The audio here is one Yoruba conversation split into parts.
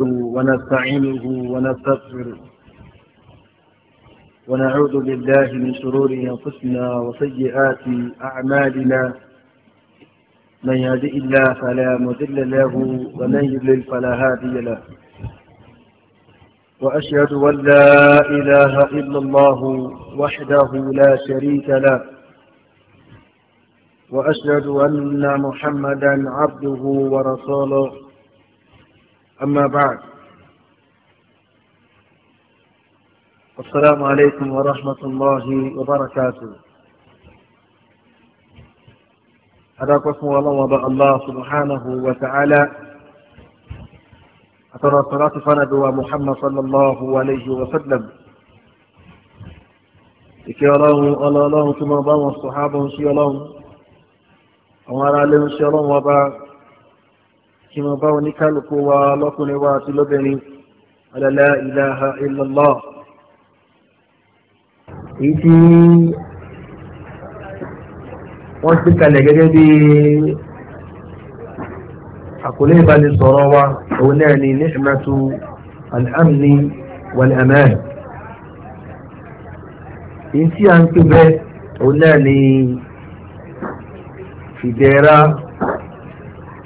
ونستعينه ونستغفره ونعوذ بالله من شرور أنفسنا وسيئات أعمالنا من يهدئ الله فلا مذل له ومن يضلل فلا هادي له وأشهد أن لا إله إلا الله وحده لا شريك له وأشهد أن محمدا عبده ورسوله أما بعد السلام عليكم ورحمة الله وبركاته هذا قسم الله وضع الله سبحانه وتعالى أترى صلاة فند محمد صلى الله عليه وسلم ìkẹ́ ọlọ́run ọlọ́run الله ثم bá wọn sọ̀hábọ̀ ń ṣe ọlọ́run àwọn ará lé ṣe ọlọ́run ọba kí wọ́n bá oníkálùkù wa lọ́kùnrin wa àti lóbìnrin alẹ́lẹ́ ìlàhà ìlọ́lọ́ èyí tí wọ́n ti kalẹ̀ gẹ́gẹ́ bí àkọlé ìbánisọ̀rọ̀ wa òun náà ni ni'matu al-amni wal-aman ń pè bẹ́ẹ̀ òun náà ni ìdẹ̀ra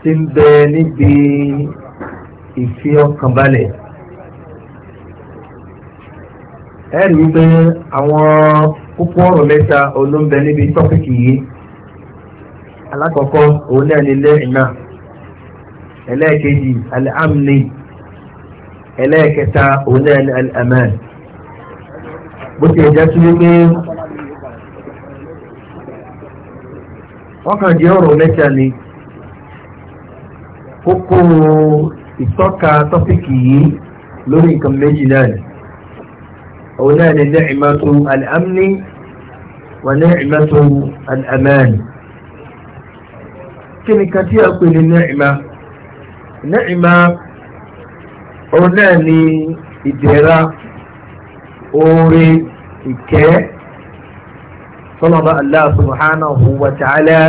ti ń bẹ níbi ìfi ọkàn balẹ̀ ẹ rí i pé àwọn kókó ọ̀rọ̀ mẹ́ta olóńbẹ níbi tọ́pìkì yìí alákọ̀ọ́kọ́ òun náà ni lẹ́ẹ̀nà ẹlẹ́ẹ̀kejì alhamdi ẹlẹ́ẹ̀kẹta òun náà ni alhamdi bó ti ẹ̀já tún wípé wọ́n kàn jẹ́ ọ̀rọ̀ mẹ́ta ni kókó ìtọ́ka tọ́pìkì yìí lórí nǹkan méjì náà ni òun náà ni ni'matu al-amni wa ni'matu al-amani kí ni kan tí a pè ní ni'ma òun náà ni ìdẹ̀ra oore ìkẹ́ tọ́lọ́ba Allah subhanahu wa ta'ala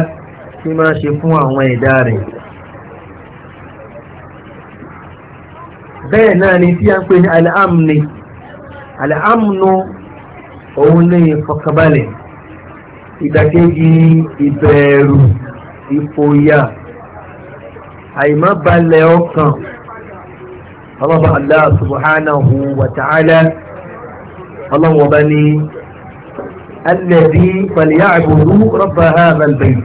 tí máa ṣe fún àwọn ẹ̀dá rẹ̀. bẹ́ẹ̀ náà ni tí a ń pè ní al'amni al'amnu òun ní ìfọkànbalẹ̀ ìdàkejì ìbẹ̀rù ìfòyà àìmọ́balẹ̀ ọkàn ọlọ́ba Allah subhanahu wa ta'ala ọlọ́wọ́ bá ní alẹ́bí falya'budu rabba hadha al-bayt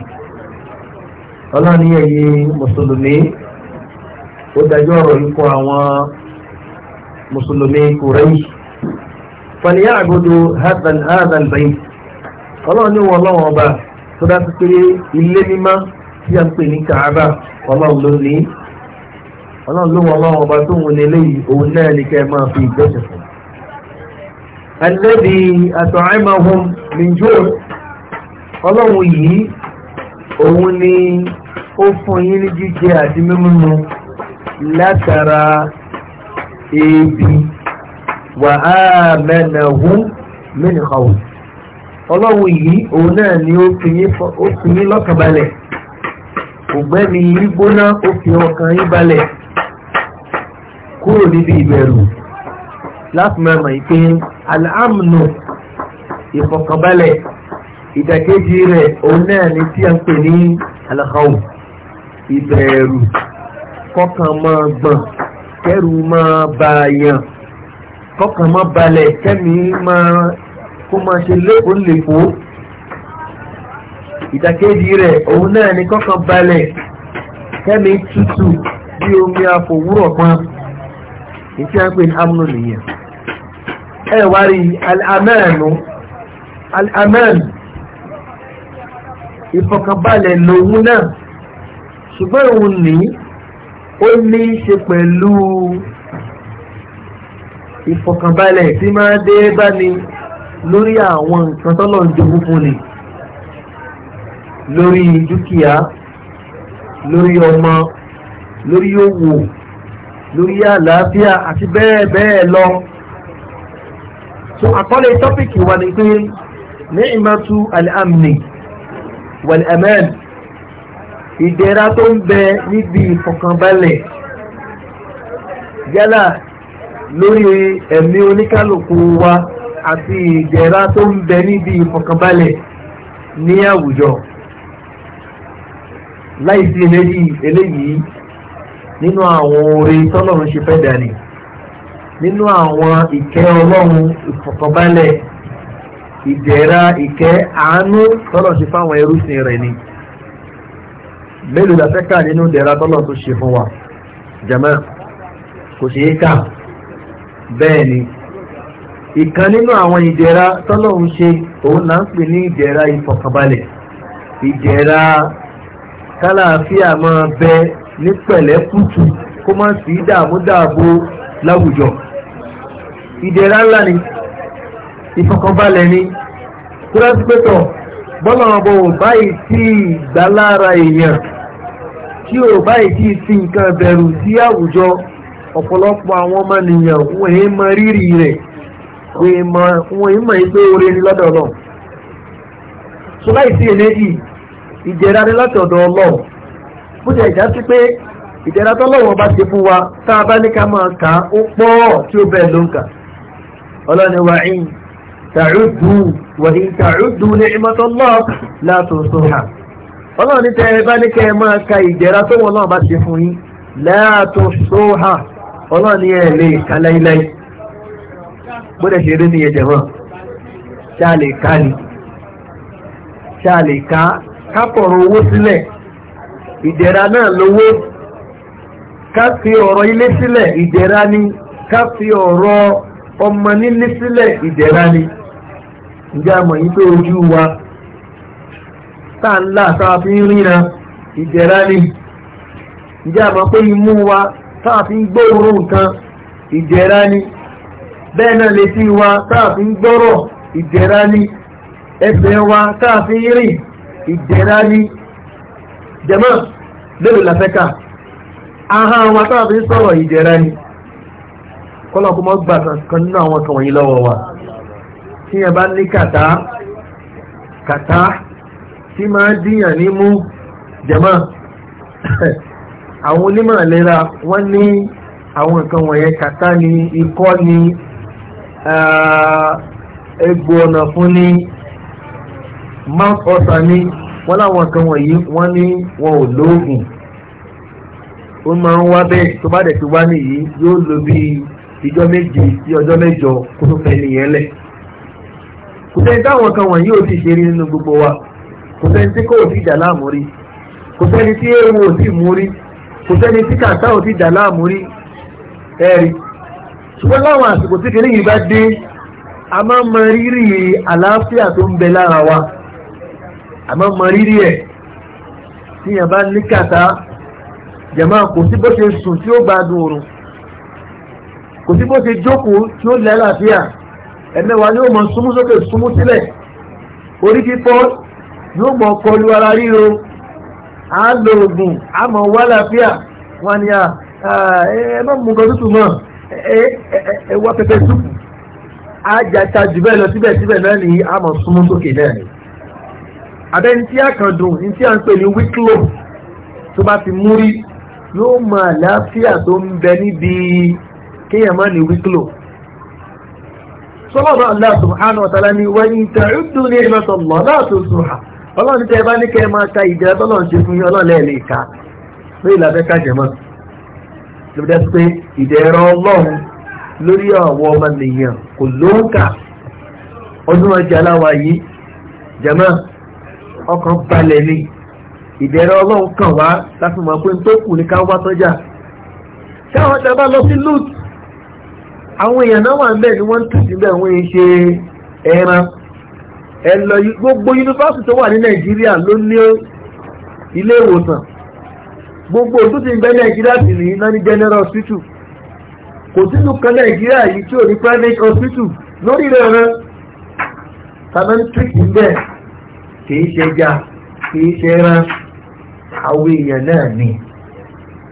ọlọ́ni ẹ̀yẹ mùsùlùmí ó dájọ́ ọ̀rọ̀ yìí fún àwọn mùsùlùmí kùrẹ́yì fàníyà àgbòdo hadan bayi ọlọ́run ní wọn lọ́wọ́ ọba tó dá sí pé ilé mímá tí a ń pè ní kàábà ọlọ́run ló ní ọlọ́run ló wọn lọ́wọ́ ọba tó òun náà ní kẹ́ máa fi ìjọsìn fún. alẹ́bí àtọ̀rẹ́mọ̀hún nìjọ́ ọlọ́run yìí òun ni ó fún yín ní jíjẹ àti mímú látara ebi wà á mẹ́nàwó mẹ́nìkàwó ọlọ́run yìí òun náà ni ó fi yín lọ́kàn balẹ̀ ògbẹ́ni yìí gbóná ó fi ọkàn yín balẹ̀ kúrò níbi ìbẹ̀rù láti máa mọ̀ pé aláàmùnù ìfọ̀kànbalẹ̀ ìdàkejì rẹ̀ òun náà ni tí a ń pè ní aláhàwù ìbẹ̀rù kọ́kàn máa gbọ̀n kẹ́rù máa bà yàn kọ́kàn máa balẹ̀ kẹ́mi máa kó máa ṣe lékòólèkó ìdàkejì rẹ̀ òun náà ni kọ́kàn balẹ̀ kẹ́mi tútù bí omi àfòwúrọ̀ kan ìtí a ń pè ní amúnú nìyẹn ẹ wá rí alámẹ́ẹ̀nù alámẹ́ẹ̀nù ìfọkànbalẹ̀ lòun náà ṣùgbọ́n òun nìyí ó ní í ṣe pẹ̀lú ìfọ̀kànbalẹ̀ tí máa dé bá ní lórí àwọn nǹkan tọ́lọ̀ ń jogún fún ni lórí dúkìá lórí ọmọ lórí òwò lórí àlàáfíà àti bẹ́ẹ̀ bẹ́ẹ̀ lọ. so àkọlé tọ́pìkì wà ní pé ní ìmọ̀tú al-amni wal-aman ìdẹ̀ra tó ń bẹ níbi ìfọ̀kànbalẹ̀ yálà lórí ẹ̀mí oníkálùkù wa àti ìdẹ̀ra tó ń bẹ níbi ìfọ̀kànbalẹ̀ ní àwùjọ láìsí eléyìí eléyìí nínú àwọn oore tọ́lọ́run ṣe fẹ́ dàní nínú àwọn ìkẹ́ ọlọ́run ìfọ̀kànbalẹ̀ ìdẹ̀ra ìkẹ́ àánú tọ́lọ́run ṣe fáwọn ẹrúsìn rẹ̀ ni mélòó la fẹ́ kà nínú ìdẹ̀ra tọ́lọ̀ tó ṣe fún wa jama kò ṣeé kà bẹ́ẹ̀ ni ìkan nínú àwọn ìdẹ̀ra tọ́lọ̀ ń ṣe òun là ń pè ní ìdẹ̀ra ìfọ̀kànbalẹ̀ ìdẹ̀ra kálàáfíà máa bẹ ní pẹ̀lẹ́kùtù kó má sí dààmú dààbò láwùjọ ìdẹ̀ra ńlá ni ìfọ̀kànbalẹ̀ ni kúrẹ́sìpẹ́tọ̀ bọ́lá ọ̀bọ̀ báyìí tí ìgbàlára èèyàn tí ò bá tí sí nǹkan bẹ̀rù sí àwùjọ ọ̀pọ̀lọpọ̀ àwọn ọmọnìyàn wọ́n èé mọ rírì rẹ̀ wọ́n èé mọ ìgbé oore ní lọ́dọ̀ náà so láì sí ni láti ọ̀dọ̀ bó ṣe ìjà sí pé ìjẹ̀ra tọ́lọ́wọ́ bá ṣe fún wa tá a bá ní ká máa kà á ó tí ó bẹ́ẹ̀ ló ń wa ní ọlọ́run ní tẹ́ bá ní kẹ́ ẹ máa ka ìjẹ́ra tó wọn náà bá ti fún yín láàtò sóhà ọlọ́run ní ẹ lè ka láíláí ṣe eré nìyẹn jẹ̀mọ́ ṣá lè ká ni ṣá lè kápọ̀rọ̀ owó sílẹ̀ ìjẹ́ra náà lówó ká fi ọ̀rọ̀ ilé sílẹ̀ ìjẹ́ra ni ká fi wa. tá ń là tá a fi ń ríran ìjẹ̀rá ni ìjẹ́ àmọ́ pé imú wa tá a fi ń gbóòórùn nǹkan ìjẹ̀rá ni bẹ́ẹ̀ náà létí wa tá a fi ń gbọ́rọ̀ ìjẹ̀rá ni ẹsẹ̀ wa tá a fi ń rìn ìjẹ̀rá ni jẹ̀mọ́ lérò làfẹ́kà ahọ́n wa tá a fi ń sọ̀rọ̀ ìjẹ̀rá ni kọ́lọ̀ gbà kan nínú àwọn kan wọ̀nyí lọ́wọ́ wa tí yẹn bá ní kàtá kàtá tí máa díyàn ní mú jẹ̀mọ́ àwọn onímọ̀ ìlera wọ́n ní àwọn nǹkan wọ̀nyẹn kàtá ni ikọ́ ni ah, egbò ọ̀nà fún ni mouth ulcer ni wọ́n láwọn nǹkan wọ̀nyí wọ́n ní wọn ò lóògùn ó máa ń wá bẹ́ẹ̀ tó bá dẹ̀ ti wá nìyí yóò lò bí ìjọ méje sí ọjọ́ mẹ́jọ kó tó fẹ́ nìyẹn lẹ̀ kò sẹ́ni táwọn kan wọ̀nyí ò sì ṣe rí nínú gbogbo wa kò sẹ́ni tí kò sí ìjà láàmú rí kò sẹ́ni tí ewu ò sí mú rí kò sẹ́ni tí kàtá ò sí ìjà rí ẹ̀rí ṣùgbọ́n láwọn àsìkò tí kìnìyàn bá dé a máa mọ rírì àlàáfíà tó ń bẹ lára wa a máa mọ rírì ẹ̀ tí yàn bá ní kàtá jàmáà kò sí bó ṣe sùn tí ó gbádùn oorun kò sí bó ṣe jókòó tí ó lẹ́làáfíà ẹ̀mẹ́wàá ni ó mọ súnmú sókè súnmú sílẹ̀ orí fífọ́ yóò mọ kọlu ara ríro á lo oògùn a mọ wá láfíà wọn ni ẹ má mú nǹkan ẹ wá pẹpẹ súpù jata jù bẹ́ẹ̀ lọ síbẹ̀síbẹ̀ náà ni á mọ súnmọ́ sókè náà ni abẹ́ ní tí a kàn dùn ní tí a ń pè ní wíkílò tó bá ti mú rí yóò mọ àlàáfíà tó ń bẹ níbi kéèyàn má ní ni wọ́n ọlọ́run tẹ́ ẹ bá ní kẹ́ ẹ máa ka ìjẹ́ tọ́lọ́run ṣe fún yín ọlọ́run lẹ́ẹ̀ lè ka pé ìlàfẹ́ kájẹ̀ mọ́ ló dẹ́ pé ìdẹ̀rọ ọlọ́run lórí àwọn ọmọ nìyàn kò lóǹkà ọdún ọjà aláwa yìí jẹ̀mọ́ ọkàn balẹ̀ ni ìdẹ̀rọ ọlọ́run kàn wá láti mọ̀ pé tó kù ní ká wá tọ́jà táwọn ọjà bá lọ sí lute àwọn èèyàn náà wà ń bẹ̀ ni wọ́n ń tù síbẹ̀ wọ́n ń ẹ lọ gbogbo yunifásitì tó wà ní nàìjíríà ló ní ilé ìwòsàn gbogbo tó ti ń bẹ nàìjíríà sì ní iná ní general hospital kò sínú kan nàìjíríà yìí tí ò ní private hospital lórí rẹ̀ rẹ̀ sanitary bẹ́ẹ̀ kìí ṣe ẹja kìí ṣe ẹran àwọn èèyàn náà ni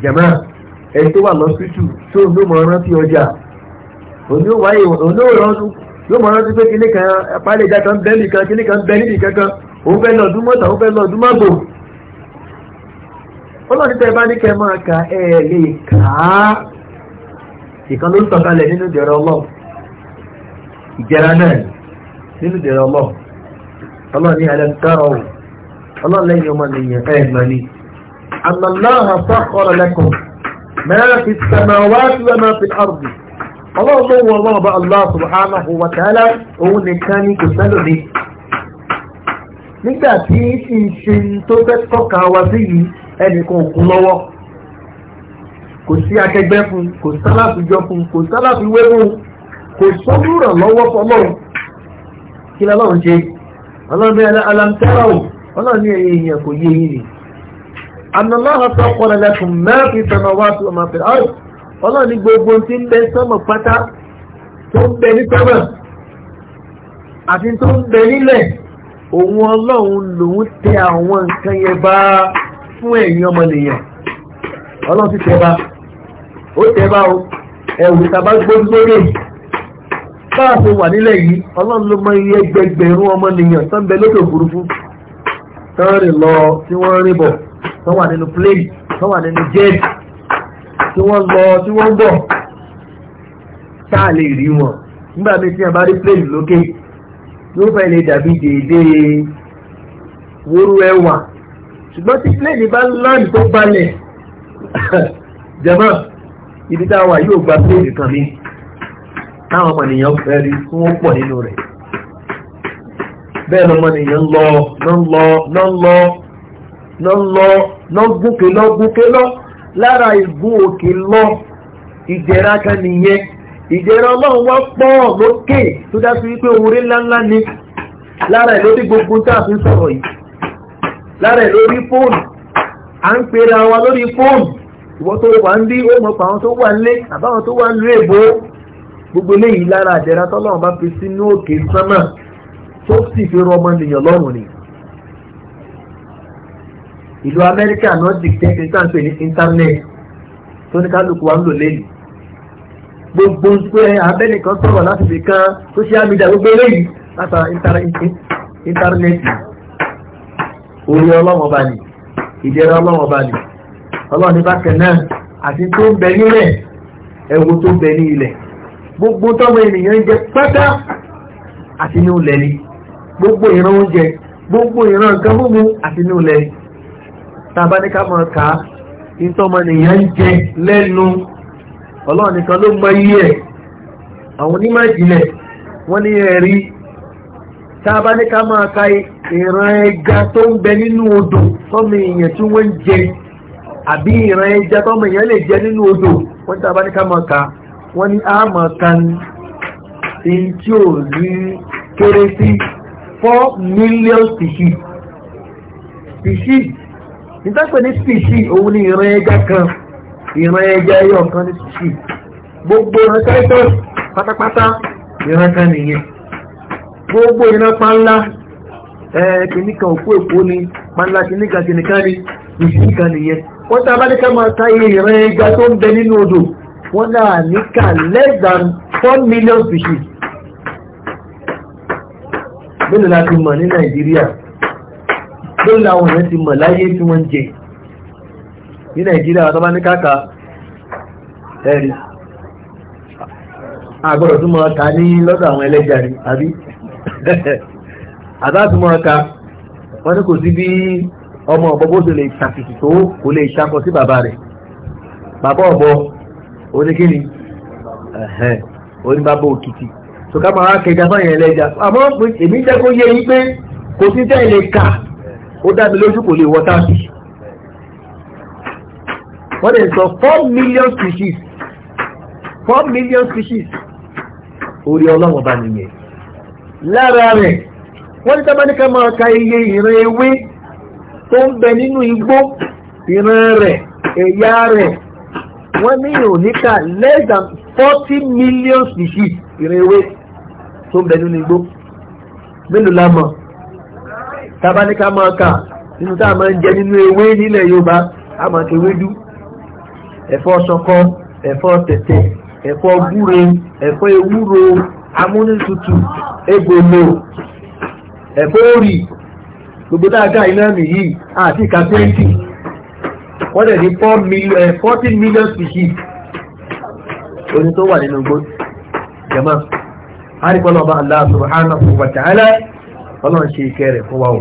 jẹ̀mọ́ ẹni tó wà lọ́sítù tó ló mọ rántí ọjà òní ò rántí yóò mọ̀ rántí pé kíní kan apálẹ̀ ìjà kan bẹ́ẹ̀lì kan kíní kan bẹ́ẹ̀lì kankan òun fẹ́ lọ ọdún mọ́ta òun fẹ́ lọ ọdún mọ́gbò ọlọ́run tẹ́ bá ní kẹ́ máa ka ẹ̀ lè kà á ìkan ló ń sọ̀kalẹ̀ nínú ìdẹ̀rẹ̀ ọlọ́ ìjẹra náà nínú ìdẹ̀rẹ̀ ọlọ́ ọlọ́run ló wọ ọlọ́run bá Allah subhanahu wa ta'ala òun nìkan ní kò sẹ́lò ní nígbà tí ìṣe tó fẹ́ tọ́ka wa sí yìí ẹnìkan òkun lọ́wọ́ kò sí akẹgbẹ́ fún kò sálàfíjọ fún kò sálàfíwé fún kò sọ́dúnrà lọ́wọ́ fọlọ́run kí lọ́lọ́run ṣe ọlọ́run bẹ́ẹ̀ alamtẹ́rọ̀ ọlọ́run ní ẹ̀yẹ èèyàn kò yé yìí ni ànàláhà sọ́kọ̀ọ́lẹ́lẹ́kùn mẹ́rin fi wá sí ọmọ àfẹ́ ọlọ́run ní gbogbo tí ń bẹ sọ́mọ̀ pátá tó ń bẹ ní sọ́mọ̀ àti tó ń bẹ nílẹ̀ òun ọlọ́run lòun tẹ àwọn nǹkan yẹn bá fún ẹ̀yin ọmọnìyàn ọlọ́run ti tẹ bá ó tẹ bá o ẹ̀wù tàbá gbójú lórí báà ṣe wà nílẹ̀ yìí ọlọ́run ló mọ iye ẹgbẹgbẹ̀rún ọmọnìyàn tó ń bẹ lókè òfurufú tán rìn lọ tí wọ́n rìn bọ̀ tán wà nínú plane tán wà nínú jet tí wọ́n lọ tí wọ́n bọ̀ táà lè rí wọn nígbà mi tí a bá rí plane lókè yóò fẹ́ lè dàbí dèédé wóró ẹwà ṣùgbọ́n tí plane bá láàrín tó balẹ̀ jẹ́mọ́ ibi tá a wà yóò gba plane kan mi táwọn ọmọnìyàn fẹ́ rí tí wọ́n pọ̀ nínú rẹ̀ bẹ́ẹ̀ lọmọnìyàn lọ lọ lọ lọ lọ lọ gúnkè lọ gúnkè lọ lára ìgún òkè lọ ìjẹra kan nìyẹn ìjẹra ọlọ́run wá pọ̀ lókè tó dá wípé orí ńláńlá ni lára ẹ̀ lórí gbogbo tá a fi sọ̀rọ̀ yìí lára ẹ̀ lórí fóònù à ń pera wa lórí fóònù ìwọ́n tó wà ń bí ó mọ̀ pa àwọn tó wà nílé àbáwọn tó wà nílé èbó gbogbo eléyìí lára àjẹra tọ́lọ́run bá fi sínú òkè sánmà tó sì fi rọ ọmọ nìyàn lọ́rùn nìyàn ìlú amẹ́ríkà nordic tẹ́kì tá ń pè ní internet tó ní kálukú wa ń lò lẹ́yìn gbogbo pé abẹ́nìkan sọ̀rọ̀ láti fi kan gbogbo eléyìí orí ọlọ́wọ́n bá ní ọlọ́wọ́n bá ní náà àti tó ń bẹ nílẹ̀ ẹ̀wò ní ilẹ̀ gbogbo tọ́mọ ènìyàn ń jẹ pátá àti gbogbo ìran oúnjẹ gbogbo ìran nǹkan àti ní tàbá ní ká mọ̀ ká ìtọ́mọnìyàn ń jẹ lẹ́nu ọlọ́run nìkan ló mọ iye ẹ̀ àwọn onímọ̀ ìjìnlẹ̀ wọ́n ní ẹ̀rí tàbá ní ká mọ̀ ká ìran ẹja tó ń bẹ nínú odò tọ́mọ èèyàn tí wọ́n ń jẹ àbí ìran ẹja tọ́mọ èèyàn lè jẹ nínú odò wọ́n tàbá ní ká mọ̀ ká wọ́n ní àmọ̀ kan tí ò rí kéré sí 4 million species species ìtẹ́pẹ̀ ní spìsì òun ni ìran ẹja kan ìran ẹja ẹyọ kan ní spìsì gbogbo ìran titus pátápátá ìran kan nìyẹn gbogbo ìran panla kìnìkan òkú èkó ni panla kìnìkan kìnìkan ni ìsìnkan nìyẹn wọ́n tá a bá ní ká máa ta iye ìran ẹja tó ń bẹ nínú odò wọ́n náà ní ká less than four million species mélòó la ti mọ̀ ní nàìjíríà lónìí àwọn èèyàn ti mọ̀ láyé tí wọ́n ń jẹ ní nàìjíríà tó bá ní káàkà ẹ̀rí àgbọ̀dọ̀ tó máa ta ní lọ́dọ̀ àwọn ẹlẹ́jà rí àbí àbá tó máa ta wọ́n ní kò sí bí ọmọ ọ̀bọ bó ṣe lè ṣàkìtì tó kò lè ṣakọ sí bàbá rẹ̀ bàbá ọ̀bọ oníkíni oníbàbá òkìtì tó ká máa kẹjà fáyẹn ẹlẹ́jà àmọ́ èmi jẹ́ kó yẹ yí pé kò sí tẹ́ ẹ̀ lè kà ó dá mi lójú kò lè wọ táàkì wọ́n lè sọ four million species four million species orí ọlọ́wọ́ bá nìyẹn lára rẹ̀ wọ́n ní tábánikà máa ka iye ìran ewé tó ń bẹ nínú igbó ìran rẹ̀ ẹ̀yà rẹ̀ wọ́n ní ìròníkà less than forty million species ìran ewé tó ń bẹ nínú igbó mélòó la tabaníká máa kà nínú tá a máa ń jẹ nínú ewé nílẹ̀ Yorùbá a máa ti wéjú ẹ̀fọ́ ṣọkọ ẹ̀fọ́ tẹ̀tẹ̀ ẹ̀fọ́ gúre ẹ̀fọ́ ewúro ẹ̀fọ́ gbogbo dáadáa iná nìyí àti ìka twenty wọ́n dẹ̀ ní eh, fourteen million species oní tó wà nínú gbó jẹ̀mọ́ wa ta'ala ọlọ́run ṣe ìkẹ́ rẹ̀ fún wa o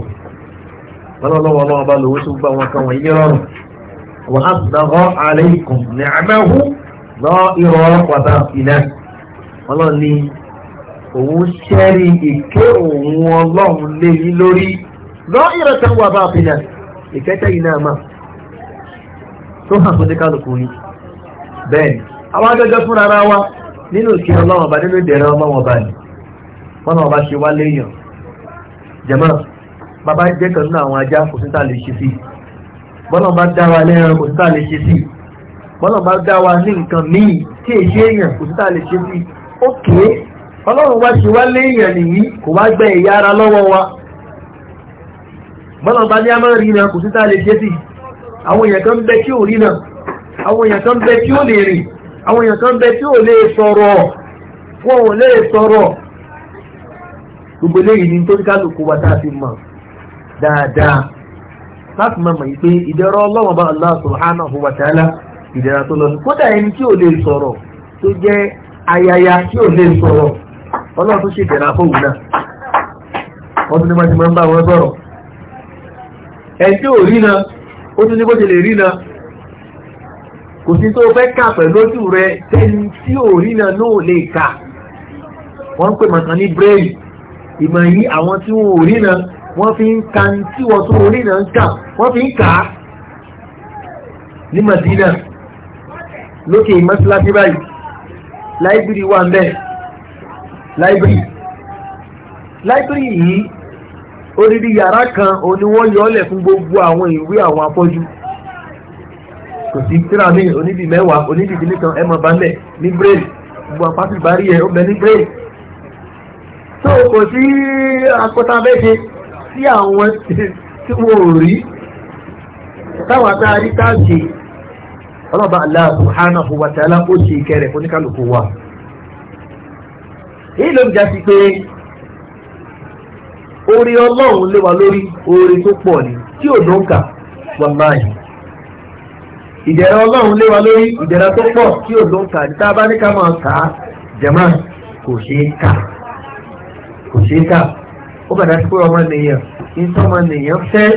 ọlọ́lọ́wọ́ ọlọ́run bá lówó tó gbá wọn kan wọ̀nyí rọrùn wà á sàgọ́ alaykum ní àmẹ́hù lọ ìrọ̀ pàtà ìlẹ̀ ọlọ́run ní òun ṣẹ́rí ìkẹ́ òun ọlọ́run lé yí lórí lọ ìrọ̀ tẹ́ wà bá ìlẹ̀ ìkẹ́tẹ́ yìí náà mà tó hàn fún díkàlùkù yìí bẹ́ẹ̀ ni àwọn agẹ́gẹ́ fúnra wa nínú ìkẹ́ ọlọ́run ọba nínú ìdẹ̀rẹ̀ ọlọ́run ọba ni wọ́n náà ọba ṣe wá léèyàn jẹ̀mọ́ bàbá jẹ́ kan nínú àwọn ajá kò síta lè ṣe sí bọ́lọ̀ bá dá wa lẹ́ran kò síta lè ṣe sí bọ́lọ̀ bá dá wa ní nǹkan míì tí èṣe èèyàn kò síta lè ṣe sí ókè ọlọ́run wá ṣe wá léèyàn nìyí kò wá gbẹ ẹ̀yà ara lọ́wọ́ wa bọ́lọ̀ bá ní a máa rí náà kò síta lè ṣe sí àwọn èèyàn kan bẹ tí ò rí náà àwọn èèyàn kan bẹ tí ò lè rìn àwọn èèyàn kan bẹ tí ò lè sọ̀rọ̀ wọn ò lè sọ̀rọ̀ gbogbo eléyìí ni tó ní kálukú wa tá a fi mọ̀ dáadáa láti máa mọ̀ yìí pé ìdẹ̀rọ ọlọ́wọ́n bá Allah subhanahu wa ta'ala ìdẹ̀ra tó lọ kódà ẹni tí ò lè sọ̀rọ̀ tó jẹ́ ayaya tí ò lè sọ̀rọ̀ ọlọ́run tó ṣe ìdẹ̀ra fóun náà wọ́n tún ní wọ́n ti máa ń bá wọn sọ̀rọ̀ ẹni tí ò rí náà ó tún ní bó ṣe lè rí náà kò sí tó fẹ́ kà pẹ̀lú ojú rẹ tẹ́ni tí ò rí náà náà lè kà wọ́n ń pè mọ̀tàn ní braille ìmọ̀ yìí àwọn tí wọ́n ò ríran wọ́n fi ń ka tí wọ́n tó ríran ń kà wọ́n fi ń kà á ní Madina lókè mọ́síláṣí báyìí láìbírì wà mbẹ́ láìbírì láìbírì yìí odidi yàrá kan òní wọ́n yọ ọ́lẹ̀ fún gbogbo àwọn ìwé àwọn afọ́jú kò sí tíra mi onídìí mẹ́wàá onídìí kìíní kan bá mbẹ́ ní bírèlì gbogbo àpáṣí bá rí ẹ̀ ó bẹ ní bírèlì so kò sí akọtabẹ́ṣe sí àwọn tí wọ́n rí táwọn àtàrí táàkì ọlọ́bà Allah subhanahu wa ta'ala ó ṣe ìkẹrẹ̀ wa èyí ló ń já sí pé orí ọlọ́run lórí orí tó pọ̀ ní tí ò ló kà ọlọ́run tó pọ̀ tí ò kà ní kò ṣe é kà ó bàdá sí pé ọmọnìyàn ìtọ́mọnìyàn fẹ́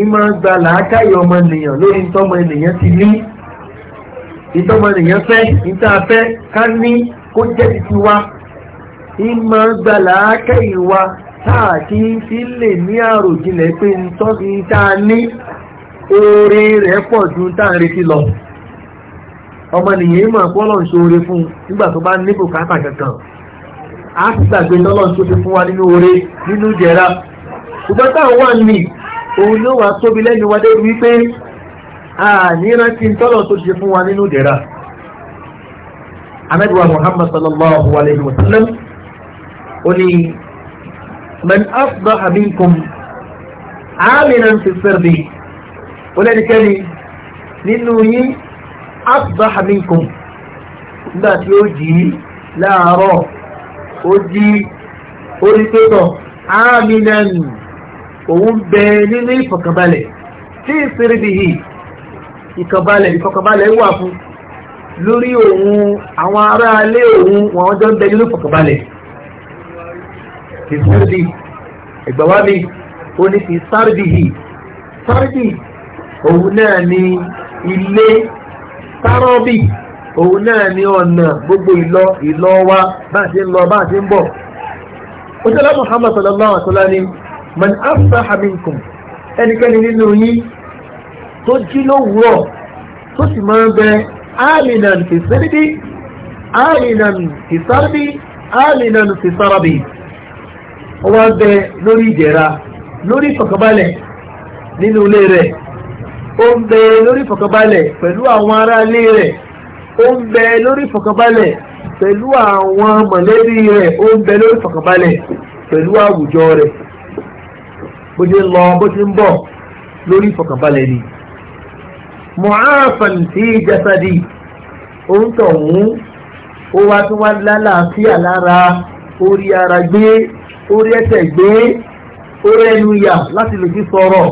ìmọ̀ gba làákàyè ọmọnìyàn lórí ìtọ́mọnìyàn ti ní ìtọ́mọnìyàn fẹ́ ìta fẹ́ ká ní kó jẹ́ títí wa ìmọ̀ gba làákàyè wa táà kí n fi lè ní àròjinlẹ̀ pé ìtọ́sí tá a ní oore rẹ̀ pọ̀ ju tá à ń retí lọ ọmọnìyàn ìmọ̀ pọ́lọ̀ ń ṣoore fún nígbà tó bá ní bùkátà kankan a ti gbàgbé lọ́lọ́run tó ti fún wa nínú oore nínú ìjẹra ṣùgbọ́n táwọn wà ní òun ló wà tóbi lẹ́nu wa débi wípé àní rántí tọ́lọ̀ tó ti fún wa nínú ìjẹra anábíwá Muhammad sallallahu alayhi wa sallam ó ní man asbaha minkum aminan fi sirri ó lẹ́nikẹ́ni nínú yín asbaha minkum nígbà tí ó jì í láàárọ̀ ó jí orí tó nà ámìnàmì òun bẹ nínú ìfọ̀kànbalẹ̀ tí ìsinmi bìí ìkànbalẹ̀ ìfọ̀kànbalẹ̀ wà fún lórí òun àwọn ará alé òun wọn jọ ń bẹ nínú ìfọ̀kànbalẹ̀ ìsinmi ẹgbàwá mi ó ní fi sáréjì yìí sáréjì òun náà ni ilé sáréjì òun náà ni ọ̀nà gbogbo ìlọ ìlọ wa bá a ti ń lọ bá a ti ń bọ̀ òṣèlú Muhammad sallallahu alaihi wa sallam ni man aflaha minkum ẹnikẹ́ni nínú yín tó jí lówùúrọ̀ tó sì máa ń bẹ áàmìnàn fi sẹ́ríbí áàmìnàn fi sárábí áàmìnàn fi sárábí ó wá bẹ lórí ìjẹ̀ra lórí ìfọ̀kànbalẹ̀ nínú ilé rẹ̀ ó ń bẹ lórí ìfọ̀kànbalẹ̀ pẹ̀lú àwọn ará ilé rẹ̀ ó ń bẹ lórí ìfọ̀kànbalẹ̀ pẹ̀lú àwọn mọ̀lẹ́bí rẹ̀ ó ń bẹ lórí ìfọ̀kànbalẹ̀ pẹ̀lú àwùjọ rẹ̀ bó ti ń lọ bó ti ń bọ̀ lórí ìfọ̀kànbalẹ̀ ni mọ̀áfàn sí jẹsàdì òun tọ̀hún ó wá tún wá lálàáfíà lára orí ara gbé orí ẹsẹ̀ gbé orí ẹnu yà láti lè fi sọ̀rọ̀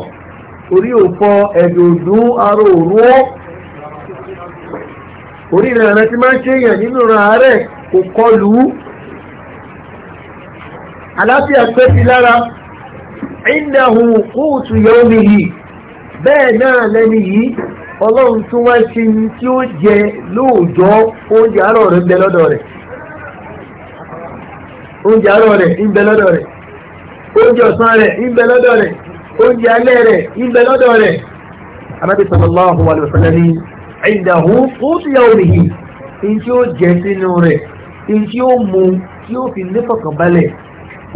orí òfò ẹ̀dùn òdún ara òru ó orílẹ̀ ààrẹ ti máa ń ṣèyàn nínú ààrẹ kò kọlù ú àlàáfíà pé ti lára ìdáhù kóòtù yóò mi yìí bẹ́ẹ̀ náà lẹ́ni yìí ọlọ́run tún wá ṣe ní tí ó jẹ lóòjọ́ oúnjẹ àárọ̀ rẹ̀ ń bẹ lọ́dọ̀ rẹ̀ oúnjẹ àárọ̀ rẹ̀ ń bẹ lọ́dọ̀ rẹ̀ oúnjẹ ọ̀sán rẹ̀ ń bẹ lọ́dọ̀ rẹ̀ oúnjẹ alẹ́ rẹ̀ ń bẹ lọ́dọ̀ rẹ̀ anábìsọ̀rọ̀ lọ́wọ́ àwọn àlùfẹ́lẹ́ ní ìdàhù fóòtìyà òrìhì in tí ó jẹ sínú rẹ̀ in tí ó mu tí ó fi nífọ̀kànbalẹ̀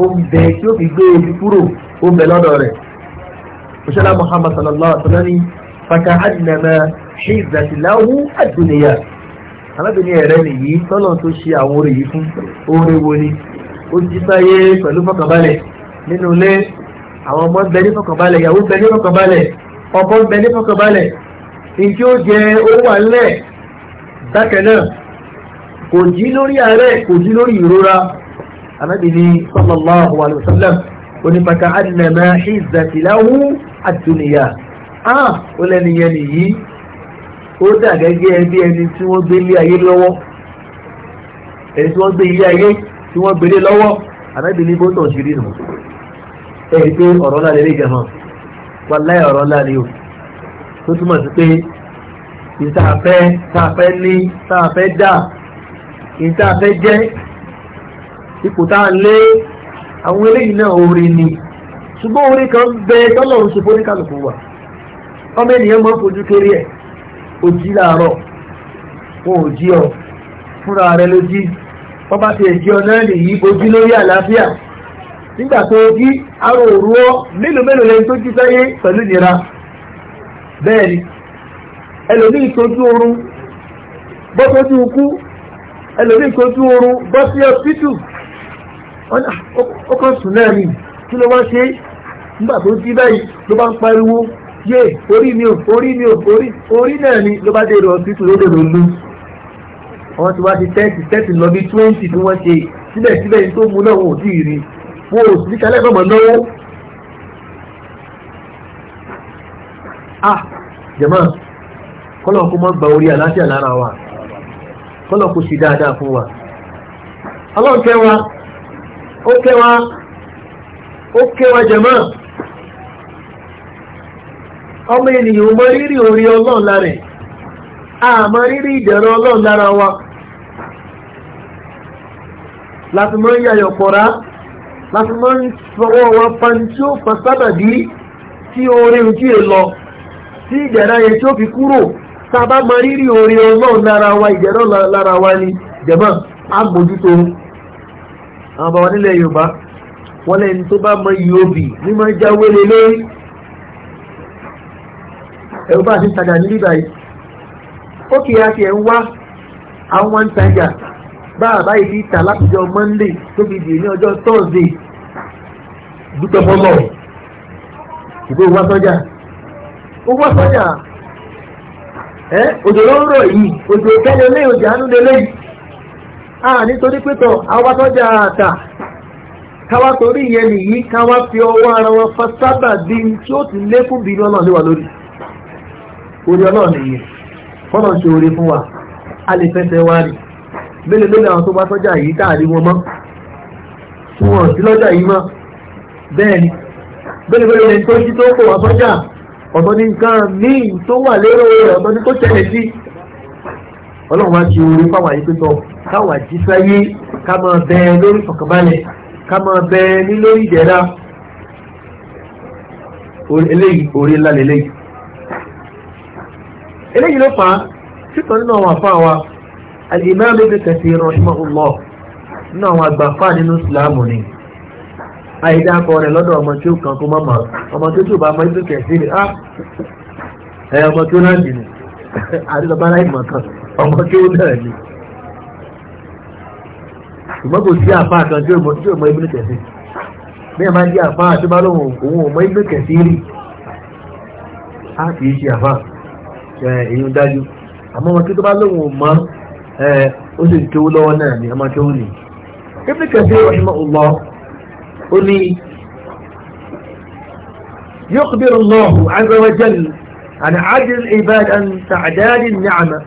oúnjẹ tí ó fi gbé ebi kúrò oúnjẹ lọ́dọ̀ rẹ̀ òṣèlá Muhammad sallallahu alaihi wa sallam ni faka adìnnàmà ṣe ìgbàsíláwù àdùnìyà alábìnrin ẹ̀rẹ́ nìyí tọ́lọ̀ tó ṣe àwọn oore yìí fún oore wo ni ó ti sáyé pẹ̀lú fọkànbalẹ̀ nínú ilé àwọn ọmọ ń bẹ ní fọkànbalẹ̀ ìyàwó ń bẹ ní fọkànbalẹ̀ ọkọ ń bẹ ní fọkànbalẹ̀ ìjọ jẹ owó alẹ́ bákan náà kò jí lórí ààrẹ kò jí lórí ìrora anábì ní sallallahu alayhi wa sallam onípàtà àdìmẹ̀mẹ́ ìzàtìláwù àdùnìyà ah ó lẹ́nu yẹn nìyí ó dà gẹ́gẹ́ ẹbí ẹni tí wọ́n gbé ilé ayé lọ́wọ́ ẹni tí wọ́n gbé ilé ayé tí wọ́n gbélé lọ́wọ́ anábì ní bóńtọ̀ ṣírí nù ẹ̀rí pé ọ̀rọ̀ ńlá lè rí gẹ̀ ọ̀rọ̀ ńlá ni tó túmọ̀ sí pé ìtafẹ́ tafẹ́ ní tafẹ́ dà ìtafẹ́ jẹ́ ipò tá à ń lé àwọn eléyìí náà oore ni ṣùgbọ́n oore kan bẹ tọ́lọ́run ṣe fóníkàlùkù wà ọmọ ènìyàn máa ń fojú kéré ẹ̀ òjì làárọ̀ wọn ò jí ọ fúnra rẹ ló jí wọ́n bá ti ẹ̀jẹ̀ ọ náà nìyí bojú lórí àlàáfíà nígbà tó jí arò òru ọ mélòó mélòó lẹni tó jí sáyé pẹ̀lú ìnira bẹ́ẹ̀ni ẹlòmí ìtọ́jú oorun bọ́tọ́jú ukú ẹlòmí ìtọ́jú oorun bọ́ sí ọ̀pítù ah, ó sùn náà ni kí ló wá ṣe nígbà tó jí báyìí ló bá ń pariwo yé orí mi ò orí mi ò orí náà ni ló bá dèrò ọ̀pítù ló dèrò lu wọ́n ti wá sí tẹ́ẹ̀tì tẹ́ẹ̀tì lọ bí twenty bí wọ́n ṣe síbẹ̀síbẹ̀ tó mu náà wọn ò tí ì rí kálẹ̀ náwó ah jẹ̀mọ́ kọ́lọ̀ kó mọ́ gba orí àlàáfíà lára wa kọ́lọ̀ kó sì dáadáa fún wa ọlọ́run kẹ́ wa ó kẹ́ wa ó kẹ́ wa jẹ̀mọ́ ọmọ ènìyàn ò mọ rírì orí ọlọ́run lára ẹ̀ àmọ́ rírì ìdẹ̀rọ ọlọ́run lára wa láti mọ́ ń yàyọ̀ pọ̀ra láti mọ́ ń fọwọ́ wọn pa ní tí ó fa sábàbí tí orin tí è lọ tí ìjẹ̀rá yẹn tí ó fi kúrò sábà mọ rírì orí ọlọ́run lára wa ìjẹ̀rá lára wa ni jẹ̀mọ́ agbójútó àwọn bàbá nílẹ̀ yorùbá wọ́n lẹ́ni tó bá mọ ìyóbì ní máa jáwé lélẹ́ ẹ̀rù bá ti ń tajà níbí báyìí ó kì í àti ẹ̀ ń wá àwọn ń tajà bá monday tó fi dì ní ọjọ́ dúpẹ́ gbogbo sọ́jà òjò ló ń rọ̀ yìí òjò kẹ́lẹ̀ lé òjò àánú lélẹ̀ yìí a nítorí pẹ́tọ̀ àwọn sọ́jà àtà káwá torí ìyẹn nìyí fi ọwọ ara wọn fa sábà bí tí ó ti lékún bí lórí orí nìyí a lè fẹsẹ̀ wá rí mélòó àwọn tó bá sọ́jà yìí káàrí wọn mọ́ tí wọ́n sí bẹ́ẹ̀ ni tó ọ̀tọ̀ ní nǹkan míì tó wà lérò rẹ̀ ọ̀tọ̀ ní tó tẹ̀lé sí ọlọ́run wá ṣe orí fáwọn àyè pẹ́tọ́ káwà jí sáyé ká máa bẹ lórí fọ̀kànbalẹ̀ ká máa bẹ ní lórí ìdẹ̀ra eléyìí orí ńlá lélẹ́yìí eléyìí ló fà á sípò nínú àwọn àfa wa al-Imam Ibn Kathir rahimahullah nínú àwọn àgbà fáà nínú Ìsìlámù ni. àìdákọ rẹ̀ lọ́dọ̀ ọmọ tí ó kàn kó mọ́mọ́ ọmọ tó tó bá mọ́ ibú kẹ̀sí ni á ah, ẹ ọmọ tó náà dì ní àdìsọ́bá láìmọ̀ kan ọmọ tó náà ni ṣùgbọ́n kò sí àfáà kan tí ó mọ ibú kẹ̀sí bí ẹ máa di àfáà tó bá lóhùn òun ò mọ ibú kẹ̀sí rí á kì ṣe àfáà èyí dájú àmọ́ ọmọ tó bá lóhùn ò mọ ó sì tó lọ́wọ́ náà ni ọmọ tó ní ibú kẹ̀sí ọ̀ṣun ó ní يخبر الله عز وجل عن عدل العباد عن تعداد النعمة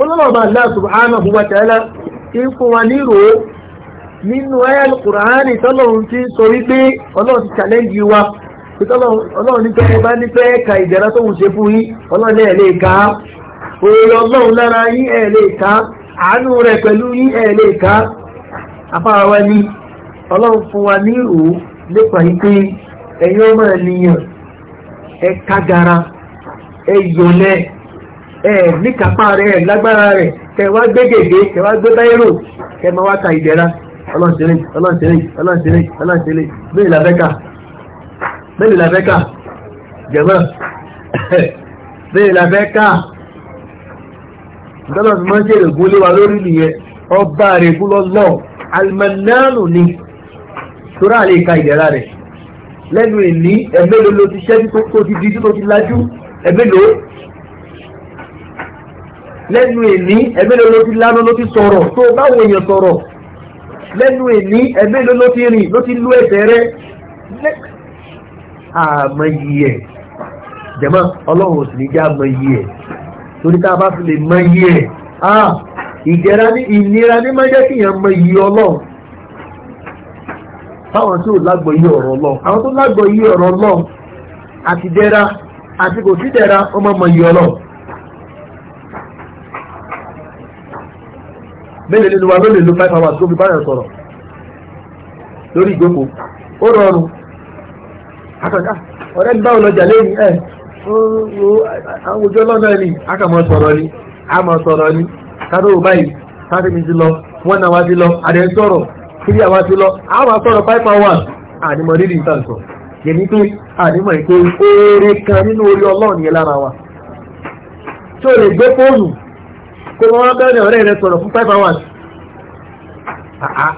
قلنا ما الله سبحانه وتعالى ìfúnwanírò nínú ayal Kùránì tọ́lọ̀run tí sọ wípé ọlọ́run ti challenge wa ọlọ́run ní tọ́wọ́ bá ní pẹ́ ka ìdẹ̀ra tó ń ọlọ́run fún wa ní ìrò lépa yìí pé ẹ̀yin ọmọ ènìyàn ẹ kágara ẹ yọlẹ ẹ níkàpá rẹ ẹ lágbára rẹ kẹ wá gbé gègé kẹ wá gbé báyìrò kẹ máa wá ta ìdẹ̀ra ọlọ́ọ̀sẹ̀lẹ̀ ọlọ́ọ̀sẹ̀lẹ̀ ọlọ́ọ̀sẹ̀lẹ̀ ọlọ́ọ̀sẹ̀lẹ̀ bẹ́ẹ̀ làbẹ́kà bẹ́ẹ̀ làbẹ́kà jẹ̀mọ́ bẹ́ẹ̀ làbẹ́kà dọ́lọ́sì mọ́ ṣe èrè gúnlé wa lórí nìyẹn ọba rẹ̀ gúnlọ́lọ́ almanánù ni àtúrà lè ka ìdẹ̀ra rẹ̀ lẹ́nu ìní ẹ̀mẹ́lò ló ti ṣẹ́jú tó ti di tó ti lájú ẹ̀mẹ́lò lẹ́nu ìní ẹ̀mẹ́lò ló ti lánà ló ti sọ̀rọ̀ tó báwo èèyàn sọ̀rọ̀ lẹ́nu ìní ẹ̀mẹ́lò ló ti rìn ló ti lú ẹsẹ̀ rẹ̀ àmọyì ẹ̀ jẹ̀mọ́ ọlọ́run ò sì ní jẹ́ àmọyì ẹ̀ torí tá a bá fi lè mọyì ẹ̀ ah, ìdẹ̀ra ní ìnira ní májẹ́kìyàn mọyì ọlọ́run fáwọn tí ò lágbọ̀ iye ọ̀rọ̀ lọ àwọn tó lágbọ̀ iye ọ̀rọ̀ lọ àti dẹ́ra àti kò sí dẹ́ra ọmọ ọmọ iye ọlọ́ mélòó nínú wa ló lè lo five hours tó fi bá sọ̀rọ̀ lórí ó rọrùn ọ̀rẹ́ lẹ́yìn ẹ̀ àwùjọ lọ́nà ẹni sọ̀rọ̀ ni àmọ̀ sọ̀rọ̀ ni kátó báyìí sáré ti lọ wọ́n náà three hours ti lọ àwọn máa sọ̀rọ̀ five hours ànímọ̀ rírì ìtàn sọ yẹni pé ànímọ̀ ìpè oore kan nínú orí ọlọ́run yẹn lára wa tí o lè gbé fóònù kó wọn bẹ̀rẹ̀ ọ̀rẹ́ rẹ sọ̀rọ̀ fún five hours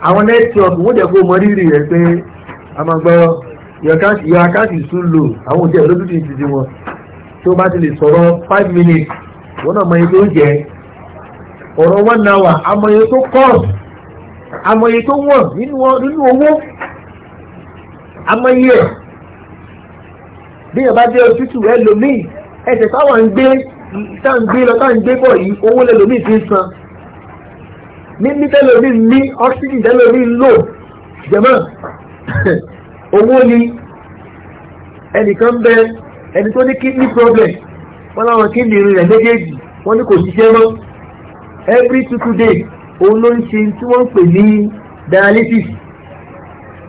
àwọn nẹ́tíọ̀kì wọ́n jẹ́ kó mọ rírì rẹ pé a máa gbọ́ your account is too low àwọn òjẹ́ olójútì ìdíje wọn tó bá ti lè sọ̀rọ̀ five minutes wọ́n náà mọ iye tó jẹ́ ọ̀rọ̀ one hour amọ̀ye tó cost àmọye tó wọ̀n nínú owó àmọye ẹ̀ bí yẹn bá dé ojútùú ẹlòmíì ẹsẹ̀ táwọn ń gbé táwọn ń gbé lọ táwọn ń gbé bọ̀ yìí owó lẹlòmíì fi ń san mímí tẹlòmíì ní ọ́ksíjìn tẹlòmíì lò jẹ̀mọ́ owó ni ẹnìkan bẹ ẹni tó ní kidney problem wọ́n láwọn kidney rẹ̀ méjèèjì wọ́n ní kò ṣiṣẹ́ mọ́ every two two days òun ló ń ṣe tí wọ́n ń pè ní dialysis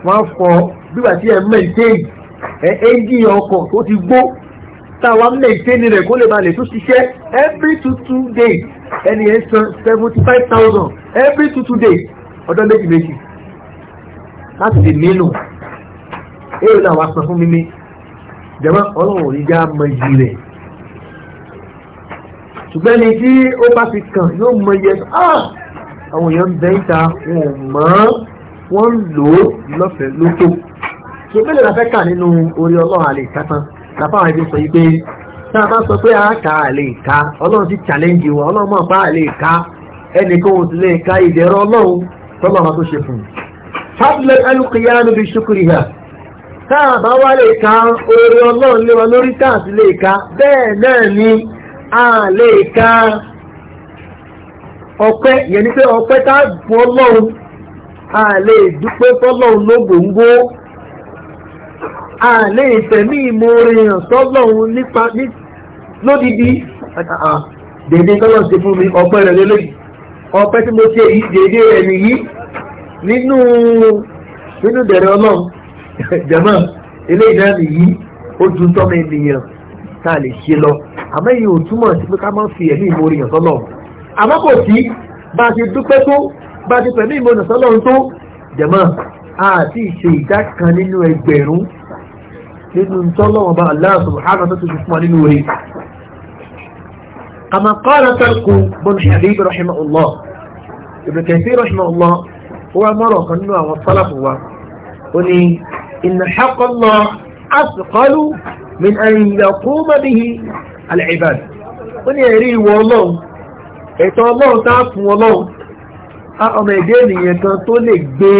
wọ́n fọ bígbà tí ẹ̀ maintain ẹ̀ ẹ́ńjìn ọkọ̀ tó ti gbó táwa maintain rẹ̀ kó lè ba lè tún ṣiṣẹ́ every two two days ẹni ẹ̀ san seventy five thousand every two two days ọdún méjì méjì láti lè mí nù èèyàn náà wá san fún mímí jẹ́mọ́ ọlọ́run ò ní já mọ iyì rẹ̀ ṣùgbọ́n ẹni tí ó bá ti kàn yóò mọ iye ah àwọn èèyàn bẹ́ ìta wọn ò mọ́ wọ́n lò ó lọ́fẹ̀ẹ́ lókè ṣe pé la fẹ́ kà nínú orí ọlọ́run àlè àwọn sọ yìí pé tá a bá sọ pé àáka àlè ìka ti challenge wọn pa àlè ìka ò sì ka tó ṣe ka orí lé a sì ọpẹ́ yẹn ni pé ọpẹ́ tá a fún ọlọ́run a lè dúpẹ́ fọlọ́run ló gbòǹgbò a lè tẹ̀mí ìmoore hàn sọlọ́run nípa lódìdí dèdè tọ́lọ́ ṣe fún mi ọpẹ́ rẹ̀ lélẹ́yìn ọpẹ́ tí mo ṣe yìí dèdè rẹ̀ nìyí nínú nínú dẹ̀rẹ̀ ọlọ́run jẹ̀mọ́ eléyìí náà nìyí ó ju tọ́mọ ènìyàn tá a lè ṣe lọ àmọ́ èyí ò túmọ̀ sí pé ká má fi ẹ̀mí ìmoore hàn sọlọ́run àmọ́ kò sí bá ti dúpẹ́ tó bá ti pẹ̀lú ìmọ̀nà sọ́lọ́run tó jẹ̀mọ́ àti ìṣe ìdá kan nínú ẹgbẹ̀rún nínú tọ́lọ́wọ̀n bá Allah subhanahu wa ta'ala tó ti fún wa nínú rẹ̀ kama qala Tarku bin Habib rahimahullah Ibn Kathir rahimahullah min an yaquma bihi al-ibad ó ní ẹ̀rí ìwọ ọlọ́run ẹ̀tọ́ ọlọ́run tá fún ọlọ́run ọmọ ẹ̀dẹ́ ènìyàn kan tó lè gbé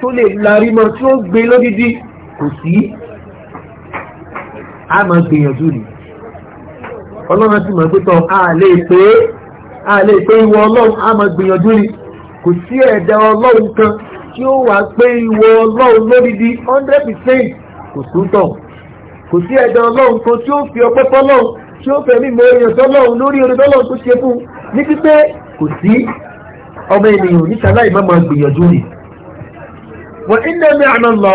tó lè larí mọ́ tí ó gbé lódídí kò sí a máa gbìyànjú ni ọlọ́run ti mọ̀ pé tọ́ a lè pé a lè pé ìwọ ọlọ́run a máa gbìyànjú ni kò sí ẹ̀dá ọlọ́run kan tí ó wà pé ìwọ ọlọ́run lódídí 100% kò súntọ̀ kò sí ẹ̀dá ọlọ́run kan tí ó fi ọpẹ́ fọ́lọ́run tí ó fẹ̀mí mọ èèyàn tọ́lọ́run lórí orin tọ́lọ́run tó ṣe fún ní pípé kò sí ọmọ ènìyàn níta láì má máa gbìyànjú rẹ̀ wọ́n iná mi àná lọ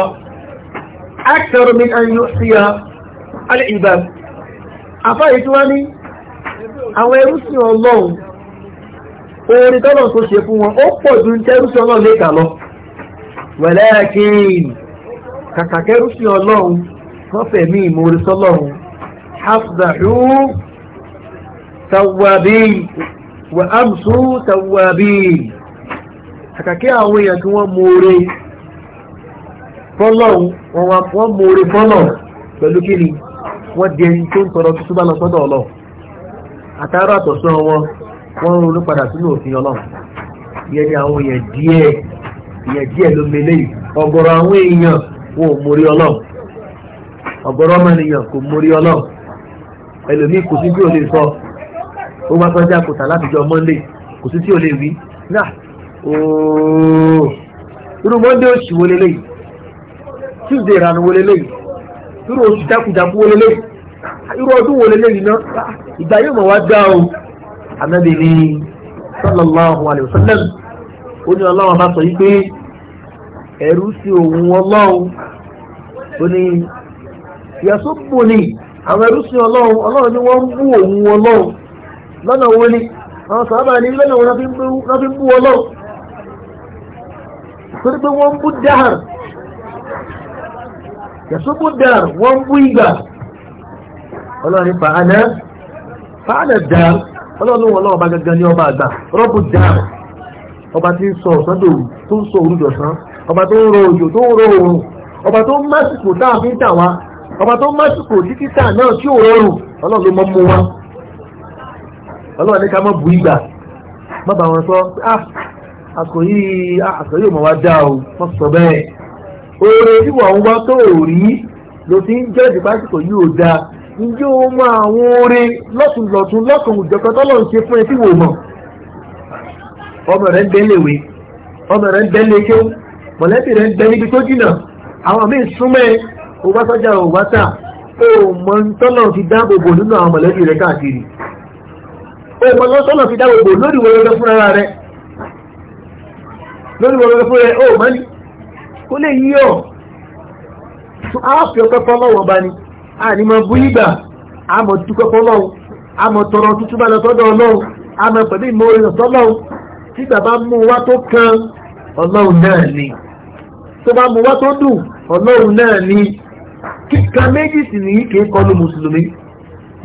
akẹ́rọ mi an yóò sí alẹ́ ìbá afá yìí tí wọ́n ní àwọn ẹrú sí ọlọ́run orin tọ́lọ́run tó ṣe fún wọn ó pọ̀ ju ní ẹrú sí ọlọ́run lẹ́ka lọ wẹ̀lẹ́kìn kàkàkẹ́rú sí ọlọ́run wọ́n fẹ̀mí ìmoore sọ́lọ́run أصبحوا توابين وأمسوا توابين àkàkí àwọn èèyàn tí wọ́n mọ̀ọ́rẹ́ fọ́lọ́hún wọ́n mọ̀ọ́rẹ́ fọ́lọ́ pẹ̀lú kí ni wọ́n di ẹni tó ń tọrọ tuntun bá lọ sọ́dọ̀ ọlọ́ àtàrà àtọ̀sán wọn wọ́n ń ronú padà sínú òfin ọlọ́run ìyẹn ni mele ẹlòmí kò sí bí o lè sọ ó wá sọ́jà kòtà látijọ́ monday kò sí tí o lè wí náà ooo irú monday oṣù wo lélẹ́yìí tuesday ìrànú wo lélẹ́yìí irú oṣù jákujàku wo lélẹ́yìí irú ọdún wo lélẹ́yìí náà ìgbà yóò mọ̀ wá gbá o ànábì ni sallallahu alayhi wa sallam ó ní ọlọ́run bá sọ yí pé ẹ̀rú sí òun ọlọ́run ó ní yasubuni àwọn ẹrú sí ọlọ́run ọlọ́run ni wọ́n ń bú òun ọlọ́run lọ́nà wo ni àwọn sàábà ní lọ́nà wọn lọ́ fi ń bú ọlọ́run torí pé wọ́n ń bú dáhàr yẹ̀sùn bú dáhàr wọ́n ń bú ìgbà ọlọ́run ní fàánà fàánà dáhàr ọlọ́run wọn lọ́wọ́ bá gangan ní ọba àgbà rọ́bù dáhàr ọba tí ń sọ ọ̀sán dòru tó ń sọ òru ọba tó ń rọ òjò tó ń rọ òrùn ọba tó ń másìkò táà fi ń tà wá ọba tó másìkò díkítà náà tí ò rọrùn ọlọ́run ló mọ́ mú wa ọlọ́run ní ká mọ́ bu ìgbà má bàa wọn sọ ah àkòyí ah, àkòyí ò mọ̀ wá dá o wọ́n sọ bẹ́ẹ̀ oore tí wọ́n wá tó ò rí ló ti ń o mọ àwọn oore lọ́tùnlọ́tùn lọ́kàn tọ́lọ̀ fún ẹ tí wò mọ̀ ọmọ ń bẹ́ léwe ọmọ rẹ̀ ń ọba sọ́jà ọba tà ó mọ tọ́lọ̀ fi dáàbòbò nínú àwọn mọ̀lẹ́bí rẹ̀ káàkiri ó mọ tọ́lọ̀ fi dáàbòbò lórí lórí ó mọ́ ní kó lè yí ọ̀ bá ní a ní mọ bú yígbà a mọ dúpẹ́ fọlọ́wọ́ a mọ tọrọ tuntun bá a mọ pẹ̀lú ìmọ̀ orin kíkan méjì sì nìyí kìí kọlu mùsùlùmí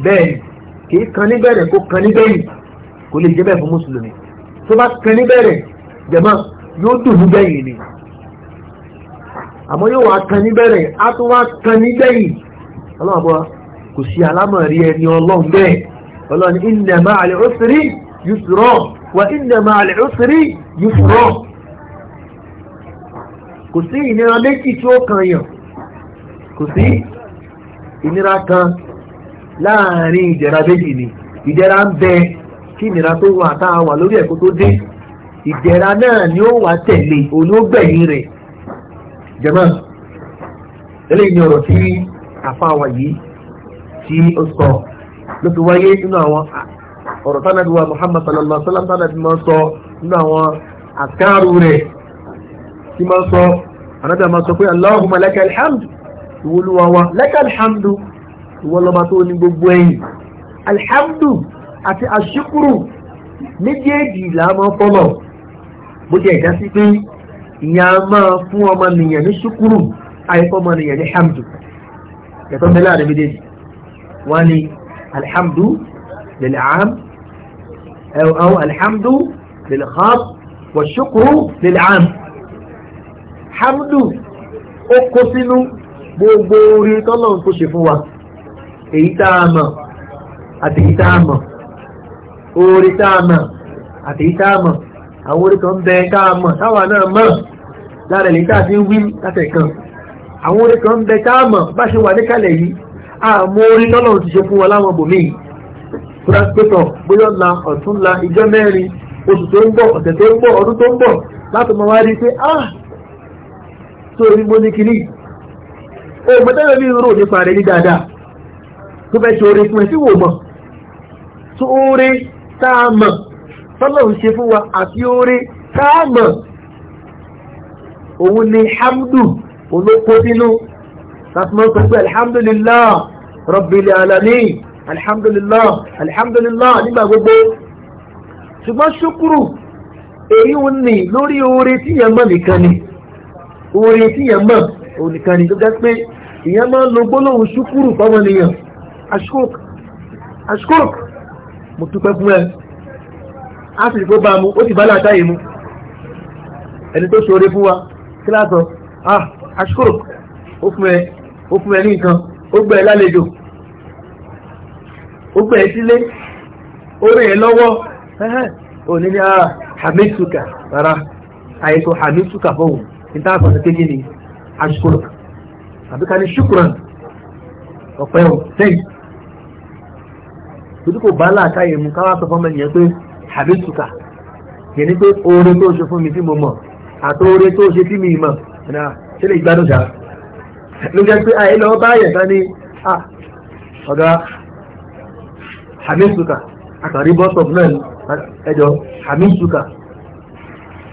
bẹ́ẹ̀ kìí kan níbẹ̀rẹ̀ kó kan níbẹ̀yìn kò lè jẹ́ bẹ́ẹ̀ fún mùsùlùmí tó bá kan níbẹ̀rẹ̀ jẹ̀mọ́ yóò dùn níbẹ̀yìn ni àmọ́ yóò wá kan níbẹ̀rẹ̀ á tún wá kan níbẹ̀yìn ọlọ́run àbọ̀ kò sí alámọ̀rí ẹni ọlọ́run bẹ́ẹ̀ ọlọ́run inna ma'al usri yusra wa inna ma'al usri yusra kò sí ìnira méjì tí ó kan yàn kò sí ìnira kan láàrin ìjẹra méjì ni ìjẹra ń bẹ kí ìnira tó wà tá a wà lórí ẹ̀kọ́ tó dé ìjẹra náà ni ó wà tẹ̀lé olóògbẹ̀yìn rẹ̀ jẹ́mọ́ eléyìí ni ọ̀rọ̀ tí àfáwà yìí tí ó sọ ló fi wáyé nínú àwọn ọ̀rọ̀ tánàbí wa Muhammad sallallahu alaihi wasallam tánàbí máa ń sọ nínú àwọn àkàrù rẹ̀ tí máa ń sọ anábìà máa sọ pé Allahumma lakal hamd ìwọlúwa wa lẹ́kẹ̀ alhamdu ìwọlọba tó ní gbogbo ẹ̀yìn alhamdu àti àṣíkúrù méjèèjì làmọ́ fọ́lọ̀ bó jẹ́ ìdá sí pé ìyá máa fún ọmọnìyàn ní ṣíkúrù àìfọ́mọnìyàn ní hamdu yàtọ̀ mẹ́lá rẹ̀ méjèèjì wọ́n ní alhamdu lil'am aw alhamdu lil'khas wa ṣíkúrù lil'am hamdu ó kó sínú gbogbo orí tọ́lọ́run tó ṣe fún wa èyí tá a mọ̀ àti èyí tá a mọ̀ orí tá a mọ̀ àti èyí tá a mọ̀ àwọn orí kan bẹ tá a mọ̀ táwa náà mọ̀ lára èyí tá a ti ń àwọn orí kan bẹ tá bá ṣe wà níkàlẹ̀ yìí àmọ́ orí tọ́lọ́run ti ṣe fún wa láwọn bòmíì transpétọ̀ bóyá ọ̀la ọ̀túnla ìjọ mẹ́rin oṣù tó ń bọ̀ ọ̀sẹ̀ tó ń ah tó rí mo ní kiri ògbọ́n tẹ́lẹ̀ mi rò nípa rẹ̀ ní dáadáa tó fẹ́ ṣe oore fún ẹ tí wò mọ̀ tó oore tá a mọ̀ tọ́lọ́run ṣe fún wa àti oore tá a mọ̀ òun ni hamdu olóko nínú sàtúmọ̀ sọ pé alhamdulillah rabbil alamin mọ̀ nìkan ni tó jẹ́ pé ìyẹn máa ń lo gbólóhùn ṣúkúrù fáwọn ènìyàn ashkok ashkok mo dúpẹ́ fún ẹ á sì rí pé bá mu ó sì bá látàyè mu ẹni tó ṣoore fún wa kí látọ̀ ah ashkok ó fún ẹ ó fún ẹ ní nǹkan ó gbẹ lálejò ó gbẹ sílé ó rìn ẹ lọ́wọ́ òní ní ara ah, hamisuka rárá àyẹ̀kọ́ hamisuka fọ́wọ́ ní táàbọ̀ kékeré ashkok àbíká ní ṣùkúrán ọ̀pẹ́ ò thanks torí kò bá láàkáyè mu káwá sọ fọ́mọ ènìyàn pé ni pé oore tó ṣe fún mi tí mo mọ̀ àti oore tó ṣe tí mi mọ̀ ẹ̀nà ṣe lè gbádùn ṣá ló jẹ́ pé àyè lọ bá yẹ̀ sani ọ̀gá àbíṣùkà àkàrí bọ́sọ̀bù náà ẹjọ́ àbíṣùkà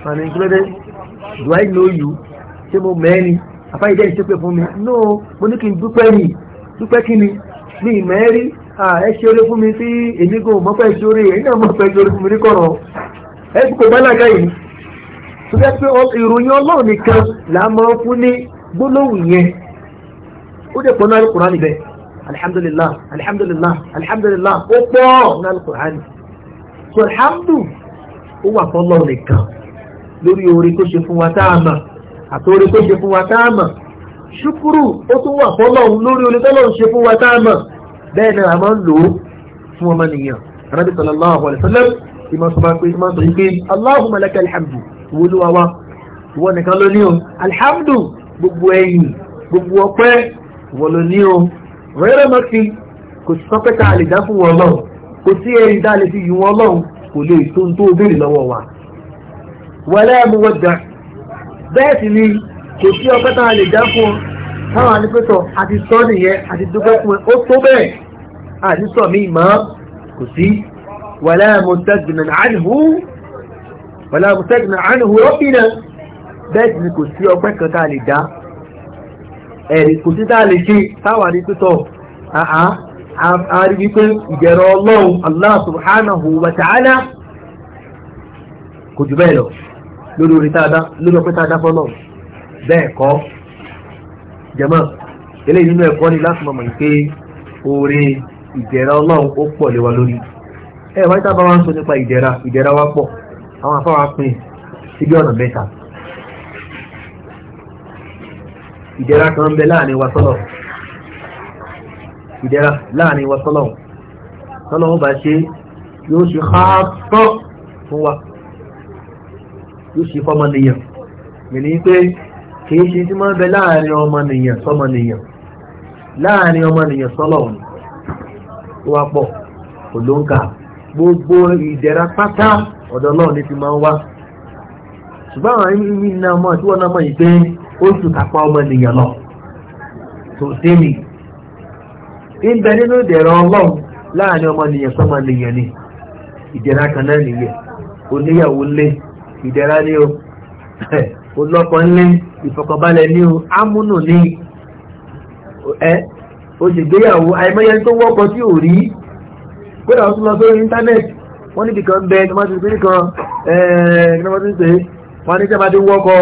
and ìgbẹ́dẹ́ do I know you ṣé mo mẹ́ni àfáyé jẹ́ ìṣẹ́pẹ́ fún mi no mo ní kí n dúpẹ́ yìí dúpẹ́ kí ni ní ìmẹ́rí ẹ ṣe oore fún mi tí èmi gò mọ́pẹ́ ṣe oore èyí náà mọ́pẹ́ ṣe oore fún mi rí kọ̀rọ̀ ẹ kò bá lága yìí tó jẹ́ pé ìròyìn ọlọ́run nìkan là á máa fún ní gbólóhùn yẹn ó dẹ̀ pọ̀ náà alukùrán níbẹ̀ alhamdulillah alhamdulillah alhamdulillah ó pọ̀ náà alukùrán àtòrí tó ṣe fún wa táàmà ṣúkúrù ó tún wà fọ́lọ́hun lórí orí tọ́lọ́hun ṣe fún wa táàmà bẹ́ẹ̀ náà a máa ń lò ó fún ọmọnìyàn arábí sallallahu alaihi wasallam ìmọ̀ sọ máa pé ìmọ̀ sọ yìí pé Allahumma laka alhamdu wo ló wa wá ìwọ nìkan ló ní o alhamdu bẹ́ẹ̀ sì ni kò sí ọpẹ́ táwọn lè já fún ọ táwọn àdìpẹ́tọ̀ àti sọ nìyẹn àti dúpẹ́ fún ẹ ó tó bẹ́ẹ̀ àti sọ mí mọ́ kò sí wàlá mustagnan anhu wàlá mustagnan anhu rabbina bẹ́ẹ̀ sì ni kò sí ọpẹ́ kan táà lè dá ẹ̀rí kò sí táà lè ṣe táwọn àdìpẹ́tọ̀ àárí wípé ìjẹ̀rọ ọlọ́run Allah subhanahu wa kò jù bẹ́ẹ̀ lọ lórí orí tàdá lórí ọpẹ́ tàdá fọ́lọ̀ bẹ́ẹ̀ kọ́ jẹ́mọ́ eléyìí nínú ẹ̀kọ́ ni láti mọ̀mọ̀ pé oore ìdẹ̀ra ọlọ́run ó pọ̀ lé wa lórí ẹ wáyé tá a bá wá ń sọ nípa ìdẹ̀ra ìdẹ̀ra wa pọ̀ àwọn afá wa pín síbi ọ̀nà mẹ́ta ìdẹ̀ra kan ń bẹ láàrin wa sọ́lọ̀ ìdẹ̀ra láàrin wa sọ́lọ̀ sọ́lọ̀ wọn bá ṣe yóò ṣe xaatọ́ fún wa yóò ṣe fọ́mọnìyàn mìíní pé kìí ṣe tí máa bẹ láàrin ọmọnìyàn sọmọnìyàn láàrin ọmọnìyàn sọlọ́run tó wá pọ̀ kò ló ń kà gbogbo ìdẹ̀ra pátá ọ̀dọ̀ Ọlọ́run ní ti máa ń wá ṣùgbọ́n àwọn ìmí iná ọmọ tí wọ́n náà mọ̀ yìí pé ó ọmọnìyàn lọ tó dé mi ń bẹ nínú ìdẹ̀ra Ọlọ́run láàrin ọmọnìyàn sọmọnìyàn ni ìdẹ̀ra kan náà nìyẹn oníyàwó lé ìdẹ̀ra ní o olọ́kọ̀ ńlẹ̀ ìfọkànbalẹ̀ ní o ámúnù ẹ o ṣègbéyàwó àìmọye tó wọ́pọ̀ tí ò rí kódà wọ́n tún lọ sórí íńtánẹ́ẹ̀tì wọ́n níbi kan bẹ ẹni máa ti pín kan ti pè é wọ́n ní sẹ́wọ́n ti wọ́kọ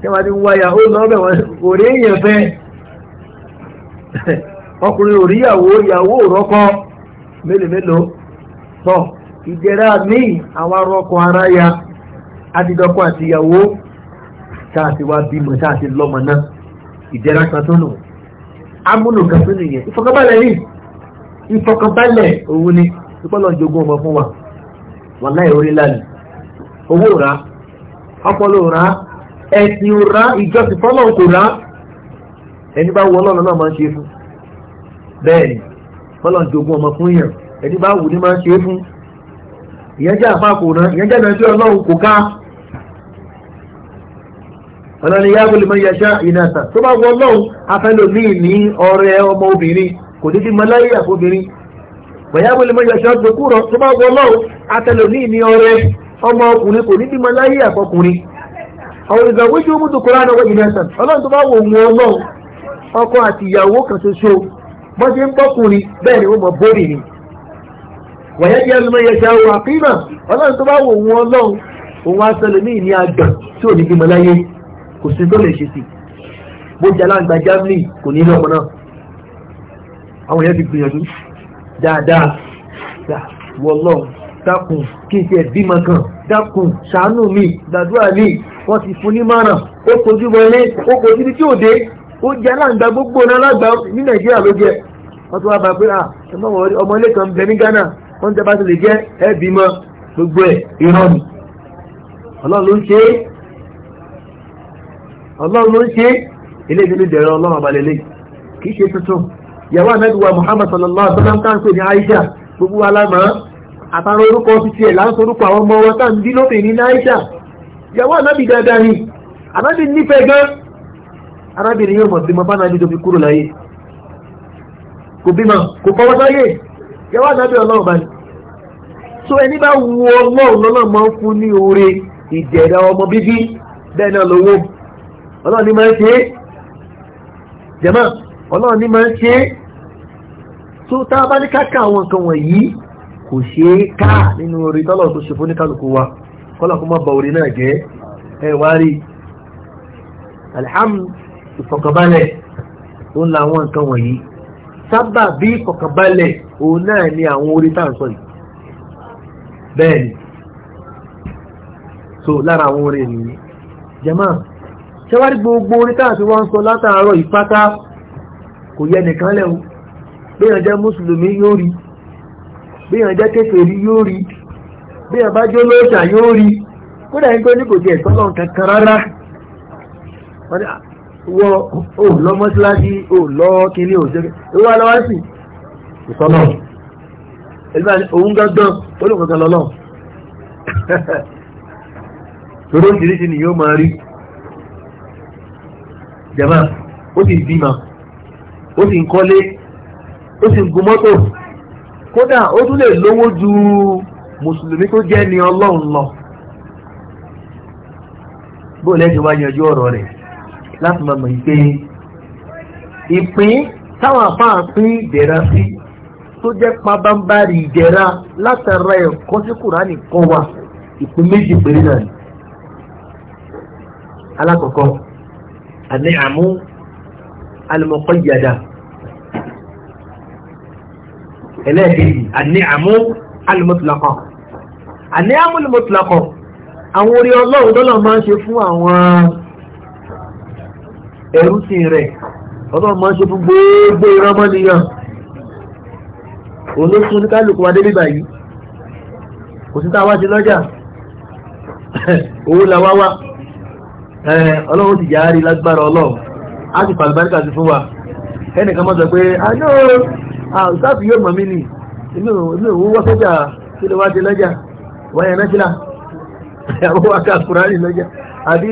sẹ́wọ́n ti wáyà ó lọ bẹ̀ wọ́n rí èèyàn fẹ́ ọkùnrin ò rí ìyàwó ìyàwó ò rọ́kọ ara ya. adídọ́kọ àti ìyàwó tá a ti bímọ tá lọ́mọ náà ìdẹ́ra kan tó nù amúnú tó nìyẹn ìfọkànbalẹ̀ yìí ìfọkànbalẹ̀ òun ni ìpọ́lọ̀ jogún ọmọ fún wa wàláì orí lálẹ́ owó rà ọpọlọ rà ẹ̀sìn rà ìjọsìn fọlọ́ kò rà ẹni bá wọ ọlọ́run náà máa ń ṣe fún bẹ́ẹ̀ ni fọlọ́ jogún ọmọ fún yàn ẹni bá wù máa ń ṣe fún ìyẹn jẹ́ kò ìyẹn jẹ́ ọ̀nà ni yáàbò lè mọ yẹṣẹ́ ìnáta tó bá wọ lọ́hùn afẹ́lòmíì ní ọ̀rẹ́ ọmọ obìnrin kò ní fi mọ láyé àfobìnrin bọ̀yáàbò lè mọ yẹṣẹ́ ọgbẹ́kúrọ̀ tó bá wọ lọ́hùn afẹ́lòmíì ní ọ̀rẹ́ ọmọ ọkùnrin kò ní fi àfọkùnrin àwọn ìgbàwójú mútu kúránà wọ ìnáta ọlọ́run tó bá wọ òun ọlọ́run ọkọ àti ìyàwó kan ṣoṣo bọ́ ṣe ń bọ́kùnrin bẹ́ẹ̀ ni ó mọ bórì ni wọ̀nyẹ́ jẹ́ lọ́mọ yẹṣẹ́ ọlọ́run tó bá wọ òun ọlọ́run òun aṣọ lómi ní àgbà tí ò ní bímọ láyé kò sí tó lè ṣe sí bó jẹ́ aláǹgbá germany kò ní ilé ọmọ náà àwọn èèyàn ti gbìyànjú dáadáa wọlọ́ dákun kí n tiẹ̀ bímọ kan dákun ṣàánú mi gbàdúrà mi wọ́n ti fún ní márùn ó kojú wọlé ó kojú ní tí ò dé ó jẹ́ aláǹgbá gbogbo náà aláǹgbá ní nàìjíríà ló jẹ wọ́n tún wá bá pé ọmọ ilé kan bẹ ní ghana wọ́n ń tẹ́ bá ti lè jẹ́ ẹ bímọ gbogbo ẹ̀ irọ́ ọlọ́run ló ń ṣe é ọlọ́run ló ń ṣe ilé ìdílé ìdẹ̀rẹ̀ ọlọ́run àbálẹ̀lẹ̀ kìí ṣe tuntun yàwó àmẹ́dùwà Muhammad sallallahu alaihi wasallam táǹpẹ̀ ní Aisha gbogbo alámà àtàrà orúkọ títí ẹ̀ láńsọ orúkọ ọmọ wọn táà ń bí Aisha yàwó dáadáa ni ànábì nífẹ̀ẹ́ gan arábìnrin yóò mọ̀ sí bá tó fi kúrò láyé kò bímọ kò kọ́ yàwó ọlọ́run bá ní so ẹni bá wu ọlọ́run lọ́nà máa ń fún ní oore ìjẹ̀dá ọmọ bíbí ọlọ́run ní máa ń ṣe é jẹ̀mọ́ ọlọ́run ní máa ń ṣe é tó tá a bá ní káka àwọn nǹkan wọ̀nyí kò ṣe é ká nínú orí tọ́lọ̀ tó ṣe fún oníkálukú wa kọ́lá kó má ba orí náà jẹ́ ẹ wá rí alhamdu ìfọ̀kànbalẹ̀ òun làwọn nǹkan wọ̀nyí sábà bí ìfọ̀kànbalẹ̀ òun náà ni àwọn orí tá à ń sọ yìí bẹ́ẹ̀ ni so lára àwọn orí ènìyàn jẹ́mọ́ ṣẹwárí gbogbo orin táàfi wọ́n sọ látàárọ̀ ìpátá kò yẹ nìkan lẹ́hùn bíyàn jẹ́ mùsùlùmí yóò rí bíyàn jẹ́ kékeré yóò rí bíyàn bá jẹ́ olóòṣà yóò rí kódà yín pé ní kò tiẹ̀ tọ́lọ̀ kankan rárá wọ ò lọ mọ́síláṣí ò lọ kiri ò ṣe ìwọ alọ́wọ́ torí oríṣiríṣi ni yóò máa rí jẹ̀mọ́ ó sì bímọ ó sì ń kọ́lé ó sì ń gun mọ́tò kódà ó tún lè lówó ju mùsùlùmí tó jẹ́ ni ọlọ́run lọ bó lẹ́sìn wá yanjú ọ̀rọ̀ rẹ̀ láti máa mọ̀ ìpè ìpín táwọn àfáà pín ìdẹ̀ra sí tó jẹ́ pabambari ìdẹ̀ra látara ẹ̀kọ́ sí kùránì kọ́ wa ìpín méjì péré náà ni alákọ̀ọ́kọ́ النعم المقيدة إلهي النعم المطلقة النعم المطلقة àwọn orí ọlọ́run tọ́lọ̀ máa ń ṣe fún àwọn ẹrúsìn rẹ̀ ọlọ́run máa ń ṣe fún gbogbo ìrọmọnìyàn olóṣùn ní kálukú wa débìbà yìí kò sí táwa ṣe lọ́jà owó làwa wá Eh, ọlọ́run ti yàárí lágbára ọlọ́run a ti pàlùbáríkà sí fún wa ẹnìkan mọ́ sọ pé àjọ́ àùsáàfì yóò mọ̀ mí nì inú òun sọ́jà kí ló wá dé lọ́jà wáyé náṣílá àwọn wákà kùránì lọ́jà àbí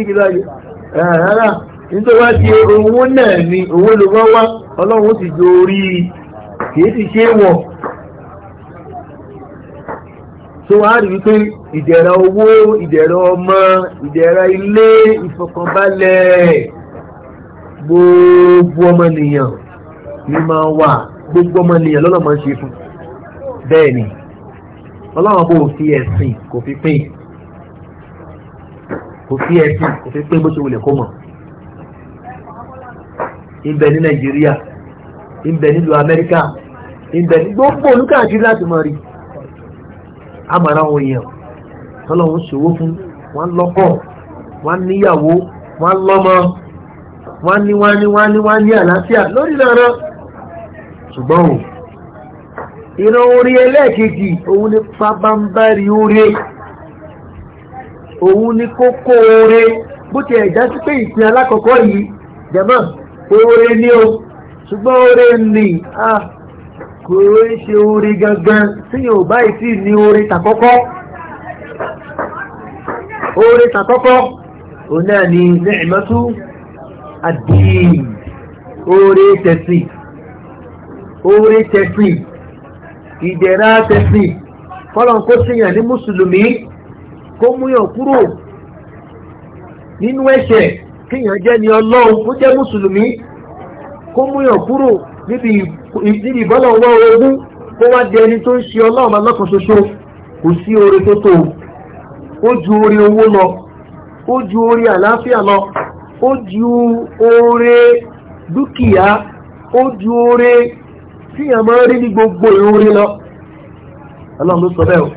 tó wá rí wípé ìdẹ̀ra owó ìdẹ̀ra ọmọ ìdẹ̀ra ilé ìfọ̀kànbalẹ̀ gbogbo ọmọnìyàn ní máa wà gbogbo ọmọnìyàn lọ́nà máa ń ṣe fún bẹ́ẹ̀ ni ọlọ́run bò fi ẹ̀sìn kò fi pín kò fi ẹ̀sìn kò fi pín bó ṣe wulẹ̀ kó mọ̀ ibẹ̀ ní nàìjíríà ibẹ̀ nílùú amẹ́ríkà ibẹ̀ ní gbogbo olúkàkiri láti mọ̀ rí i. agbara àwọn èèyàn tọ́lọ́hún ṣòwò fún wọn lọ́kọ̀ wọn níyàwó wọn lọ́mọ wọn ní wọn ní wọn ní wọn ní àlàáfíà lórí ṣùgbọ́n o ìran orí ẹlẹ́ẹ̀kejì òun ni pabambari oore òun ni kókó oore bó ti ẹ̀já sí pé ìpín alákọ̀ọ́kọ́ yìí jẹ̀mọ́ ni o ṣùgbọ́n oore ni ah kò ń ṣe orí gangan síyàn ò báyìí tí ní orí tàkọ́kọ́ orí tàkọ́kọ́ ò náà ni ni'matu ad-din orí tẹ̀sì orí tẹ̀sì ìdẹ̀ra tẹ̀sì fọ́lọ̀n síyàn ní mùsùlùmí kó múyàn kúrò nínú ẹ̀ṣẹ̀ kíyàn jẹ́ ni ọlọ́run kó jẹ́ mùsùlùmí kó múyàn kúrò níbi ìbọ́lọ̀ wọ́ ogún kó wá di ẹni tó ń ṣe ọlọ́ọ̀mà lọ́kàn ṣoṣo kò sí oore tó tó ó ju oore owó lọ ó ju oore àlàáfíà lọ ó ju oore dúkìá ó ju oore tí a máa rí ní gbogbo ìrúrí lọ ọlọ́run ló sọ bẹ́ẹ̀ o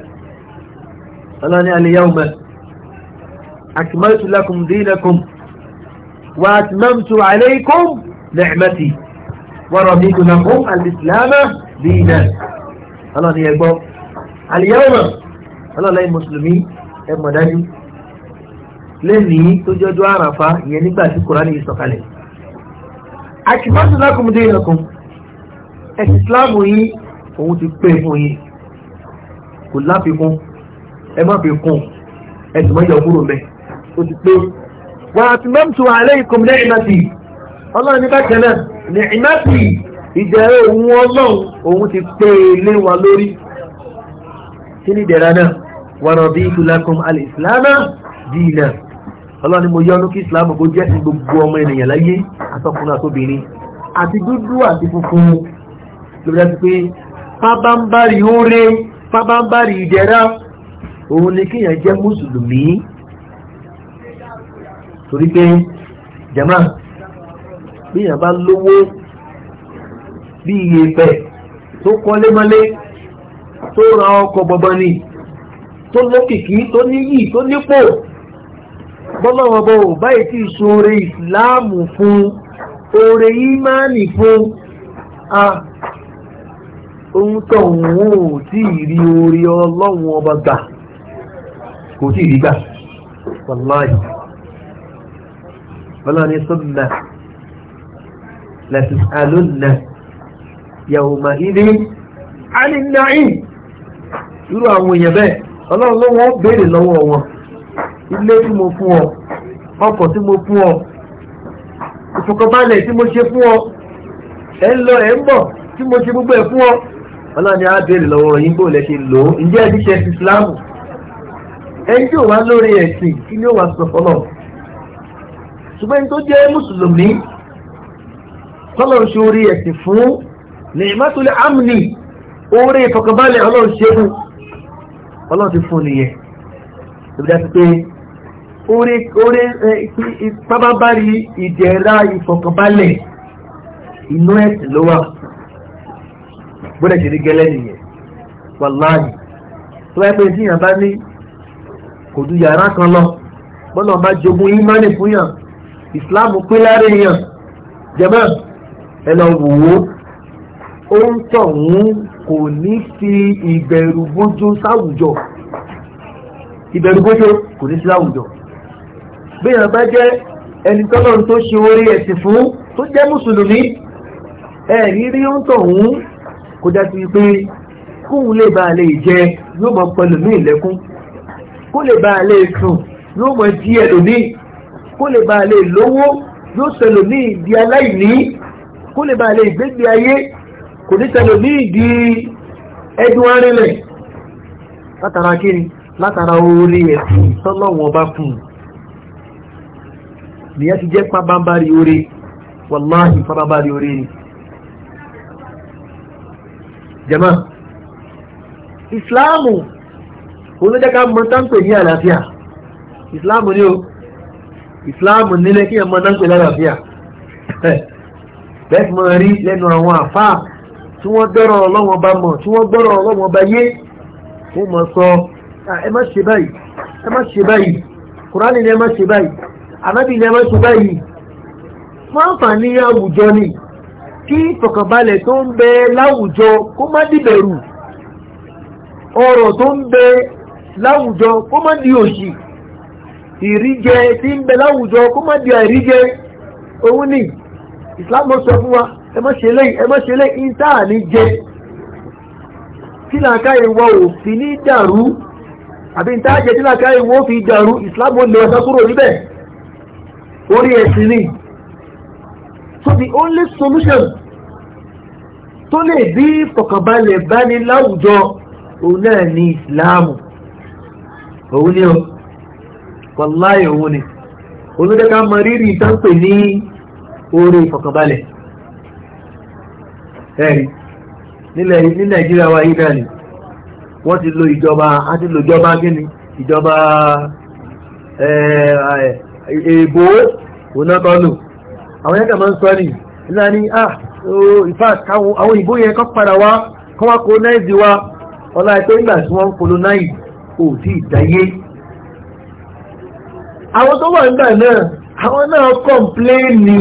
ọlọ́run ní al-yawma akmaltu lakum dinakum wa atmamtu ورضيت لكم الإسلام دينا الله دي يقول اليوم الله لا المسلمين ẹmọ̀ dájú lẹ́nìí tó jọjọ́ àràfá ìyẹn nígbà tí kòránì ìsọ̀kalẹ̀ akimọ́tò lákòmọdé ìrọ̀kùn ẹ̀sìn islamu yìí òun ti pè fún yìí kò láfikún ẹ má fi kún ẹ̀sìn mọ́jọ kúrò mẹ́ ó ti pé wà á ti mọ́mtò alẹ́ ìkọ̀mọ́lẹ́ ìnàtì ọlọ́run ní bákan náà ní ìmáàtì ìdẹ̀rẹ̀ òun ọlọ́run òun ti pé lé wa lórí kí ni ìdẹ̀rẹ̀ náà wọ́n rọ̀ bí ìtùlákùn alìsìlámà dìínà ọlọ́run ni mo yọ́nú kí ìsìlámù kó jẹ́ sí gbogbo ọmọ ènìyàn láyé àtọkùnrin àtobìnrin àti dúdú àti funfun lórí àti pé pábánbárì oore pábánbárì ìdẹ̀ra òun ni kíyàn jẹ́ mùsùlùmí torí pé jàmáà bí èèyàn bá lówó bí iye pẹ̀ tó kọ́lé mọ́lé tó ra ọkọ̀ bọ̀bọ̀ ni tó lókìkí tó níyì tó nípò bọ́lọ́wọ́ bọ́ ò báyìí tí ìṣòro ìsìláàmù fún oore ìmáànì fún a ohun tó wọ́n ò tí ìrí oore ọlọ́run ọba gbà kò tí ìrí gbà wàláyìí wọ́n ní sọ́dún lẹ́sìsàlónà yàwòmà ìdí ànínáì irú àwọn èèyàn bẹ́ẹ̀ ọlọ́run ló wọ́n béèrè lọ́wọ́ wọn ilé tí mo fún ọ ọkọ̀ tí mo ọ ìfọkànbalẹ̀ tí mo ṣe ọ tí ṣe ni a lò ó ǹjẹ́ ẹni ṣe ìsìláàmù tọ́lọ́run ṣe orí ẹ̀sìn fún ní ìmọ́tòlẹ̀ amni orí ìfọkànbalẹ̀ ọlọ́run ṣe fún ọlọ́run ti fún nìyẹn ìbí dájú pé orí orí pábábárí ìjẹ̀ra ìfọkànbalẹ̀ inú ẹ̀sìn ló wà gbọ́dọ̀ ṣe rí gẹ́lẹ́ nìyẹn wàláhì tó bá pé tí èèyàn bá ní kò ju ìsìláàmù pé láàrin yàn jẹ̀mọ́ ẹ lọ wò ó ó ń tọ̀hún kò ní fi ìbẹ̀rù bójú sáwùjọ ìbẹ̀rù bójú kò ní sí láwùjọ bí èèyàn bá jẹ́ ẹni tọ́lọ́run tó ṣe orí ẹ̀sìn fún tó jẹ́ mùsùlùmí ẹ̀rí rí ń tọ̀hún kò já pé kóun lè bá a lè jẹ yóò mọ pẹ̀lú ní ìlẹ́kún kó lè bá a lè sùn yóò mọ jí ẹlòmíì kó lè bá a lè lówó yóò sẹlòmíì di aláìní kó lè bá lè gbégbé ayé kò ní tẹ́lẹ̀ ní ìdí ẹdún arìnlẹ̀ látara kíni látara orí ẹ̀sìn tọ́lọ́wọ̀n bá fún un nìyẹn ti jẹ́ pàbámbárí orí wàláhì pàbámbárí orí ni jama Islamu olójẹ́ká mọ́ táǹpẹ̀ ní àlàáfíà ìsìláàmù ni ó ìsìláàmù nílẹ̀ kí ẹ mọ́ táǹpẹ̀ ní àlàáfíà bẹ́ẹ̀ mọ́ rí lẹ́nu àwọn àfáà tí wọ́n dọ́rọ̀ ọlọ́wọ́n bá mọ̀ tí wọ́n gbọ́rọ̀ ọlọ́wọ́n bá yé fún mọ̀ sọ ẹ má ṣe báyìí ẹ má ṣe báyìí kùránì ni ẹ má ṣe báyìí ànábì ni ẹ má ṣe báyìí ìríjẹ tí ń bẹ láwùjọ kó má di àìríjẹ òun nìyí islam sọ fún wa ẹ má ṣe lẹ́yìn ẹ má ṣe lẹ́yìn intanet ní jẹ tí làákà ìwọ ò fi ní dàrú àbí intanet jẹ tí làákà ìwọ ò fi dàrú islam ò lè ọ̀sán kúrò níbẹ̀ orí ẹ̀sìn ni so the only solution tó lè bí fọkànbalẹ̀ báni láwùjọ òun náà ni islam òun ni o wàláyé òun ni olùdókà mọ rírì tán pè ní. oore ìfọ̀kànbalẹ̀ ẹ̀rí ní nàìjíríà ni wọ́n ti lo ìjọba a ti lo ìjọba gíní ìjọba èèbó onátọ́lù àwọn yẹ́kà máa ń sọ ilá ní ah àwọn ìbò yẹn kọ́ padà wá kọ́ wa ọlá ẹ̀tọ́ ìgbà tí wọ́n tí àwọn tó wà nígbà náà àwọn náà kọ̀ǹpléènì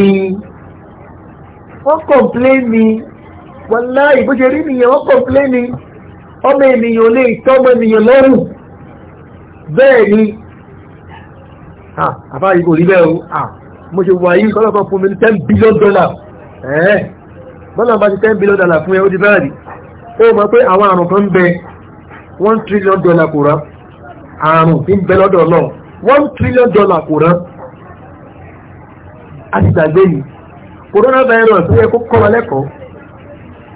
wọ́n kọ̀ǹpléènì wọ́lá ìbúṣe rí nìyẹn wọ́n kọ̀ǹpléènì ọmọ ènìyàn lè tọ́mọ ènìyàn lọ́rùn bẹ́ẹ̀ ni àbá yìí kò rí bẹ́ẹ̀ o mo ṣe wà yìí kọ́lọ́kan fún mi ní ten billion dollar ẹ̀ẹ́ bọ́lá bá ti ten billion dollar fún ẹ ó ti bẹ́ẹ̀ rí ó mọ̀ pé àwọn àrùn kan ń bẹ one trillion dollar kò rán àrùn tí ń bẹ lọ́dọ̀ náà one trillion dollar kò rán àti gbàgbé yìí coronavirus ó yẹ kó kọ́ wa lẹ́kọ̀ọ́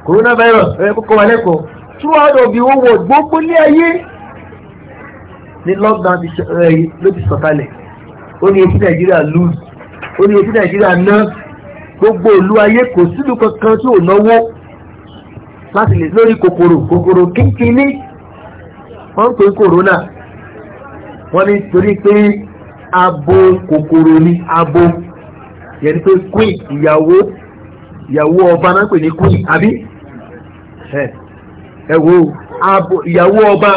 coronavirus ó yẹ kó kọ́ wa lẹ́kọ̀ọ́ throughout of the whole world gbogbo ní ayé ní lockdown eh, ló ti sọ̀kalẹ̀ ó ní etí nàìjíríà lose ó ní etí nàìjíríà ná gbogbo ìlú ayé kò sílùú kankan tí ò náwó láti lè lórí kòkòrò kòkòrò kínkínní wọ́n ń pè corona wọ́n ní torí pé abo kòkòrò ni abo. yẹni pé queen ìyàwó ìyàwó ọba náà pè ní queen àbí ẹ wo ìyàwó ọba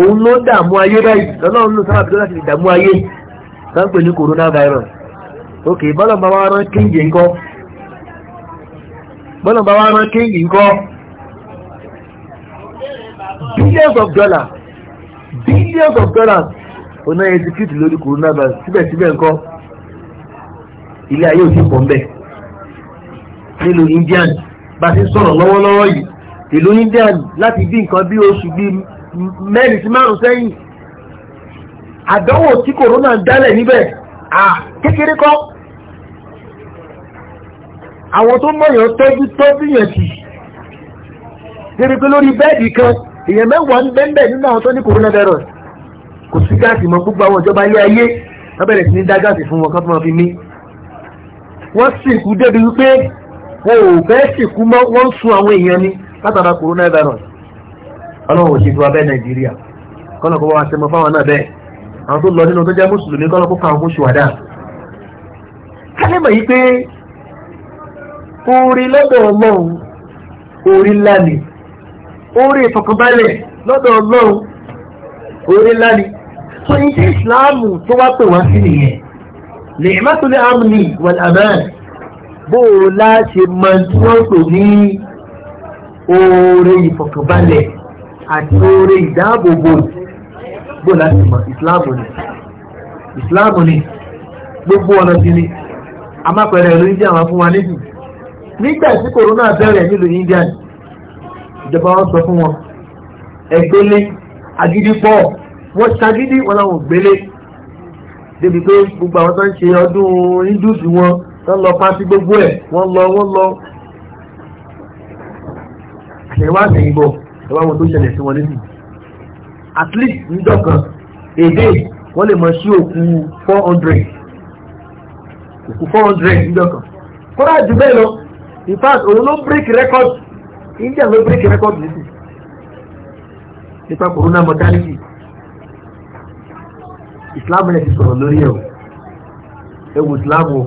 òun ló dàmú ayé báyìí lọ́lọ́run ló sábà ayé sáà ń pè ní coronavirus ok bọ́lọ̀ bá rán kíngì ńkọ́ bọ́lọ̀ bá rán billions of dollars billions of dollars ọ̀nà execute lórí coronavirus síbẹ̀síbẹ̀ ńkọ́ ilé ayé ò sì pọ̀ mbẹ́ nílùú indian bá ti sọ̀rọ̀ lọ́wọ́lọ́wọ́ yìí ìlú indian láti bí nǹkan bí oṣù bíi mẹ́rin sí márùn sẹ́yìn àdánwò tí corona ń dálẹ̀ níbẹ̀ à kékeré kọ́ àwọn tó mọ̀yàn tọ́jú tọ́jú yàn tì débi pé lórí bẹ́ẹ̀dì kan èèyàn mẹ́wàá ń bẹ́ẹ̀ nínú àwọn tó ní coronavirus kò sí gáàsì mọ́ gbogbo àwọn ìjọba ilé ayé wọ́n bẹ̀rẹ̀ sí ní dá gáàsì fún wọn kọ́ tó máa fi mí wọ́n sìnkú débi wípé wọn ò fẹ́ sìnkú mọ́ wọ́n ń àwọn èèyàn ní látara coronavirus ọlọ́run ò ṣe fi nàìjíríà kọ́nà wọ́n bá fáwọn náà bẹ́ẹ̀ àwọn tó lọ nínú tó jẹ́ mùsùlùmí kọ́nà kó kàwọn ṣùwádà kálẹ̀mọ̀ yìí pé orí lọ́dọ̀ ọlọ́run orí ńlá ni orí ìfọkànbalẹ̀ lọ́dọ̀ ọlọ́run orí ńlá ni ni'matu al-amni wal-aman bó o láti mọ tí wọ́n tò ní oore ìfọ̀kànbalẹ̀ àti oore ìdáàbòbò bó láti mọ ìsìláàmù ni ìsìláàmù ni gbogbo ọ̀nà sí ni a máa pẹ̀rẹ̀ ìlú india wọn fún wa níbi nígbà tí corona bẹ̀rẹ̀ nílùú india ìjọba wọn sọ fún wọn ẹgbẹ́lé agídí pọ̀ wọ́n ṣagídí wọn làwọn ògbélé débi pé gbogbo àwọn tó ń ṣe ọdún hindus wọn tó ń lọ pátí gbogbo ẹ̀ wọ́n lọ wọ́n lọ. àṣẹwá àtẹ̀yìn bọ̀ ẹ wá wọn tó ṣẹlẹ̀ sí wọn lẹ́sìn. at least níjọkan èdè wọ́n lè mọ sí òkú four hundred òkú four hundred níjọkan. kódà jù bẹ́ẹ̀ lọ in fact òun ló break record India ló break record nísìn nípa corona mortality ìsìláàmù rẹ̀ ti sọ̀rọ̀ lórí ẹ̀ o ewu ìsìláàmù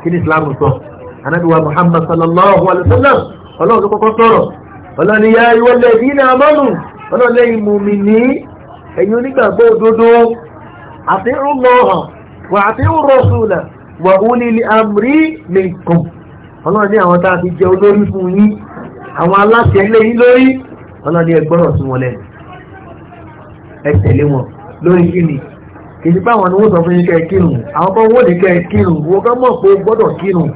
kí ni ìsìláàmù sọ anábì wa muhammad sallallahu alayhi wa sallam ọlọ́run tó kọ́kọ́ sọ̀rọ̀ ọlọ́run ni ya ayuwa alladhina amanu ọlọ́run lẹ́yìn mùmínì ẹ̀yin onígbàgbọ́ òdodo ati'u Allaha wa ati'u rasula wa ulil amri minkum ọlọ́run ní àwọn tá a ti jẹ olórí fún yín àwọn aláṣẹ ilé lórí ọlọ́run ní ẹgbọ́rọ̀ sí wọn lẹ́nu ẹ tẹ̀lé wọn lórí kí ni kìí bá àwọn oníwòsàn fún yínkẹ́ kírùn àwọn kan wó nìkẹ́ kírùn wọ́n kan mọ̀ pé gbọ́dọ̀ kírùn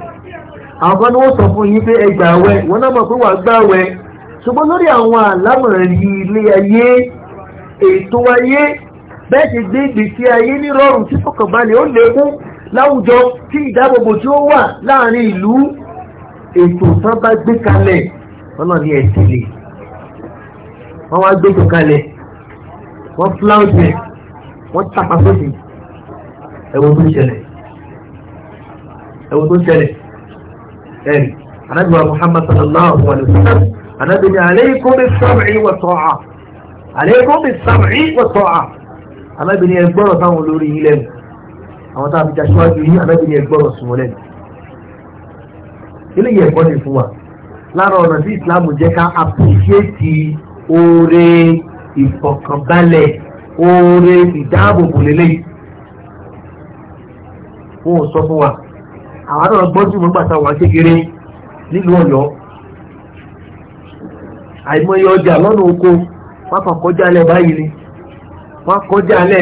àwọn kan oníwòsàn fún yín pé ẹgbà wẹ wọ́n náà mọ̀ pé wà gbà wẹ ṣùgbọ́n lórí àwọn àlámọ̀rí ilé ayé ètò ayé bẹ́ẹ̀ ti gbé ìgbésí ayé ní rọrùn tí fọkànbalẹ̀ ó lékún láwùjọ tí ìdáàbòbò tí ó wà láàrin ìlú ètò tán bá gbé kalẹ̀ ọlọ́ni ẹ̀sìn lè wọ́n wá gbé kalẹ̀ wọ́n fúláwùjẹ̀ wọ́n tàpá sósì ẹ̀wọ̀n tó ń ṣẹlẹ̀ ẹ̀wọ̀n tó ń ṣẹlẹ̀ ẹ̀rì anábìwá muhammad sallallahu alayhi wa sallam anábìwá alaykum bis-sam'i wa ta'a alaykum bis-sam'i wa ta'a anábìwá ẹgbọ́rọ̀ táwọn olórí yìí lẹ́nu àwọn tá a fi yìí anábìwá ẹgbọ́rọ̀ sùn lẹ́nu ilé yẹ ẹ̀kọ́ fún wa lára ọ̀nà tí ìsìlámù jẹ́ ká appreciate oore ìfọ̀kànbalẹ̀ oore ìdáàbòbò lélẹ̀ wọn ò sọ fún wa àwọn àdọ̀rọ̀ gbọ́dún mọ́ gbàtà wà kékeré nílùú ọ̀yọ́ àìmọye ọjà lọ́nà oko wọ́n kàn kọjá alẹ́ báyìí ni wọ́n kọjá ni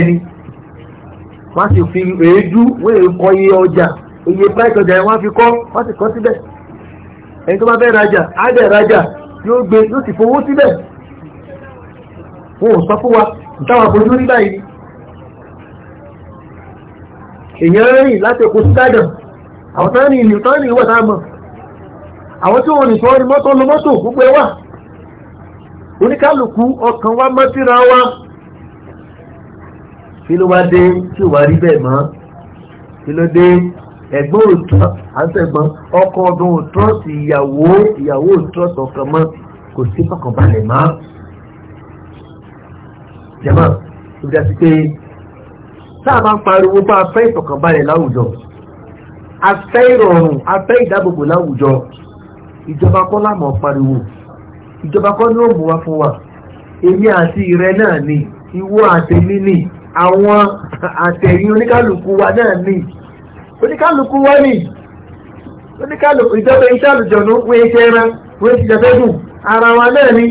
wọ́n sì fi èédú wọ́n èé ọjà iye báyìí ọjà yẹn wọ́n fi kọ́ wọ́n sì kọ́ síbẹ̀ ẹni tó bá fẹ́ rajà á rajà yóò gbé yóò sì fowó síbẹ̀ ìtawà fojú rí báyìí èèyàn rìn láti Èkó sí Ìbàdàn àwọn tán ní ìlú tán ní ìwọ̀ táàmù àwọn tí wọ́n ní sọ́ọ́ ni mọ́tò ló mọ́tò gbogbo ẹwà oníkálùkù ọkàn wa mọ́ síra wa kí ló wá dé tí ò wá rí bẹ́ẹ̀ mọ́ kí ló dé ẹ̀gbọ́n òtún àtẹ̀gbọ́n ọkọ ọdún òtún ìyàwó ìyàwó òtún ọ̀sán mọ́ kò sí fọkànbalẹ̀ mọ́ jẹ́mọ́ ìjà sí pé sáà máa ń pariwo bá a fẹ́ ìfọ̀kànbalẹ̀ láwùjọ a fẹ́ ìrọ̀rùn a fẹ́ ìdáàbòbò láwùjọ ìjọba kọ́ láàmú pariwo ìjọba kọ́ ní òmù wa fún wa èmi àti ìrẹ náà ni ìwọ àtẹ̀mí ni àwọn àtẹ̀yìn oníkálukú wa náà ni oníkálukú wa ni oníkálukú ìjọba iṣẹ́ àlùjọ̀nù wọ́n ṣe ẹran wọ́n ṣe jẹ́fẹ́gùn ara wa náà ni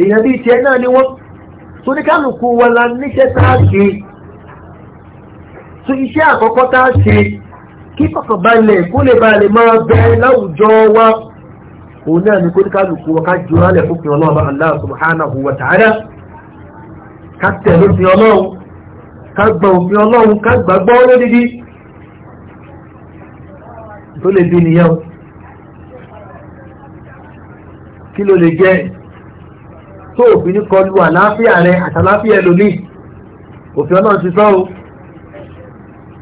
èèyàn bíi tiẹ̀ náà ni wọ́n torí kálukú wọn la níṣẹ́ tá a ṣe tó iṣẹ́ àkọ́kọ́ tá a ṣe kí kọ̀kànbalẹ̀ kó lè ba lè máa bẹ láwùjọ wa òun náà ni kórí kálukú wa ká jura lẹ̀ fún fi ọlọ́run Allah subhanahu wa ta'ala ká tẹ̀lé fi ọlọ́run ká gba òfin ọlọ́run ká gbàgbọ́ lódìdí tó lè bí nìyẹn kí ló lè jẹ́ tó òbí ní kọlu àlàáfíà rẹ àtàláfíà ẹlòmíì òfin ọlọ́run ti sọ o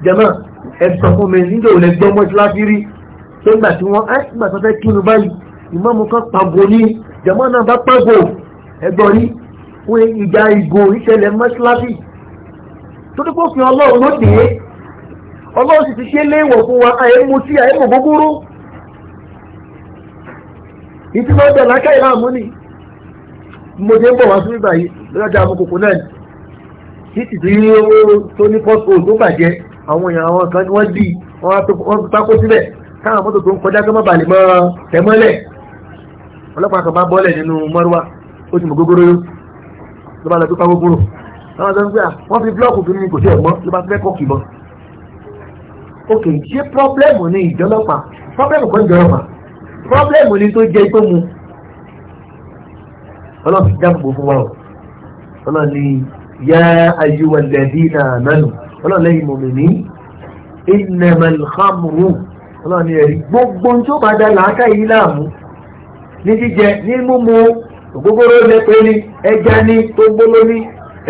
jẹmọ́ ẹ sọ fún mi nígbà òun lè gbọ́ mọ́ṣáláṣí rí pé ńgbà tí wọ́n ẹ́ ńgbà tó fẹ́ kírun báyìí ìmáàmù kan pàgò ní jẹmọ́ náà bá pàgò ẹgbọ́n rí fún ìjà ìgò ìṣẹ̀lẹ̀ mọ́ṣáláṣí tó ní kó fi ọlọ́run ló dé ọlọ́run sì ti ṣe léèwọ̀ fún wa àyẹ̀mú tí àyẹ̀mú gbogbo ìtìmọ̀ ọ̀dọ̀ lákàyè láàmú ni mo ṣe ń bọ̀ wá sórí báyìí lọ́jà amúkòkò náà títì tí tó ní pọ́sìkò tó bàjẹ́ àwọn èèyàn àwọn kan wọ́n dì wọ́n pákó síbẹ̀ káwọn mọ́tò tó ń kọjá tó má bàlè mọ́ tẹ̀mọ́lẹ̀ ọlọ́pàá kan bá bọ́lẹ̀ nínú mọ́rúwá ó ti mọ̀ gógóró ló bá lọ tó pa gógóró àwọn ọ̀dọ́ ń gbé à wọ́n fi blọ́ọ̀kù kí ni kò sí ẹ̀gbọ́n ló bá fẹ́ kọ́kì mọ́ ok ṣé pọ́blẹ́mù ni ìjọlọ́pàá pọ́blẹ́mù kan jọlọ́pàá pọ́blẹ́mù ni tó jẹ tó mu ọlọ́run ti dáàbò fún wa o ọlọ́run ní yá ayúwa lẹ́bí náà nánu ọlọ́run lẹ́yìn mọ̀mìnì ìnàmẹ̀lẹ́kàmùrù ọlọ́run ní ẹ̀rí gbogbo tó bá dá làákà yìí láàmú ní jíjẹ ní mímu ògógóró lẹ́pẹ́ ní ẹja ní tógbóló ní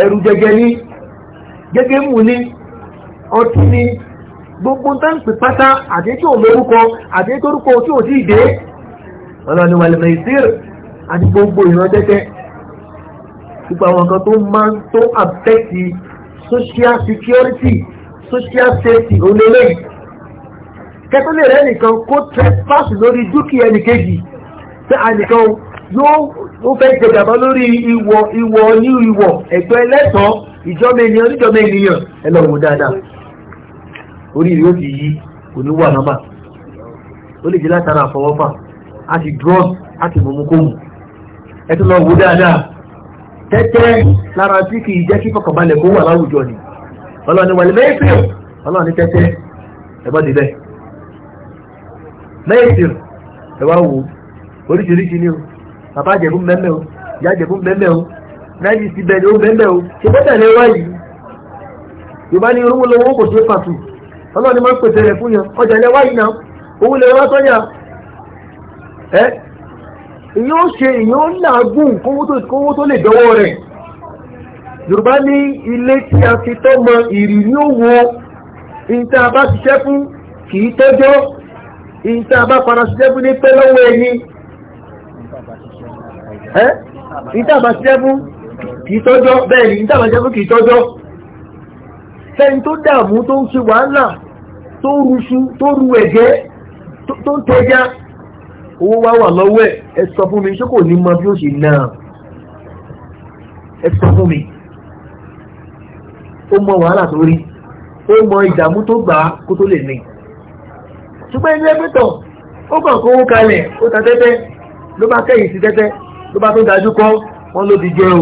ẹrù jẹjẹ ní gẹ́gẹ́ mú ní ọtí ní gbogbo táǹpì pátá àti tí ò lórúkọ àti tí tí ò tí ì dé ọlọ́run ní àti gbogbo ìran tẹ́tẹ́ gbogbo àwọn nǹkan tó máa ń tó àbẹ́tì social security social safety olélẹ́ kẹtọ́lẹ̀ rẹ̀ nìkan kó trespass lórí dúkìá ẹnìkejì tí a nìkan yóò fẹ́ jẹgàbá lórí ìwọ̀ ìwọ̀ ní ìwọ̀ ẹ̀tọ́ ẹlẹ́tọ̀ọ́ ìjọba ènìyàn níjọba ènìyàn ẹlọ́wọ̀ dáadáa orí ìrí ó ti yí kò ní wà nọ́mà ó lè jẹ́ látara àfọwọ́fà a ti drug a ti mọ̀mú kó mù ẹ tún lọ wò dáadáa tẹ́tẹ́ lára tí jẹ́ kí ni ọlọ́ni wà lẹ́ẹ̀sìr ọlọ́ni tẹ́tẹ́ ẹ̀bọ́n níbẹ̀ lẹ́ẹ̀sìr ẹ̀wá wò oríṣiríṣi ni o bàbá àjẹ̀bú mẹ́mẹ́ o ìyá mẹ́mẹ́ o náírà ti bẹ̀rẹ̀ o mẹ́mẹ́ o ṣe bẹ́tẹ̀ lè wá yìí ní kò ṣe pàtó ọlọ́ni máa ń pèsè rẹ̀ fún yàn ọjà yìí náà owó lè wá ìyẹn ó ṣe ìyẹn ó làágùn kówó tó lè dọwọ́ rẹ̀ yorùbá ní ilé tí a fi tọ́mọ ìrì ní òwò ìta bá ṣiṣẹ́ fún kì í tọ́jọ́ ìta bá padà ṣiṣẹ́ fún ní pẹ́ lọ́wọ́ ẹni ìta ni ìta bá ṣiṣẹ́ fún kì í tọ́jọ́ sẹ́ni tó dààmú tó ń ṣe wàhálà tó ruṣu tó ru ẹ̀jẹ̀ tó ń tẹja owó wá wà lọ́wọ́ ẹ̀ ẹ sọ fún mi ṣé kò ní mọ bí ó ṣe náà ẹ sọ fún mi ó mọ wàhálà tó rí ó mọ ìdààmú tó gbà á kó tó lè ní ṣùgbọ́n ilé ẹgbẹ́tàn ó kàn kó owó kalẹ̀ ó ta tẹ́tẹ́ ló bá kẹ́yìn sí tẹ́tẹ́ ló bá tó dájú kọ́ wọ́n ló ti jẹ́ o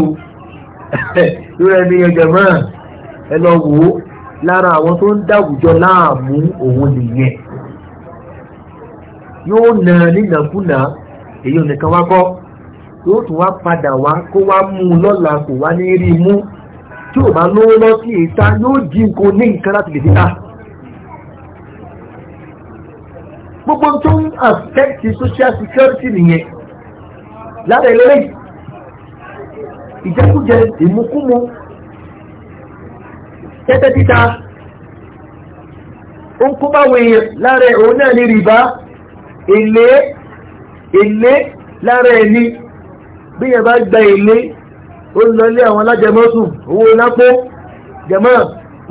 lórí ẹni ẹgbẹ̀rún ẹ lọ wò ó lára àwọn tó ń dàwùjọ láàmú òun nìyẹn yóò na nínàkúnà èyí nìkan wá kọ́ yóò tún wá padà wá kó wá mú un lọ́la kò wá ní rí mú tí ò bá lówó lọ sí ìta yóò jí nǹkan ní nǹkan láti lè díta gbogbo tó ń affect social security nìyẹn lára ẹlẹ́rìí ìjẹkújẹ ìmúkúmu tẹ́tẹ́ títa ó ń kó báwọn èèyàn lára òun náà ní rìbá èlé èlé lára ẹni bí yẹn bá gba èlé ó lọ lé àwọn alájẹmọ́sùn owó lápó jẹmọ́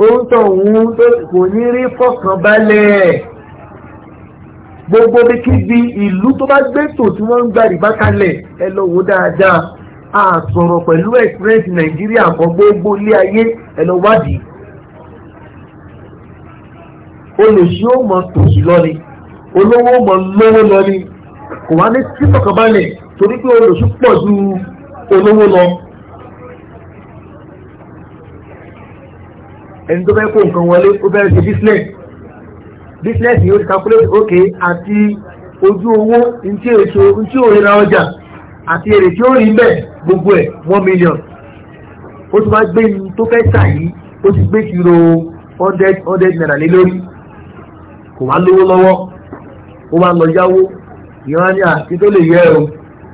oúntọ̀ òun tó kò ní rí fọkànbalẹ̀ gbogbo bí kíbi ìlú tó bá gbẹ́tò tí wọ́n ń gba rìbá kalẹ̀ ẹ lọ wò dáadáa àsọ̀rọ̀ pẹ̀lú experience nàìjíríà kan gbogbo ilé ayé ẹ lọ wádìí olùsí ó mọ tòṣì lọ́ni olówó mọ̀ lówó lọ ni kò wá ní sí tọkànbalẹ̀ torí pé olùsùn pọ̀ ju olówó lọ. ẹni tó fẹ́ kó nǹkan wọlé ó fẹ́ ṣe business business yóò ti calculate ok àti ojú owó ntí èso ntí òrìra ọjà àti èrè tí ó rí bẹ́ẹ̀ gbogbo ẹ̀ one million ó ti máa gbé ní tó fẹ́ tà yìí ó ti gbé kiro hundred hundred naira lé lórí kò wá lówó lọ́wọ́ ó máa ń lọ yáwó ìran ní àti tó lè yẹ o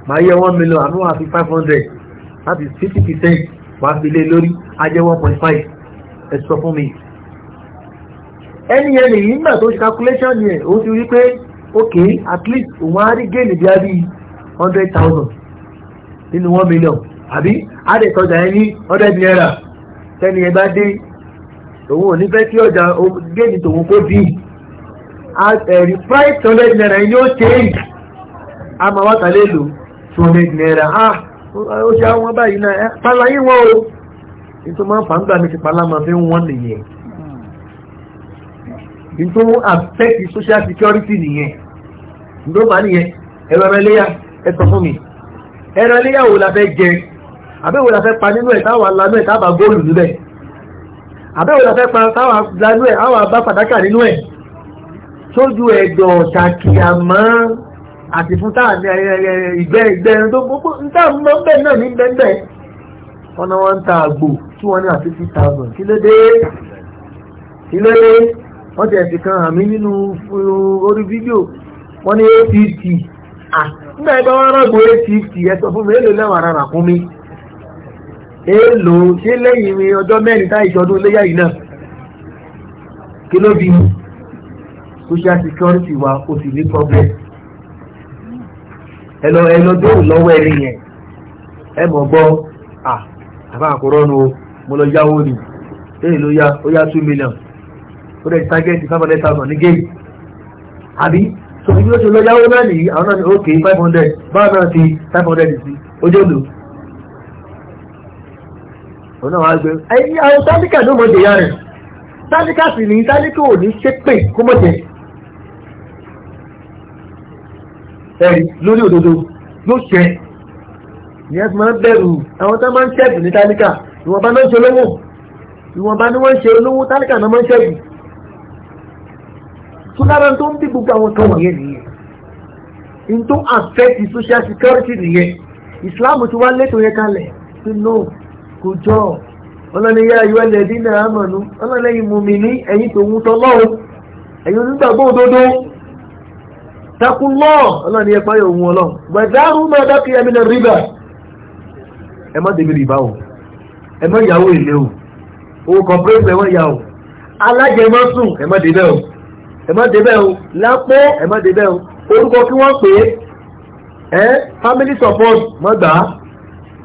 máa yẹ one million àmì wàá fi five hundred láti fifty percent wàá fi lé lórí á one point five ẹ sọ fún mi. ẹni yẹn nìyí nígbà tó ṣe calculation yẹn ó ti rí pé ok at least òun á rí géèlì bí a bí hundred thousand nínú one million àbí àdètọ́jà yẹn ní hundred naira tẹ́ni yẹn bá dé òun ò ní fẹ́ kí ọjà géèlì tòun kó dín a price hundred naira yóò change a máa wá tàlé lò naira ah ó ṣe àwọn báyìí náà pàlà yín wọ́n o nítorí máa fàǹgbà mi ti pàlà máa fi wọ́n nìyẹn nítorí affect social security nìyẹn nítorí máa nìyẹn ẹ̀rọ ẹlẹ́yà ẹ fún mi ẹ̀rọ ẹlẹ́yà wo la fẹ́ jẹ la fẹ́ pa nínú ẹ̀ táwọn ẹ̀ tábà góòlù níbẹ̀ la fẹ́ pa táwọn ẹ̀ nínú ẹ̀ sójú ẹ̀dọ̀ ṣàkìyàmọ́ àti fún táà ní ìgbẹ́ ìgbẹ́ ẹran tó gbogbo níta mọ́ náà ní bẹ́ẹ̀ ọ̀nà wọn ta àgbò 250,000 fifty thousand kí kí wọ́n ti ẹ̀sìn kan nínú orí fídíò wọ́n ní nígbà ẹgbẹ́ wọn ẹ mi èlò lẹ́wọ̀n ara rà fún mi èlò ṣé lẹ́yìn mi ọjọ́ mẹ́rin táyì bí social security wa o sì ní problem ẹlọ ẹlọ dóòrò lọ́wọ́ ẹni yẹn ẹ mọ̀ gbọ́ à àbá àkùrọ́nu o mo lọ yáwó ni èyí ló yá ó yá two million ó dẹ̀ target five hundred thousand ní géèmù àbí so ibi ó ti lọ yáwó náà nìyí àwọn náà ní ok five hundred báwọn náà ti five hundred sí ojú òdo òun náà wá gbé ẹ̀yìn àwọn táníkà ló mọ̀ jẹ̀yà rẹ̀ táníkà sì ní táníkà ò ní ṣépè kó mọ̀ jẹ̀ ẹ̀rí lórí òdodo yóò ṣẹ ìyẹn ti máa ń bẹ̀rù àwọn tó máa ń ṣẹ́gun ní tálíkà ìwọ̀nba náà ń ṣe olówó ìwọ̀nba ni wọ́n ń ṣe olówó tálíkà náà máa ń ṣẹ́gun tó lára tó ń bí gbogbo àwọn kan wọ̀nyẹn nìyẹn in tó affect social security nìyẹn ìsìláàmù ti wá létò yẹn kalẹ̀ sí no kò jọ ọlọ́niyá ayọ́ ẹlẹ́dínlẹ̀ àmọ̀nù ọlọ́lẹ́yìn mùmí ní ẹ̀yìn tòun tọ́lọ́run takulọ́ ọlọ́run ní ẹ̀fọ́ yóò wọ́n ọlọ́run wẹ̀dáàrú máa dákì ẹ̀mí lẹ rìbá ẹ má débi rìbá o ẹ má yàwó ilé o owó kọ̀pẹ́rẹ́sì ẹ má yà o alájẹ má sùn ẹ má débẹ̀ o ẹ má débẹ̀ o lápò ẹ má débẹ̀ o orúkọ kí wọ́n pè é ẹ family support má gbà á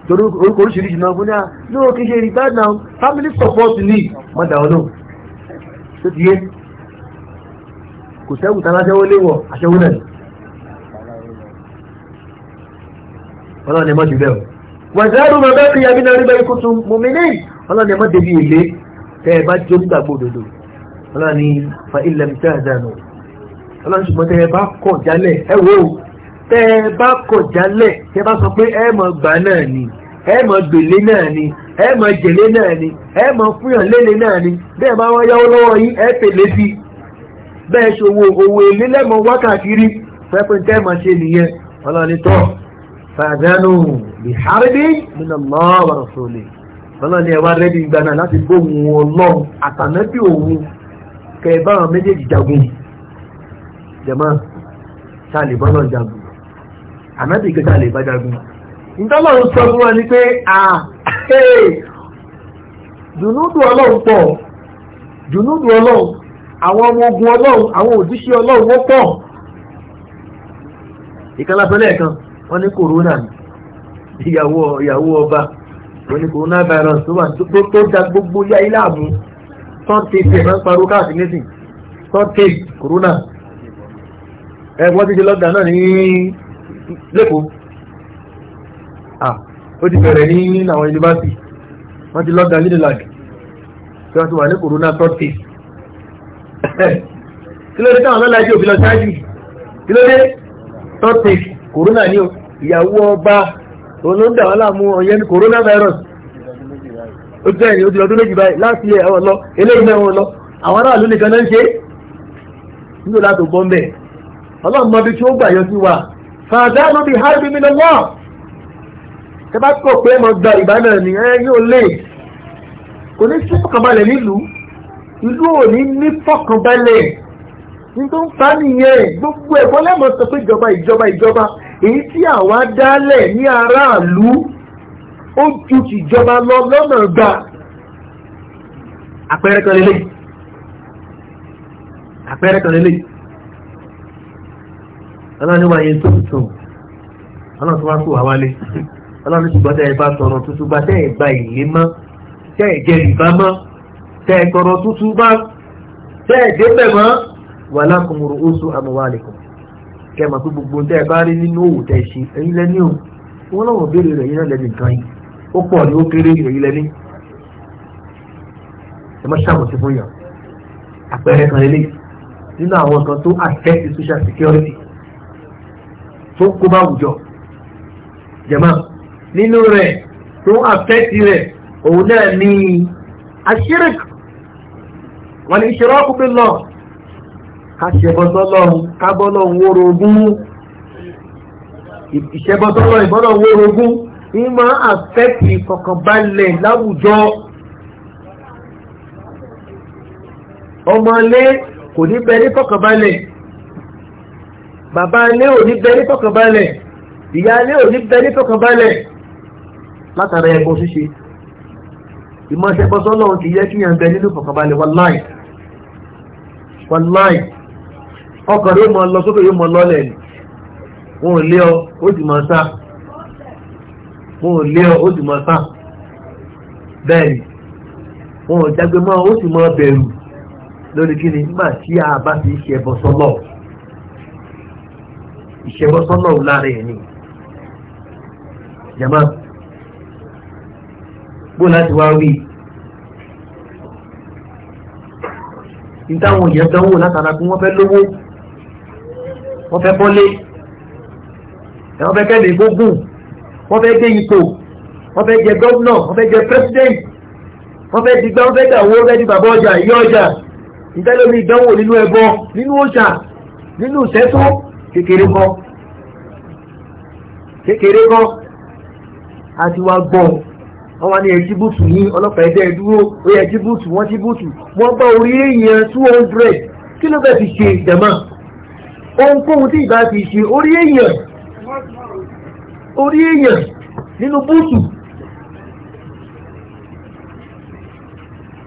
torí orúkọ oríṣiríṣi náà fún ní ní o ṣe rìbá náà family support ni má dà ọ́ náà tó ti yé kò sẹ́wù tán aṣẹ́wó léwọ̀ aṣẹ́wó náà ni. ọlọ́run ẹ̀ mọ́ jù bẹ́ẹ̀ o. wàzẹ́rù mọ̀ bẹ́ẹ̀ kìyàmí náà rí bẹ́ẹ̀ kótó mọ̀mìnì ọlọ́run ẹ̀ mọ́ débi èlé tẹ́ ẹ bá jó nígbà gbòdodo ọlọ́run ni fa ilẹ̀ mi tẹ́lẹ̀ dànù ọlọ́run ṣùgbọ́n tẹ́ ẹ bá kọ̀ jálẹ̀ ẹ wò ó tẹ́ ẹ bá kọ̀ jálẹ̀ tẹ́ ẹ bá sọ pé ẹ mọ̀ gbà náà ni ẹ mọ̀ gbèlé náà ni ẹ mọ̀ jèlé náà ni ẹ mọ̀ fúyàn lélẹ̀ náà ni bẹ́ẹ̀ bá wọ́n yáwó lọ́wọ́ yìí ẹ tẹ̀lé sí bẹ́ẹ̀ ṣòwò òwò èlé lẹ́mọ̀ wákàkiri pẹ́pẹ́ tẹ́mà ṣe nìyẹn ọlọ́ni tọ́ fàdánù bìhárídì nínú mọ́ọ̀rọ̀ sólè ọlọ́ni ẹ̀wà rẹ́dí ìgbà náà láti gbóhùn ọlọ́run àtànẹ́bí òun kẹbàrán méjèèjì jagun jẹ̀mọ́ sáàlì bọ́lọ̀ jagun ànábì kẹta lè bá jagun ìtọ́lọ́run sọ fún wa ni pé à dùnúdù ọlọ́run pọ̀ dùnúdù ọlọ́run àwọn ọmọ ogun ọlọ́run àwọn òjíṣẹ́ ọlọ́run wọ́n pọ̀ ìkàlàfẹ́lẹ́ kan wọ́n ní kòrónà ìyàwó ìyàwó ọba wọ́n ní kòrónà virus tó wà tó da gbogbo yá ilé àmú tọ́tí tí ẹ̀fẹ́ ń parọ́ káàkiri nísìn tọ́tí kòrónà ẹ wọ́n ti di lọ́gbà náà ní lẹ́kọ̀ọ́ ó ti bẹ̀rẹ̀ ní àwọn yunifásitì wọ́n ti lọ́gbà nílùú làgì tí wọ́n ti wà ní kòrónà tọ́tí kí ló dé táwọn lọ́lájú òbí lọ ṣáájú kí ló dé tọ́tẹ̀ kòrónà ní o ìyàwó ọba olóńdà wọn láàmú ọyẹ́ ní kòrónà virus ó jẹ́ ẹ̀yìn ojúlọ ọdún méjì báyìí láti ilé ẹ̀wọ̀n lọ eléyìí mẹ́wọ̀n lọ àwọn aráàlú nìkan náà ń ṣe nílò láti bọ́ mbẹ́ ọlọ́run mọbi tí ó gbà yọ sí wa fàdánù bí harbi mi lọ́wọ́ tẹ bá kọ̀ pé mo gba ìbánà ni ẹ yóò lè kò ní sí ọkàn balẹ̀ nílùú ìlú òní ní fọkànbalẹ̀ nítorí ń fa nìyẹn gbogbo ẹ̀kọ́ lẹ́mọ̀ sọ pé ìjọba ìjọba ìjọba èyí tí àwa dálẹ̀ ní aráàlú ó ju tìjọba lọ lọ́nà gbà àpẹẹrẹ kan lélẹ̀ àpẹẹrẹ kan lélẹ̀ ọlọ́run wáyé tuntun ọlọ́run tó wá kó wá wálé ọlọ́run ṣùgbọ́n tẹ́ ẹ bá tọrọ tuntun bá tẹ́ ẹ gba ìlé mọ́ tẹ́ ẹ jẹ mọ́ tẹ́ẹ̀kọ̀rọ̀ tútù bá tẹ́ẹ̀dẹ́ bẹ̀mọ́ wà lákùnmùrù oṣù àmúwálẹ̀kùn kẹmà pé gbogbo tẹ́ẹ̀ bá rí nínú òwò tẹ́ẹ̀ ṣe ẹ̀yin lẹ́ni o wọ́n lọ́wọ́ béèrè rẹ̀ yín náà lẹ́ni nǹkan yìí ó pọ̀ ní ó kéré ẹ̀yin ẹ má ṣàmùsí fún yàn àpẹẹrẹ kan lélẹ̀ nínú àwọn kan tó affect social security tó kó bá àwùjọ jẹ̀mọ́ nínú rẹ̀ tó affect rẹ̀ òun náà ní àṣírí wọ́n ní ìṣòro ọkùnrin lọ ká ṣẹbọsọ́lọ́run ká bọ́lọ́run wóró ogún ìṣẹbọsọ́lọ́run ìbọ́lọ́run wóró ogún ní máa àfẹ́kì kọ̀kànbalẹ̀ láwùjọ ọmọlé kò ní bẹ ní kọ̀kànbalẹ̀ bàbá ilé ò ní bẹ ní kọ̀kànbalẹ̀ ìyá ilé ò ní bẹ ní kọ̀kànbalẹ̀ látara ẹ̀kọ́ ṣíṣe ìmọ̀ṣẹ́gbọ́sọ́lọ́run ti yẹ kí yàn bẹ nínú fọ̀kànbalẹ̀ wàláì wàláì ọkọ̀ rẹ̀ mọ̀ lọ sókè yóò mọ̀ lọ́lẹ̀ ni wọn ò lé ọ ó sì mọ̀ sá wọn ò lé ọ ó sì mọ̀ sá bẹ́ẹ̀ ni wọn ò jágbe mọ́ ó sì mọ̀ bẹ̀rù lórí kí ni nígbà tí a bá ti ṣẹbọsọ́lọ̀ ìṣẹbọsọ́lọ̀ lára ẹ̀ ni jama bó láti wá wí ní táwọn èèyàn dánwò látara kí wọ́n fẹ́ lówó wọ́n fẹ́ bọ́lé ẹ̀wọ́n fẹ́ kẹ́lẹ̀ gbógùn wọ́n fẹ́ dé ipò wọ́n fẹ́ jẹ gọ́ọ̀nà wọ́n fẹ́ jẹ pẹ́sidẹ́ntì wọ́n fẹ́ di gbá wọ́n fẹ́ dàwó wọ́n fẹ́ di bàbá ọjà ìyá ọjà ìtẹ́lómi ìdánwò nínú ẹbọ nínú òòṣà nínú ìṣẹ́tó kékeré kan kékeré kan àti wá gbọ́n wọ́n wá ní ẹjí bùtù yín ọlọ́pàá ẹgbẹ́ dúró ó yẹ ẹjí bùtù wọ́n ti bùtù wọ́n bá orí èèyàn two hundred kí ló fẹ́ fi ṣe ìjàmá ohunkóhun tí ìbá fi ṣe orí èèyàn orí èèyàn nínú bùtù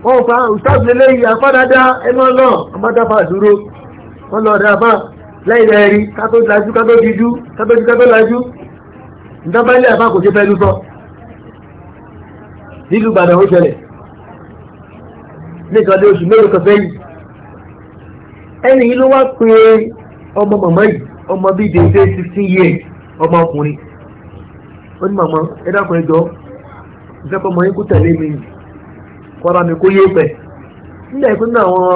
wọ́n fa ìsáàbùlé lẹ́yìn afádádá ẹnu ọlọ́ ọmọdáfà dúró wọ́n lọ rẹ̀ àbá lẹ́yìn rẹ̀ rí kátó lajú kátó díjú kátó díjú kátó lajú ìdábálẹ̀ àbá kò ṣe fẹ́ lúfọ́ nílùú ìbàdàn ó ṣẹlẹ̀ nìkan ní oṣù mélòó kan sẹ́yìn ẹni yìí ló wá pé ọmọ màmá yìí ọmọ bíi dèjé sixteen years ọmọ ọkùnrin ó ní màmá ẹ dákun jọ yín tẹ̀lé mi kọ́ra mi kó yé pẹ̀ nígbà yìí pé ní àwọn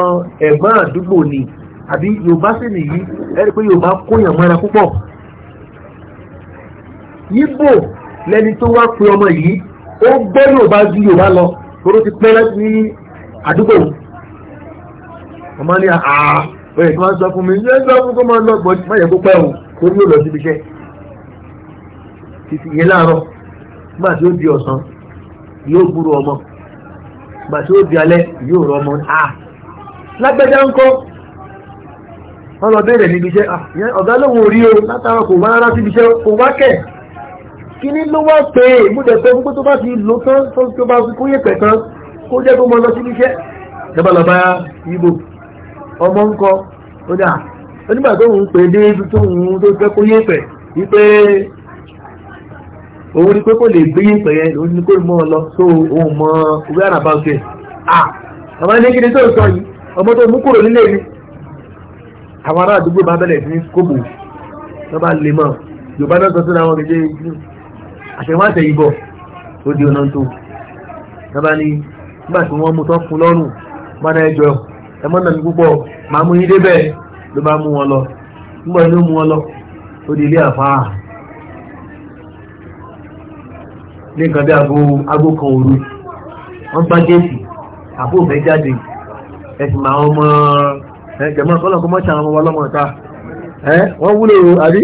ẹ̀gbọ́n àdúgbò ni àbí yorùbá sì nìyí ẹni pé yorùbá kóyàn mọ́ra púpọ̀ yíbò lẹni tó wá ó gbé yorùbá ju yorùbá lọ tóró ti pẹ́ láti ní àdúgbò ọmọ ní àá ó yẹ kí wọ́n sọ fún mi yẹn sọ fún kó máa lọ gbọ́ má yẹ kó pẹ́ o kó ní òlọ síbi iṣẹ́ títí yẹn láàárọ̀ nígbà tí ó di ọ̀sán yóò gbúrò ọmọ nígbà tí ó di alẹ́ yóò rọ ọmọ àá lágbẹ́já ń kọ́ wọ́n lọ bẹ̀rẹ̀ níbi iṣẹ́ ọ̀gá lóhùn orí o látara kò wá rárá síbi iṣẹ́ kò wá kẹ̀ kíní ló wá pé ìmúdẹ̀ tó fún tó bá ti lò tán tó tó bá fi kóyè pẹ̀ tán kó jẹ́ tó mọ lọ sí iṣẹ́ lọ́bàlọ́bà ibo ọmọ ń kọ ó dà onígbà tó ń pè dé tó ń tó fẹ́ kóyè pẹ̀ wípé òun ni pé kò lè gbé yín pẹ̀yẹ òun ni kò mọ́ lọ tó òun mọ orí àrà bá ah àwọn ilé gidi tó sọ yìí ọmọ tó mú kúrò nílé mi àwọn ará àdúgbò bá bẹ̀rẹ̀ sí kóbò tó bá yorùbá náà sọ sí àwọn gidi àṣẹwáṣẹ yìí bọ̀ tó di ọ̀nà tó nàbà ní nígbà tí wọ́n mú tán fún lọ́rùn mọ́nà ẹjọ́ ẹmọ́ náà mi púpọ̀ máa mú yín débẹ̀ ló bá mú wọn lọ nígbà ló mú wọn lọ tó di ilé àfáà ní nǹkan bí aago kan òru wọ́n gbá géètì àbóòfẹ́ jáde ẹ̀sìn àwọn ọmọ ẹ̀jẹ̀mọ́ kọ́lọ́kọ́ mọ́ṣà àwọn ọmọ ọlọ́mọ ta wọ́n wúlò àrí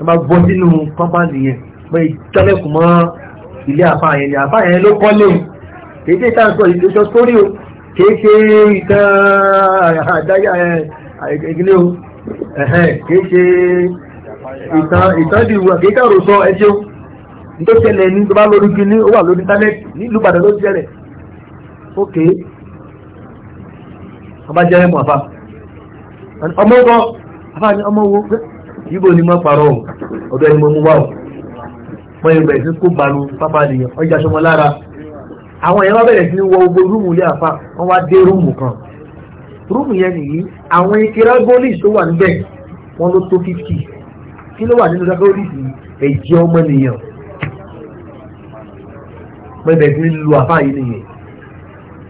ẹ máa bọ́ sínú kọ́mpáǹdì yẹn pé ìtọ́lẹ̀kùn mọ́ ilé àfà yẹn ni àfà yẹn ló kọ́lé o kìí ṣe ìtàn sọ ìṣọ sórí o kìí ìtàn àdáyà ìgbìlẹ̀ o kìí ṣe ìtàn ìtàndìwò kìí kàrò sọ ẹ ṣeun tó ṣẹlẹ̀ ní tó bá lórí kíní ó wà lórí íńtánẹ́ẹ̀tì nílùú Ìbàdàn ló ṣẹlẹ̀ ókè ọba jẹ́ ẹ̀mú àfà ọmọ ọgbọ́n àfà ni ọmọ owó ibo ni mo parọ́ o ọ̀dọ̀ ẹni mo mú wá o mo yẹ bẹ̀rẹ̀ sí kó banu pápá nìyẹn ọjà sọmọ lára àwọn èèyàn wá bẹ̀rẹ̀ sí wọ gbogbo rúùmù ilé àfa wọ́n wá dé rúùmù kan rúùmù yẹn nìyí àwọn ìkẹrẹ gólìs tó wà níbẹ̀ wọ́n ló tó fífì kí ló wà nínú gólìs ẹ̀jẹ̀ ọmọ nìyẹn mo yẹ sí lu àfa yìí nìyẹn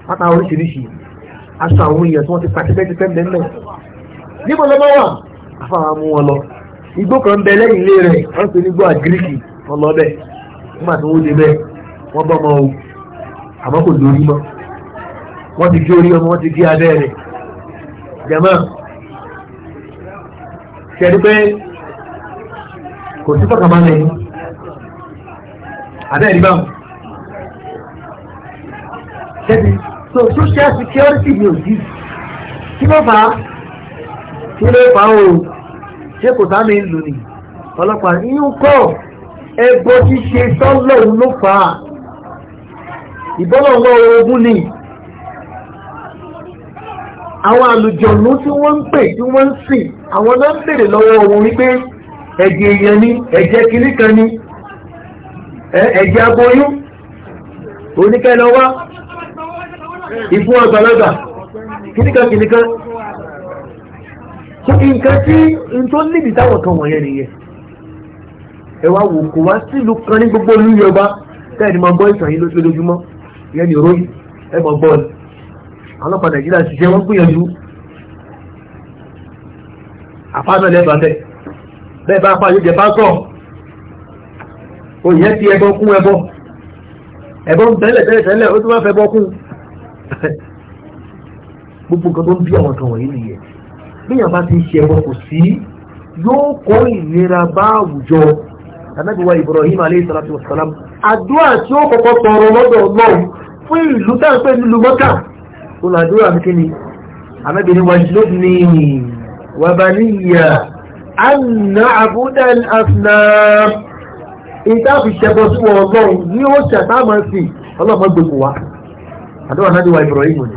pátá oríṣiríṣi aṣọ àwọn èèyàn tí wọ́n ti pàṣẹ pẹ́ẹ́tẹ́pẹ́ níbo lọ́mọ wà afáwọn mú wọn lọ igbó kan bẹ lẹ́yìn ilé rẹ̀ wọ́n sọ nígbó àgíríkì wọn lọ bẹ̀ nígbà tí wọ́n dé bẹ́ẹ̀ wọ́n bọ́ ọmọ o àmọ́ kò lórí mọ́ wọ́n ti gé orí ọmọ wọ́n ti gé abẹ́ rẹ̀ jẹ̀mọ́ ṣẹ̀rí pé kò sí fọ́kàn máa lẹ́yìn abẹ́ rí báwọn ṣẹ́bi so social security ni ò kí ló fà á kí ló fà á o ṣé kò sáà mi lù ní ọlọ́pàá yíyún kọ́ ẹgbọ́ ṣíṣe sọ́lọ́hún ló fà á ìbọ́lọ́wọ́ ogun ni àwọn àlùjọ̀nú tí wọ́n ń pè tí wọ́n ń sìn àwọn náà ń bèrè lọ́wọ́ wọn wípé ẹ̀jẹ̀ èèyàn ni ẹ̀jẹ̀ kìíní kan ni ẹ̀jẹ̀ aboyún oníkẹ́ lọ wá ìfún àgbàlagbà kìíní kan kìíní kan so nǹkan tí n tó níbi táwọn kan wọ̀nyẹn nìyẹn ẹ wá wò kó wá sílùú kan ní gbogbo olú yorùbá tẹ́ẹ̀ ni máa gbọ́ ìtàn yìí lójoojúmọ́ ìyẹn ni ìròyìn ẹ mọ̀ gbọ́ ni àwọn ọlọ́pàá nàìjíríà ṣiṣẹ́ wọ́n gbìyànjú àpá náà lẹ́bàá bẹ́ẹ̀ bẹ́ẹ̀ bá apá yóò jẹ bá sọ̀ òyìn ti ẹbọ kún ẹbọ ẹbọ ń tẹ́lẹ̀ tẹ́lẹ̀ tẹ́lẹ̀ ó tún máa fẹ́ bọ́ kún gbogbo nǹkan tó ń bí àwọn kan wọ̀nyí nìyẹn bíyàn bá ti ṣe ẹbọ kò sí yóò kó ìlera bá àwùjọ anábìwá Ibrahim aleyhi salatu wasalam àdúrà tí ó kọ́kọ́ tọrọ lọ́dọ̀ Ọlọ́run fún ìlú táǹpẹ́ nílù mọ́kà tó làdúrà mi kí ni anábìrin wa lóbìnì wàbàníyà anna àbúdà al-asnam ìtàfi ṣẹbọ sí wọn Ọlọ́run ní ó ṣàtàmọ́ sí Ọlọ́run gbogbo wa àdúrà náà Ibrahim ni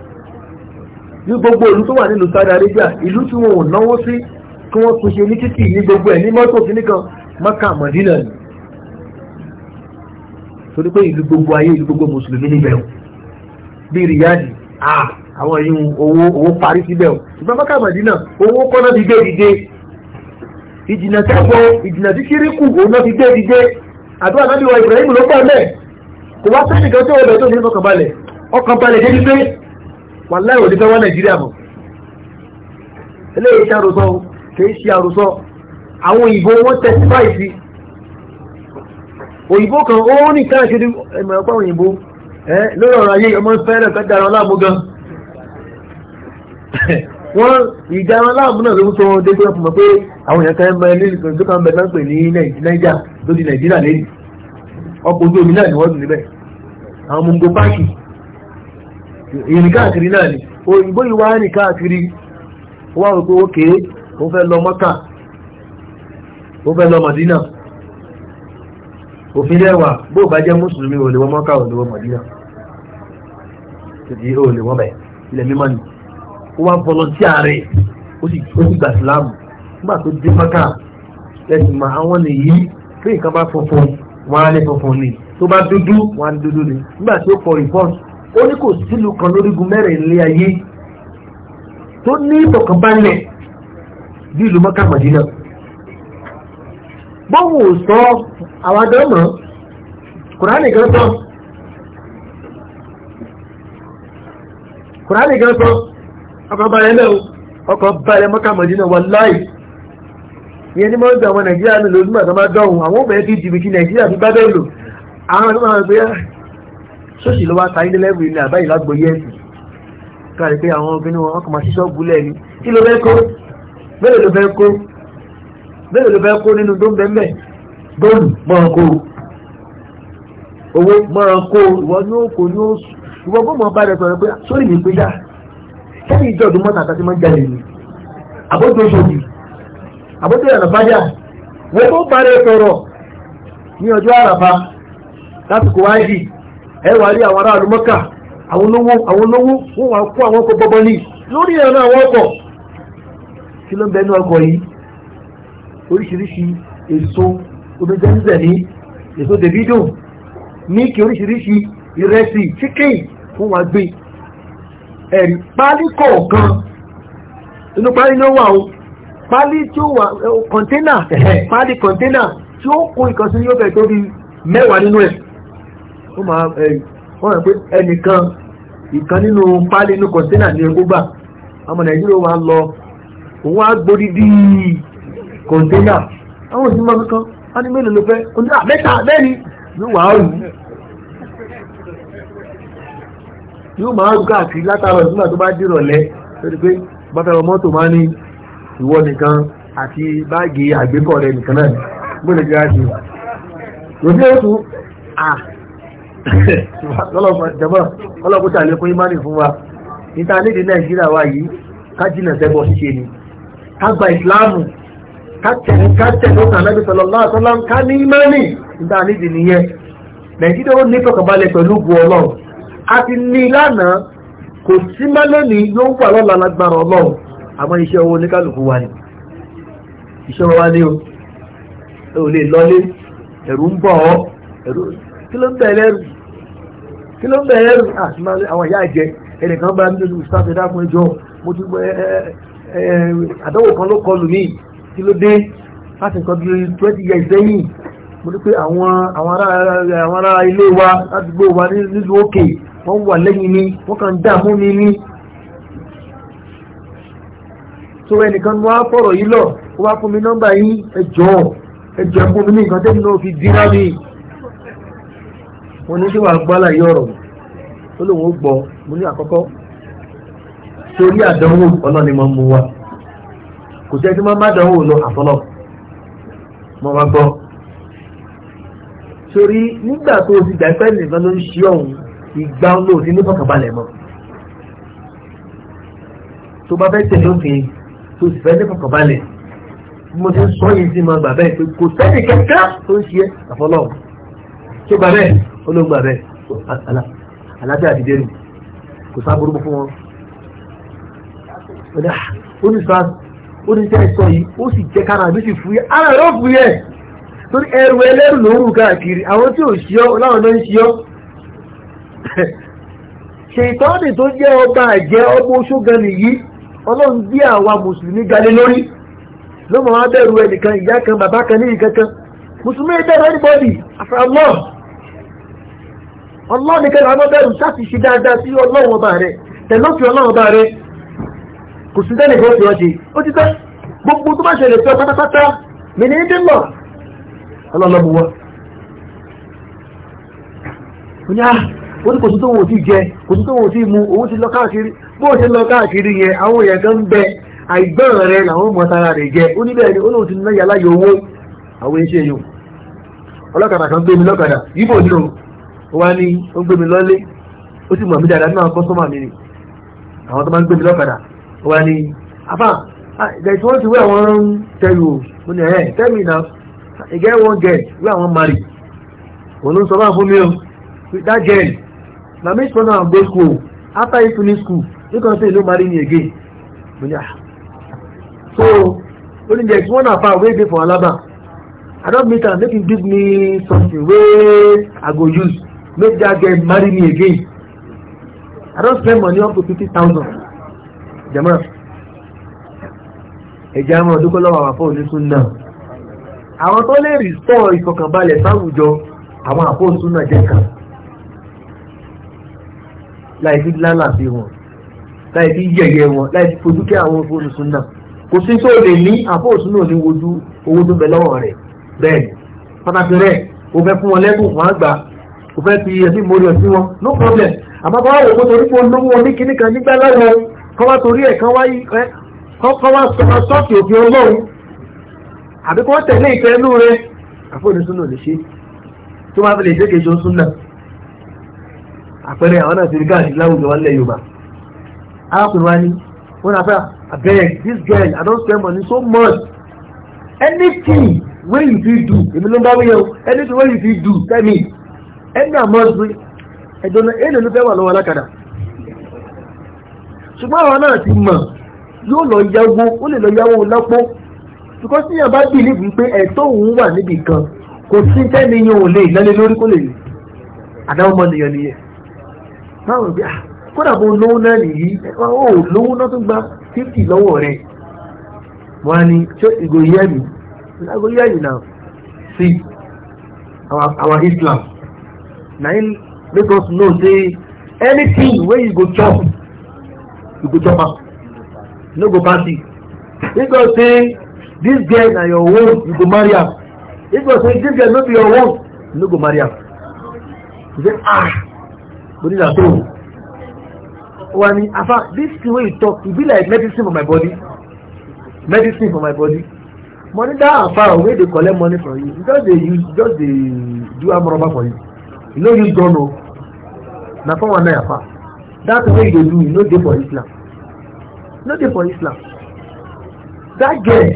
ní gbogbo ìlú tó wà nílùú Saudi Arabia ìlú tí wọn ò náwó sí kí wọ́n tún ṣe ní títì ní gbogbo ẹ̀ ní mọ́tò kìíní kan Maka Madina ni torí pé ìlú gbogbo ayé ìlú gbogbo mùsùlùmí níbẹ̀ o bí Riyadh ah àwọn yìí owó owó parí síbẹ̀ o ṣùgbọ́n Maka Madina owó kọ́ná ti gbé dìde ìjìnà tẹ́gbọ́ ìjìnà tí kiri kù òun náà ti gbé dìde àdúrà náà bí wa Ibrahim ló pọ̀ mẹ́ kò wá sẹ́nìkan tó ọbẹ̀ tó ní ọkàn balẹ̀ ọkàn balẹ̀ dé ní wọn láì òní fẹ́ wọ́n nàìjíríà mọ̀ eléyìí ṣe àròsọ kìí ṣe àròsọ àwọn òyìnbó wọ́n tẹ̀sí báyìí òyìnbó kan ó ní káàkiri ẹ̀mọ̀ ọ̀pá òyìnbó lórí ọ̀rọ̀ ayé ọmọ fẹ́rẹ̀ fẹ́ dára láàmú gan wọ́n ìdára láàmú náà ló ń sọ dégbé ọ̀pọ̀ mọ̀ pé àwọn èèyàn kan mọ ẹni tó kàn bẹ̀ láǹpẹ̀ ní nàìjíríà lórí nàìjíríà lẹ́yìn ọkọ̀ ojú omi náà ni wọ́n dùn níbẹ̀ àwọn ọmọ ogun páàkì ìrìn káàkiri náà ni òyìnbó yìí wá rìn káàkiri wá rò pé ókè ó fẹ́ lọ mọ́kà ó fẹ́ lọ mọ̀dínà òfin lẹ́wà bó bá jẹ́ mùsùlùmí ò lè wọ mọ́kà ò lè wọ mọ̀dínà tètè ò lè wọ́n bẹ̀ ilẹ̀ mímọ́ ni ó wá volunteer rẹ̀ ó sì gbà sílámù nígbà tó dé mọ́kà ẹ̀sìn mà àwọn nìyí pé nǹkan bá funfun wọn á ní funfun ni tó bá dúdú wọn á ní dúdú ni nígbà tí kọ rìpọ́ọ̀tù ó ní kò sílùú kan lórígun mẹ́rin ilé ayé tó ní ìtọ̀kànbalẹ̀ bí ìlú mọ́kà mọ̀dínà bọ́ọ̀mù ò sọ àwọn adọ́mọ̀ kùránì gan sọ kùránì gan sọ ọkọ̀ balẹ̀ lẹ́wọ̀ ọkọ̀ balẹ̀ mọ́kà mọ̀dínà wà láì ìyẹn ní mọ́ọ̀dù àwọn nàìjíríà ní lójúmọ̀ tó dọ̀hùn àwọn fi bá bẹ́ẹ̀ lò àwọn ṣóṣì ló wá ta ilé lẹ́bù ilé àbáyé lágbóyé ẹ̀sìn káàrí pé àwọn obìnrin wọn kọmọ sí ṣọ́ọ̀bù lẹ́ni kí ló fẹ́ kó bẹ́ẹ̀ ló fẹ́ kó bẹ́ẹ̀ ló fẹ́ kó nínú tó ń bẹ́ mẹ́ góòlù mọ́ra kó owó mọ́ra kó ìwọ ni ó kò ní ó ìwọ gbọ́mọ bá rẹ sọ̀rọ̀ pé sórí mi pé dá sẹ́ni ìjọ ọdún mọ́ta àtàtì máa jalè ni àbójútó ṣòdì àbójútó ìyànà bájà wọ́n tó bá rẹ sọ̀rọ̀ ní ọjọ́ àràbá lásìkò wáyé ẹ wà rí àwọn aráàlú mọ́kà àwọn olówó àwọn olówó wọ́n wà kó àwọn ọkọ̀ bọ́bọ́ ní lórí ẹ̀rọ àwọn ọkọ̀ kí ló ń bẹ ní ọkọ̀ yìí oríṣiríṣi èso omi jẹ́ńzẹ̀ ní èso davido ní kí oríṣiríṣi ìrẹsì chicken fún wa gbé ẹ̀rí pálí kọ̀ọ̀kan inú pálí ló wà o pálí tí ó wà kọ̀ńténà pálí kọ̀ńténà tí ó kó ìkànsí yóò fẹ́ tó bí mẹ́wàá nínú ẹ̀ ó máa wọ́n rẹ̀ pé ẹnìkan ìkan nínú pálí inú kọ̀ńténà ní epo gbà ọmọ nàìjíríà wa lọ òun á gbórí bí kọ̀ńténà àwọn òsì máa kankan á ní mélòó ló fẹ́ kọ̀ńténà mẹ́ta mẹ́rin ló wà á rù yóò máa gbà sí látara ìgbà tó bá dìrọ̀lẹ́ lórí pé bá fẹ́ràn mọ́tò máa ní ìwọ nìkan àti báàgì àgbékọ̀ rẹ̀ nìkan náà gbọ́dọ̀ jẹ́ àti òfin ètò à ọlọ́pùtà lẹ́kún imani fún wa níta nídìí nàìjíríà wa yìí ká jìnà ṣíṣe ni ká gba islamu ká tẹ̀lé ká tẹ̀lé òkè anábì sallallahu ká ní imani níta nìyẹn ó ní pẹ̀lú bu ọlọ́run a ti ní lánàá kò sí mẹ́lẹ́ni wà lọ́la lágbára ọlọ́run àmọ́ iṣẹ́ owó oníkálukú wa ni iṣẹ́ wa ni o lè lọlé ẹ̀rù ń kí ló ń bẹ̀ ẹ̀rù àtìmọ́lé ah, àwọn ìyá ìjẹ ẹnìkan bá nínú ìsáfẹ́ dákun ẹjọ́ mo ti gbọ́ àdánwò kan ló kọlù mí kí ló dé láti nǹkan bí twenty years sẹ́yìn mo ní pé àwọn àwọn ará ilé wa ládùúgbò wa nílùú òkè wọ́n wà lẹ́yìn mi wọ́n kàn ń dààmú mi ní. tó ẹnìkan wá fọ̀rọ̀ yìí lọ wọ́n wá fún mi nọ́mbà yín ẹjọ́ ẹjọ́ fún mi ní nǹkan tẹ́mi náà fi dín náà mi mo ní kí wàá gbọ́ àlàyé ọ̀rọ̀ ó lóun ó gbọ́ mo ní àkọ́kọ́ torí àdánwò ọlọ́run ni mo mú wa kò sí ẹni máa má dánwò lọ àfọlọ́ mo wá gbọ́ torí nígbà tó o ti gbà pẹ́ nìkan ló ń ṣí ọ̀hún ìgbà ló ti ní fọkànbalẹ̀ mọ́ tó bá fẹ́ tẹ̀lé tó sì fẹ́ ní fọkànbalẹ̀ mo ti sọ yìí sí ma gbà bẹ́ẹ̀ pé kò sẹ́ni kẹ́kẹ́ tó ń ṣe àfọlọ́ tó gbà bẹ́ẹ̀ olóògbà bẹ́ẹ̀ alábẹ́ àdìdẹ́ nù kò sábúrú fún wọn. Ah! ó ní sá ó ní tẹ́ sọ yìí ó sì jẹ́ kára àbí sì fúyẹ́ ara rẹ̀ ó fúyẹ́ torí ẹrù ẹlẹ́rù ló ń rù káàkiri àwọn tí ò ṣí ọ́ láwọn náà ń ṣí ọ́ ṣètọ́nì tó jẹ́ ọba àjẹ́ ọmọ ṣógan nìyí ọlọ́run bí àwa mùsùlùmí galé lórí ló mọ̀ wá bẹ̀rù ẹnìkan ìyá kan bàbá kan ní ìkankan mùsùlùmí bẹ̀rù ẹnìbọ́dì àfàlọ́ọ̀ ọlọ́run nìkan làwọn bẹ̀rù sáti ṣe dáadáa sí ọlọ́run ọba rẹ̀ tẹ̀lọ́sì ọlọ́run ọba rẹ̀ kò sí ti tẹ́ gbogbo tó bá ṣẹlẹ̀ sí ọ pátápátá mi ní dé lọ ọlọ́lọ́buwọ́ ó ní à ah, ó ní kò sí tó wọn ò tí jẹ kò sí tó wọn ò tí mu òun ti lọ káàkiri bó ṣe lọ káàkiri yẹn àwọn èèyàn kan ń bẹ àìgbọ́n làwọn jẹ wá ní ó gbé mi lọ́lé ó sì mọ̀ mí dáadáa nínú àwọn kọ́sọ́mà mi ni àwọn tó máa ń gbé mi lọ́kadà ó wá ní afá ìgbà tí wọ́n ti wé àwọn tẹ̀lú mo ní ẹ̀ eh, tell me now ìgẹ́ wọn gẹ̀ wé àwọn mari òun ló ń sọ bá fún mi o that girl na me sọ náà go school after you finish school you come say you no marry me again mo ní ah so oníjẹ tí wọ́n náà fa wey dey for alaba i don't meet am make him give me something wey i go use make that girl marry me again i don spend money up to fifty thousand jama ẹja àwọn ọdún lọ́wọ́ àwọn afọ onísùn náà àwọn tó lè rìstọ́ ìfọkànbalẹ̀ sáwùjọ àwọn afọ onísùn náà jẹ́ kan láì fi lálàsí wọn láì fi yẹ̀yẹ̀ wọn láì fi fojú kí àwọn afọ onísùn náà kò sí tó lè ní afọ onísùn náà ní wojú owó tó bẹ lọ́wọ́ rẹ̀ bẹ́ẹ̀ pátákì rẹ̀ o fẹ́ fún wọn lẹ́kùn fún àgbà kò fẹ́ fi ẹ̀mí mórí ọ̀sí wọn no problem àmọ́ bá wò ó torí pé olówó oníkíní kan nígbà láwọ kọ́ wá torí ẹ̀ kan wá sọ́ọ̀kì òfin ọlọ́run àbí kọ́ tẹ̀lé ìfẹ́ inú rẹ̀ àfọ̀nì súnà lè ṣe tó máa fi lè ṣe kejì súnà àpẹẹrẹ àwọn náà ti rí káàkiri láwùjọ wa nílẹ̀ Yorùbá arákùnrin wa ni wọn náà fẹ́ abeg this girl I don spend money so much anything wey you fit do èmi ló ń bá wíyẹn o anything wey you fit do tell me ẹni àmọ́sí ẹ̀dọ́nà èlò ló fẹ́ wà lọ́wọ́ alákàdá ṣùgbọ́n àwọn náà ti mọ̀ yóò lọ yáwó ó lè lọ yáwó lápò ṣùgbọ́n tí yàrá bì níbi pé ẹ̀tọ́ òun wà níbì kan kò sí tẹ́ni yẹn ò lè lẹ́lẹ́ lórí kó lè lè àdáwọn nìyẹn bí ah, kódà bó lówó náà nìyí ó lówó náà gba fífì lọ́wọ́ rẹ̀ ṣé mi yìí náà sí àwọn Islam na him make us know say anything wey you go chop you go chop am no go pass it if God say this girl na your own you go marry am if God say this girl no be your own you no go marry am he say ah body na so wa ni afa this thing wey you talk e be like medicine for my body medicine for my body money that afa wey dey collect money from you you e just dey use e just dey do am rubber for you you no use gun o oh. na four one nine afa that way you dey do you no dey for islam no dey for islam that girl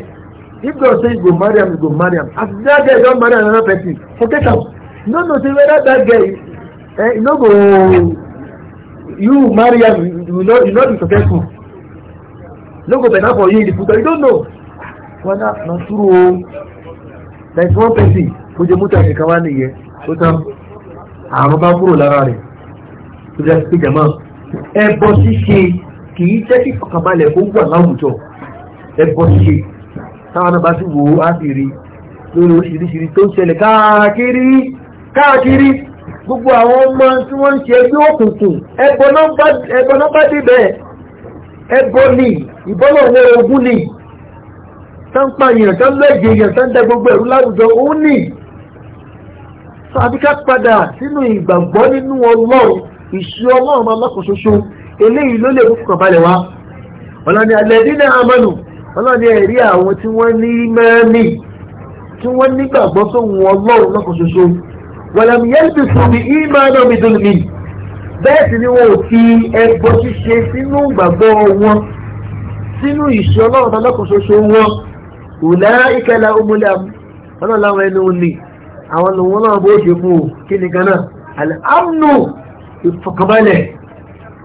if God say you go marry am you go marry am as that girl don marry another person forget am no know say whether that girl eh you no go you marry am you no you no be successful no go better for you in the future you don't know whether na true o there is one person kojemuta kankan wa nìyẹn o tán àrùn bá kúrò lára rẹ̀ tó jẹ́ sí jàmá ẹbọ ṣíṣe kì í jẹ́ kí fọkànbalẹ̀ ó wà láwùjọ ẹbọ ṣíṣe táwọn náà bá sì wò ó á sì rí lórí oríṣiríṣi tó ń ṣẹlẹ̀ káàkiri káàkiri gbogbo àwọn ọmọ tí wọ́n ń ṣe ẹgbẹ́ òkùnkùn ẹbọ náà bá débẹ̀ ẹbọ ni ìbọ́lọ̀wọ́ ogun ni tán pààyàn tán lẹ́gbẹ̀ẹ́ yàn gbogbo ẹ̀rú láwùjọ òun ni so àbíká padà sínú ìgbàgbọ́ nínú ọlọ́run ìṣú ọlọ́run ọlọ́kùn ṣoṣo eléyìí ló lè mú kàn balẹ̀ wá ọlọ́ni alẹ́dínà amánù ọlọ́ni ẹ̀rí àwọn tí wọ́n ní mẹ́ẹ́mì tí wọ́n nígbàgbọ́ sóhun ọlọ́run lọ́kùn ṣoṣo wàlámù yẹn ti fún mi ìmọ̀ náà mi dùn mí bẹ́ẹ̀ sì ni wọn ò fi ẹgbọ́ ṣíṣe sínú ìgbàgbọ́ wọn sínú ìṣú ọlọ́run ọlọ́kùn ṣoṣo wọn òlà ìkẹlẹ ọmọlẹ́mù ọlọ́run láwọn ẹni òní àwọn lòun náà bó ṣe fún o kí ni ganan àmnù ìfọkànbalẹ̀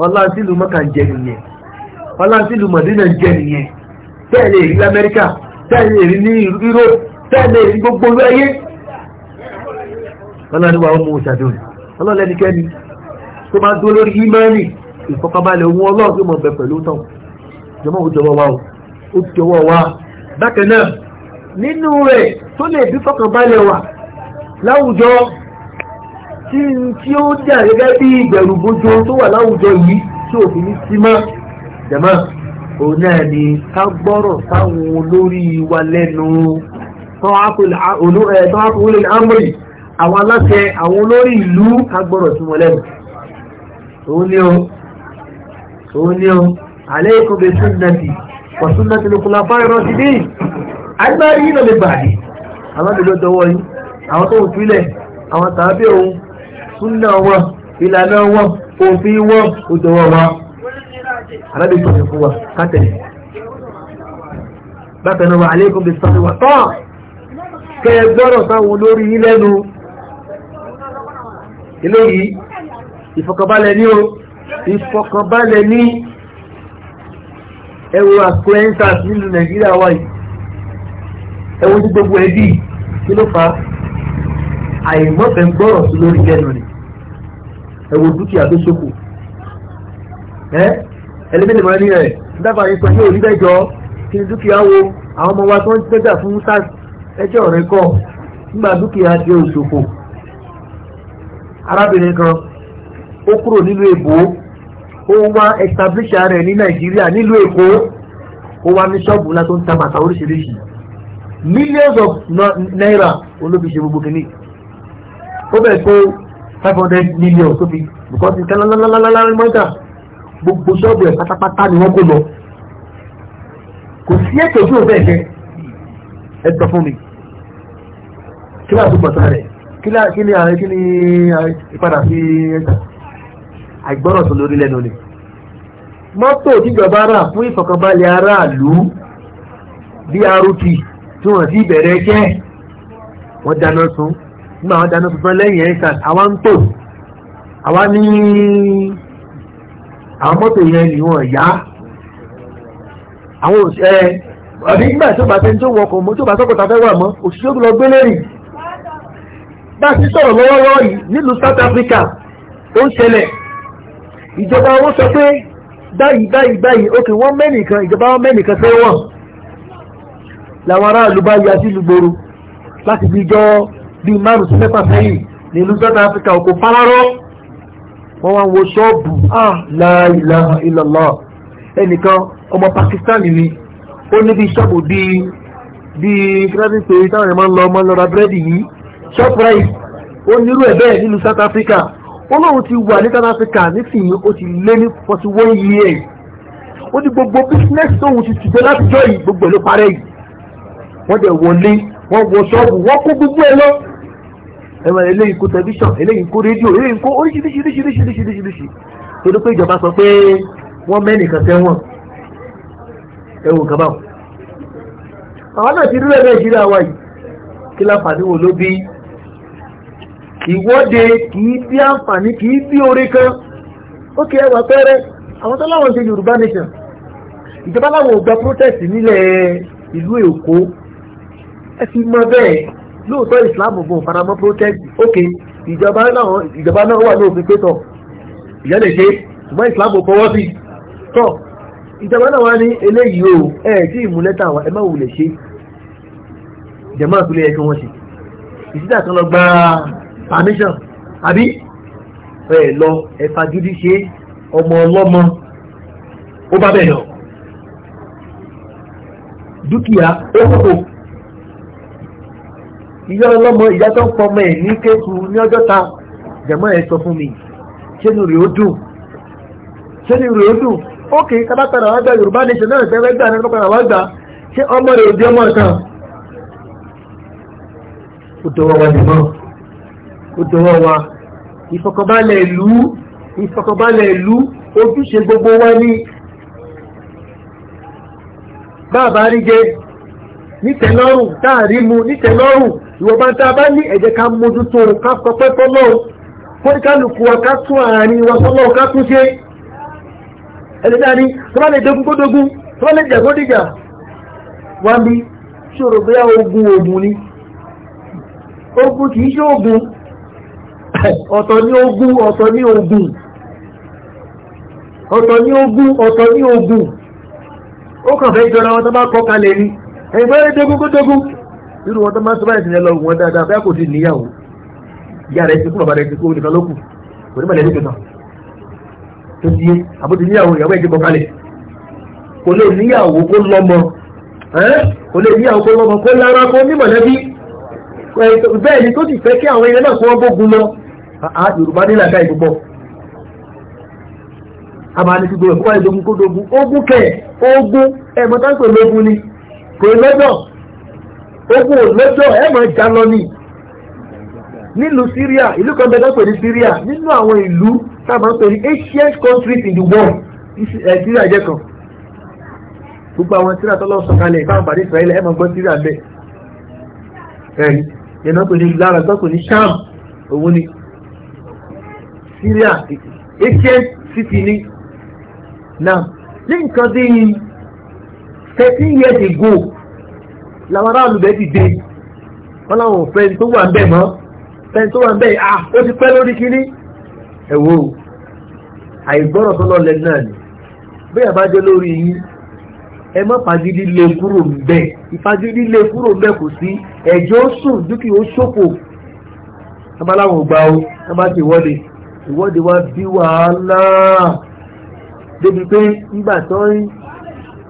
ọlá sílùú mọ́kà jẹ nìyẹn ọlá sílùú mọ̀dínà jẹ nìyẹn bẹ́ẹ̀ lè rí lamẹ́ríkà bẹ́ẹ̀ lè rí ní ìró bẹ́ẹ̀ lè rí gbogbo ayé ọlọ́niwà ọmọ òṣàdùn ọlọ́lẹ́nikẹ́ni tó bá dó lórí ìmánì ìfọkànbalẹ̀ ohun ọlọ́run tó mọ̀ bẹ̀ pẹ̀lú tán jọmọ òjọwọ́ wa ó jọwọ́ wa bákan náà nínú rẹ̀ tó lè bí fọkànbalẹ̀ wà láwùjọ tí tí ó jà gẹ́gẹ́ bí ìbẹ̀rù bójú tó wà láwùjọ yìí tí òfin ní símọ́ jẹ̀mọ́ òun náà ni ká gbọ́rọ̀ sáwọn olórí wa lẹ́nu tọ́wọ́pọ̀lẹ̀ àmọ́lì àwọn aláṣẹ àwọn olórí ìlú ká gbọ́rọ̀ sí wọn lẹ́nu òun ni ó òun ni ó alaykum bi sunnati wa sunnati al-khulafa'i ar-rashidin agbárí yìí lọ lè bàdí àwọn àdúgbò tọwọ́ yìí àwọn tó ń filẹ̀ àwọn tàbí òun súnà wọn ìlànà wọn òfin wọn òjòwọ́ wa alábì sọ̀rọ̀ fún wa kátẹ̀ bákan náà wà aléèkùn bí sọ̀rọ̀ wà tán kẹ gbọ́dọ̀ sáwọn olórí yín lẹ́nu eléyìí ìfọ̀kànbalẹ̀ ní o ìfọ̀kànbalẹ̀ ní ẹwọ àkúrẹ́ńsà nílùú nàìjíríà wáyìí ẹwọ tí gbogbo ẹbí kí ló fà á àìmọ́fẹ́ ń gbọ́rọ̀ sí lórí kẹ́nu ni ẹ wo dúkìá tó ṣòfò ẹ ẹlẹ́mìnì máa ní ẹ̀ dábàá yín sọ ní kí ni dúkìá wo àwọn ọmọ wa tó ń tẹ́jà fún sars ẹjọ́ rẹ kọ́ nígbà dúkìá jẹ́ òṣòfò arábìnrin kan ó kúrò nínú èbó ó wá establish rẹ̀ ní nàìjíríà nílùú èkó ó wá ní ṣọ́ọ̀bù ńlá ń oríṣiríṣi millions of naira olóbi ṣe gbogbo kìíní ó bẹ̀ tó 500 hundred million tó fi because nǹkan lálálálálá mọ́tà gbogbo ṣọ́ọ̀bù ẹ̀ pátápátá ni wọ́n kó lọ kò sí ẹ̀tọ́ tí ò bẹ́ẹ̀ fẹ́ ẹ sọ fún mi kí láti gbọ̀tà rẹ̀ kí ni ààrẹ kí ni ìpadà sí ẹ̀sà àìgbọ́ràn tó lórí lẹ́nu ni mọ́tò tíjọba rà fún ìfọ̀kànbalẹ̀ aráàlú brt tí wọ́n ti bẹ̀rẹ̀ jẹ́ wọ́n dáná sun nígbà àwọn dáná tuntun lẹ́yìn ẹ̀ṣà àwọn ń tò àwọn ní àwọn mọ́tò yẹn ni wọ́n yá àwọn òṣìṣẹ́ ọ̀dí nígbà tó bá tẹ́ tó wọkọ̀ mọ́ tó bá sọ́kọ̀ tafẹ́ wà mọ́ òṣìṣẹ́ tó lọ gbé lẹ́rìn bá sí sọ̀rọ̀ lọ́wọ́lọ́wọ́ yìí nílùú South Africa ó ń ṣẹlẹ̀ ìjọba wọn sọ pé báyìí báyìí báyìí òkè wọ́n mẹ́nìkan ìjọba wọn mẹ́nìkan fẹ́ wọ̀n làwọn aráàlú bá ya sílùú gbòòrò láti fi jọ́ bíi márùn sí mẹ́fà sẹ́yìn nílùú South Africa òkò fárárọ́ wọ́n wá wo ṣọ́ọ̀bù ah la ilaha illallah ẹnìkan ọmọ Pakistan ni ó ní bí ṣọ́ọ̀bù bíi bíi kíláàsì pé táwọn ẹ̀mọ́ ń lọ ọmọ lọ́ra búrẹ́dì yìí shoprite ó nírú ẹ̀ bẹ́ẹ̀ nílùú South Africa ó lóun ti wà ní South Africa nísìnyí ó ti lé ní forty one years ó ní gbogbo business tóun ti tìjọ látijọ́ yìí gbogbo ẹ̀ ló parẹ́ yìí wọ́n dẹ̀ wọlé wọ́n wọ ṣọ́ọ̀bù wọ́n kó gbogbo ẹ̀ lọ ẹ̀wọ̀n eléyìí kó tẹlifíṣàn eléyìí kó rédíò eléyìí kó oríṣiríṣiríṣiríṣiríṣiríṣi tó dé pé ìjọba sọ pé wọ́n mẹ́nìkan sẹ́wọ̀n ẹ̀wọ̀n kan báwọn. àwọn náà ti rí rẹ̀ nàìjíríà wa yìí kí láǹfààní wo ló bí ìwọ́de kì í bí àǹfààní kì í bí orí kan ó kí ẹwà pẹ́rẹ́ àwọn tó láwọn ṣe yorùbá nation ìjọba láwọn ò gba protest nílẹ̀ ìlú èkó ẹ fi mọ bẹ́ẹ̀ lóòótọ́ islam gun faramọ́ protest ok ìjọba náà ìjọba náà wà lóòfin pé tọ̀ ìyá lè ṣe ṣùgbọ́n islam fọwọ́ sí tọ̀ ìjọba náà wá ní eléyìí o ẹ tí ìmúlẹ́ta wa ẹ má wulẹ̀ ṣe jẹ̀mọ́ àtúlẹ̀ ẹ̀ kí wọ́n ṣe ìsídà kan lọ gba permission àbí ẹ lọ ẹ fagídí ṣe ọmọ ọlọ́mọ ó bá bẹ̀ lọ dúkìá ó kókò ìyá ọlọ́mọ ìyá tó ń pọmọ ẹ̀ ní kéèkù ní ọjọ́ ta jẹ̀mọ́ ẹ̀ sọ fún mi ṣénu rèé ó dùn ṣénu rèé ó dùn ókè kábàtàrà wá gba yorùbá nation náà fẹ́ẹ́ gbà náà kábàtàrà wá gbà ṣé ọmọ rẹ̀ ò di ọmọ kan ó dọwọ́ wa nìmọ́ ó dọwọ́ wa ìfọkànbalẹ̀ ìlú ìfọkànbalẹ̀ ìlú ojúṣe gbogbo wa ní bá a bá rí jẹ́ nítẹ̀lọ́rùn táàrí mu nítẹ̀lọ́rùn ìwọ̀nba tá a bá ní ẹ̀jẹ̀ ká mójútó ká kọpẹ́ fọ́lọ́run fóníkálùkù wa ká àárín wa fọ́lọ́run ká ṣe ẹ̀jẹ̀ dáa ní tó bá bí ni ó kàn fẹ́ wọn tó bá kọ́ ẹ̀yìn bẹ́ẹ̀ dógúndógún irú wọn tó máa ń sọ báyìí sílẹ̀ lọ wọn dáadáa bẹ́ẹ̀ kò sí níyàwó ìyá rẹ̀ ti kú bàbá rẹ̀ ti kú nìkan ló kò ní mọ̀lẹ́bí kankan tó ti yé àbótí níyàwó ìyàwó kò lè níyàwó kó lọ́mọ kò lè níyàwó kó lọ́mọ kó lára kó ní mọ̀lẹ́bí bẹ́ẹ̀ lọ Yorùbá nílà ká ìgbọ́ a máa ní gbogbo wáyé kó dogun ogun ogun ni kò lọ́dọ̀ ogun ò lọ́dọ̀ ẹ mọ̀ já lọ ni nílùú Syria ìlú kan bẹ́ẹ̀ pè ní Syria nínú àwọn ìlú tá a máa ń pè ní ancient countries in the world eh, Syria jẹ́ kan gbogbo àwọn Syria tó lọ sọ̀kalẹ̀ ìfáwọn pàdé Israẹli ẹ mọ̀ gbọ́ Syria bẹ́ẹ̀ ẹ̀rí yẹnà pè ní lára tó pè ní sham òun ni Syria ancient city ni now ní nǹkan bíi thirteen years ago làwọn aráàlú bẹ́ẹ̀ ti dé wọ́n láwọn òfin tó wà ń bẹ̀ mọ́ fẹ́ni tó wà ń bẹ̀ à ah, ó ti pẹ́ lórí kínní ẹ̀wọ́ àìgbọ́rọ̀ tó lọ́lẹ̀ náà ni bí a bá jẹ́ lórí yín ẹ má fagídí lé kúrò ń bẹ̀ ìfagídí lé kúrò ń bẹ̀ kò sí ẹ̀jẹ̀ ó sùn dúkìá ó ṣòfò abaláwọn ògbà o ẹ má ti ìwọ́de ìwọ́de wa bí wàhálà débi pé nígbà tó ń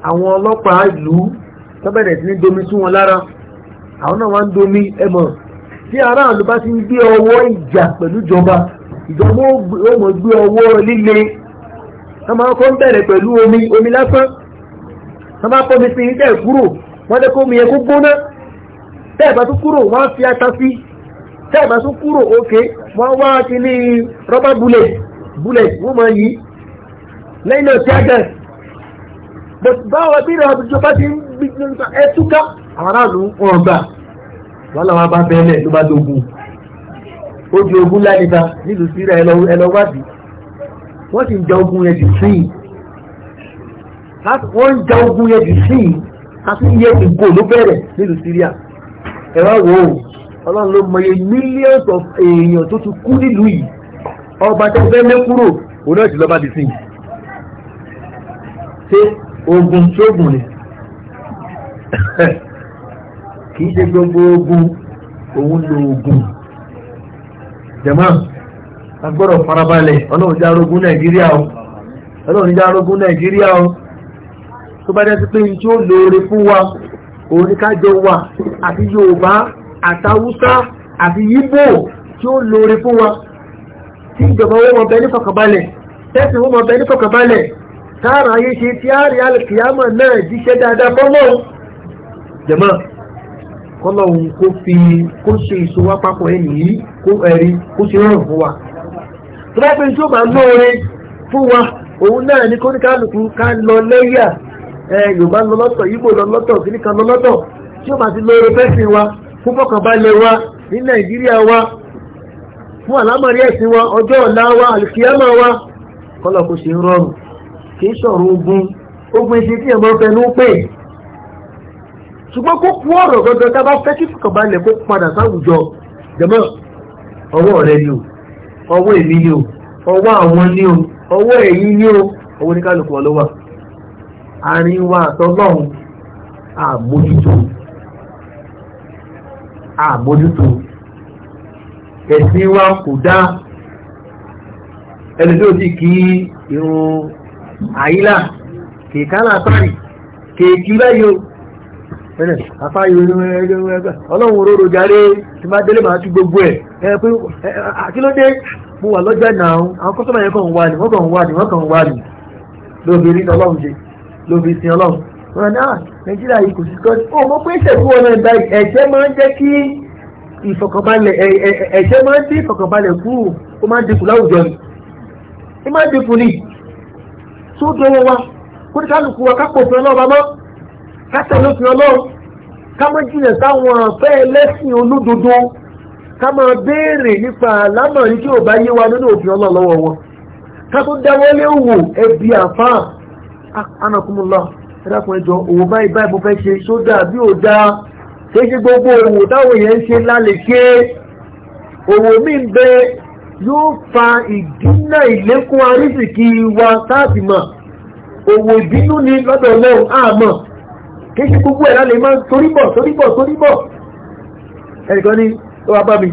àwọn ọlọ́pàá ìlú tó bẹ̀rẹ̀ sí ní domi sí wọn lára àwọn náà wá ń domi ẹmọ tí aráàlú bá ti ń gbé ọwọ́ ìjà pẹ̀lú ìjọba ìjọba ó mọ̀ gbé ọwọ́ líle wọ́n máa kọ́ ń bẹ̀rẹ̀ pẹ̀lú omi omi lásán wọ́n bá pọ́ mi sí ilé kúrò wọ́n jẹ́ kó mi yẹ kó gbóná tẹ́ẹ̀bá tún kúrò wọ́n á fi ata sí tẹ́ẹ̀bá tún kúrò òkè wọ́n wá ti ní rọ́bà bulẹ̀ bulẹ̀ wọ́n máa yí lẹ́yìn náà tí a jẹ́ but báwọn bí ìrìn àbújọ bá ti ń gbígbé nípa ẹtúká aráàlú wọn gbà wọn làwọn bá bẹ́ẹ̀lẹ̀ ló bá dogun ó di ogun lánìta nílùú síra ẹlọ́wádìí wọ́n sì ń ja ogun yẹn dì sí wọ́n ń ja ogun yẹn dì sí àti iye ìgò ló bẹ̀rẹ̀ nílùú síríà ẹ̀rọ wò ọlọ́run ló mọye millions of èèyàn tó ti kú nílùú yìí ọba tó fẹ́ lé kúrò òun náà jùlọ bá dì sí ogun tí ogun ni kì í ṣe gbogbo ogun òun lo ogun jẹ̀mọ́ agbọ́dọ̀ farabalẹ̀ ọlọ́run já arógún nàìjíríà o ọlọ́run já arógún nàìjíríà o tó bá dẹ́sí pé tí ó lóore fún wa òun ni kájọ wà àti yorùbá àtàwúsá àti yíbò tí ó lóore fún wa tí ìjọba owó mọ̀ bẹ́ẹ̀ ní fọkànbalẹ̀ tẹ́sí owó mọ̀ bẹ́ẹ̀ ní fọkànbalẹ̀ t'ara ayé ṣe tí àárí alìkìyàmọ̀ náà jíṣẹ́ dáadáa fọ́lọ́hún jẹ̀mọ́ kọ́lọ́hún kó fi kó ṣe ìṣòwò papọ̀ ẹnì yìí kó ẹ̀rí kó ṣe rọrùn fún wa tó bá pé tí lóore fún wa òun náà ní kóníkálùkù ká lọ lẹ́yà yorùbá lọ lọ́tọ̀ lọ wa fún fọkànbalẹ̀ wa ní nàìjíríà wa fún wa ọjọ́ ọ̀la wa kì í ogun ogun ẹṣin tí ẹ̀mọ́ fẹnu pè ṣùgbọ́n kó kú ọ̀rọ̀ a bá fẹ́ kí fìkànbalẹ̀ kó padà sáwùjọ jẹ̀mọ́ ọwọ́ rẹ ni o ọwọ́ èmi ni o ọwọ́ àwọn ni o ọwọ́ ẹ̀yin ni o ọwọ́ oníkálukú wọn ló wà àárín wa àmójútó àmójútó ẹ̀sìn wa kò àyílà kèkánà àtàrí kèkí báyìí o ẹ̀rẹ̀ afáyé ọlọ́run oróró tí máa délé máa tú gbogbo ẹ̀ àkílódé wà àwọn kọ́sọ́mọ̀ yẹn kàn wà ní wọ́n kàn wà ní wọ́n kàn wà ní lóbi rí ọlọ́run ṣe lóbi sin ọlọ́run wọn náà ah, nàìjíríà yìí kò sí pé ìṣẹ̀kú tí ó dọwọ́ wa kó ní kálukú wa kápò fún ọlọ́ọ̀bá mọ́ kátẹ́ ló fi ọlọ́ọ̀ ká má jìnà sáwọn afẹ́ ẹlẹ́sìn olódodo ká máa béèrè nípa àlámọ̀ yìí tí ò yé wa nínú òfin ọlọ́ọ̀ lọ́wọ́ wọn ká tó dáwọ́lé òwò ẹbí àfáà ah, anakumula ẹ̀dàkùn ẹjọ́ òwò báyìí báyìí mo fẹ́ ṣe sódà bí ò dáa ṣe é ṣe gbogbo òwò táwọn èèyàn ń ṣe lálẹ́ ṣe òwò míì bẹ́ẹ̀ yóò fa ìdínà ìlékún arísìkí wa táàtì mọ̀ òwò ìbínú ni lọ́dọ̀ ọlọ́run àmọ́ kí ṣe gbogbo ẹ̀ lálẹ́ máa ń toríbọ̀ toríbọ̀ toríbọ̀ ẹnìkan ní ó wá bá mi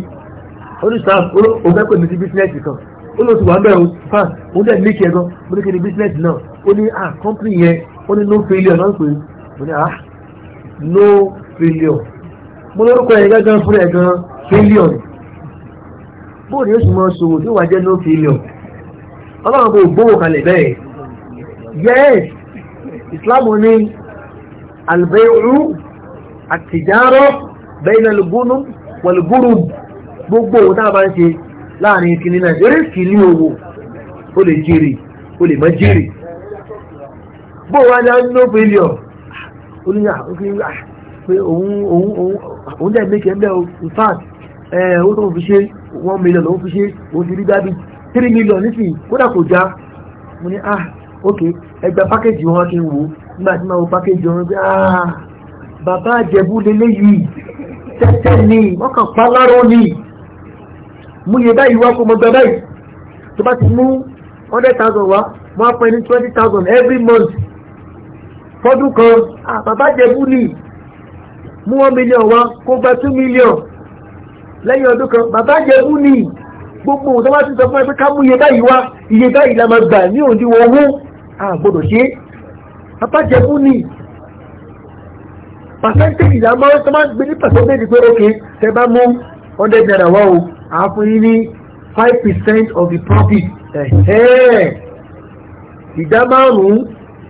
oníṣàn òfẹ́pẹ̀ mi sí bísínẹ́sì kan ó lóṣù wà mẹ́rin fà ó dẹ̀ ní kẹ́gán mo ní kí ni bísínẹ́sì náà ó ní à ah, kọ́mpìnì yẹn ó ní no failure náà pé mo ní à ah, no failure mo lórúkọ yẹn gángan fún ẹ̀ gan failure bó ni ó sì máa ṣòwò tí ó wà jẹ́ no failure ọlọ́run kò gbówó kalẹ̀ bẹ́ẹ̀ yes islam ní albayru àtijárọ bẹ́ẹ̀nà lùgbónú wọ̀lùgbúrù gbogbo òun táà bá ń ṣe láàrin kìnnì nàìjíríà kì ní owó ó lè jèrè ó lè má jèrè bó wá ní no failure ó ní àwọn òun dẹ̀ mẹ́kẹ̀ẹ́ mẹ́ o in fact ẹ̀ ó tó fi ṣe one million ló fi ṣe ó ti rí dábì three million nísìnyí kódà kò já mo ní ah ok ẹgbẹ́ pákéjì wọn kí n wò ó nígbà tí máa wo pákéjì wọn pé ah bàbá àjẹbú lélẹ́yìí tẹ́tẹ́ ni wọ́n kàn pa láró ni mú iye báyìí wá kó mọ gbẹ báyìí tó bá ti mú hundred thousand wá wọ́n á pẹ́ ní twenty every month fọ́dún kan ah bàbá àjẹbú ni mú one million wá kó gba two million lẹ́yìn ọdún kan bàbá jẹ mú ní gbogbo òun tó bá ti sọ fún ẹ pé ká mú iye báyìí wá iye báyìí la máa gbà ní òun tí wọ́n wú àgbọ̀dọ̀ ṣe bàbá jẹ mú ní pàṣẹ́ntéèjì la máa tó máa gbé ní pàṣẹ́ntéèjì pé ókè tẹ bá mú hundred naira wá o àáfún yín ní five percent of the profit ìdá márùn-ún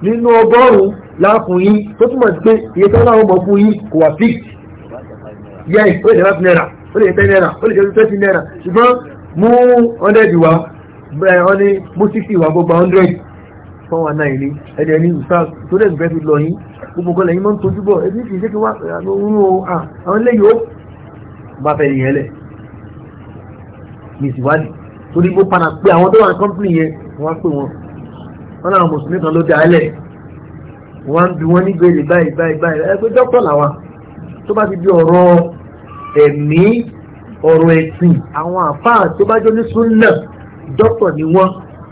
nínú ọgọ́rùn-ún láàfún yín tó túmọ̀ sí pé iye tó láwọn mọ̀ fún yín kò wà fixed yẹ́ ìpínlẹ̀ náírà ó lè jẹ́ ten naira ó lè jẹ́ twenty naira ṣùgbọ́n mú hundred wá bẹ́ẹ̀ wọ́n ní mú sixty wá gbogbo hundred fún wa náà ilé ẹni ẹni ìsáàsì tó dẹ̀ nìfẹ́ fi lọ yín gbogbo kan lẹ́yìn máa ń tojú bọ̀ ẹbí kì í ṣe kí wá àwọn o àwọn ilé yòó bá fẹ́ yẹn lẹ̀ mìsì wádìí torí mo padà pé àwọn tó wà ní kọ́mpìnì yẹn wọ́n á pè wọ́n wọ́n náà mùsùlùmí kan ló dá ẹlẹ̀ wọ́n á bí wọ́n ní gbèrè báyìí báyìí báyìí ẹgbẹ́ dọ́kítọ̀ làwà tó bá ti di ọ̀rọ̀ ẹ̀mí ọ̀rọ̀ ẹ̀sìn àwọn àfáà tó bá jọ ní súnà dọ́tọ̀ ni wọ́n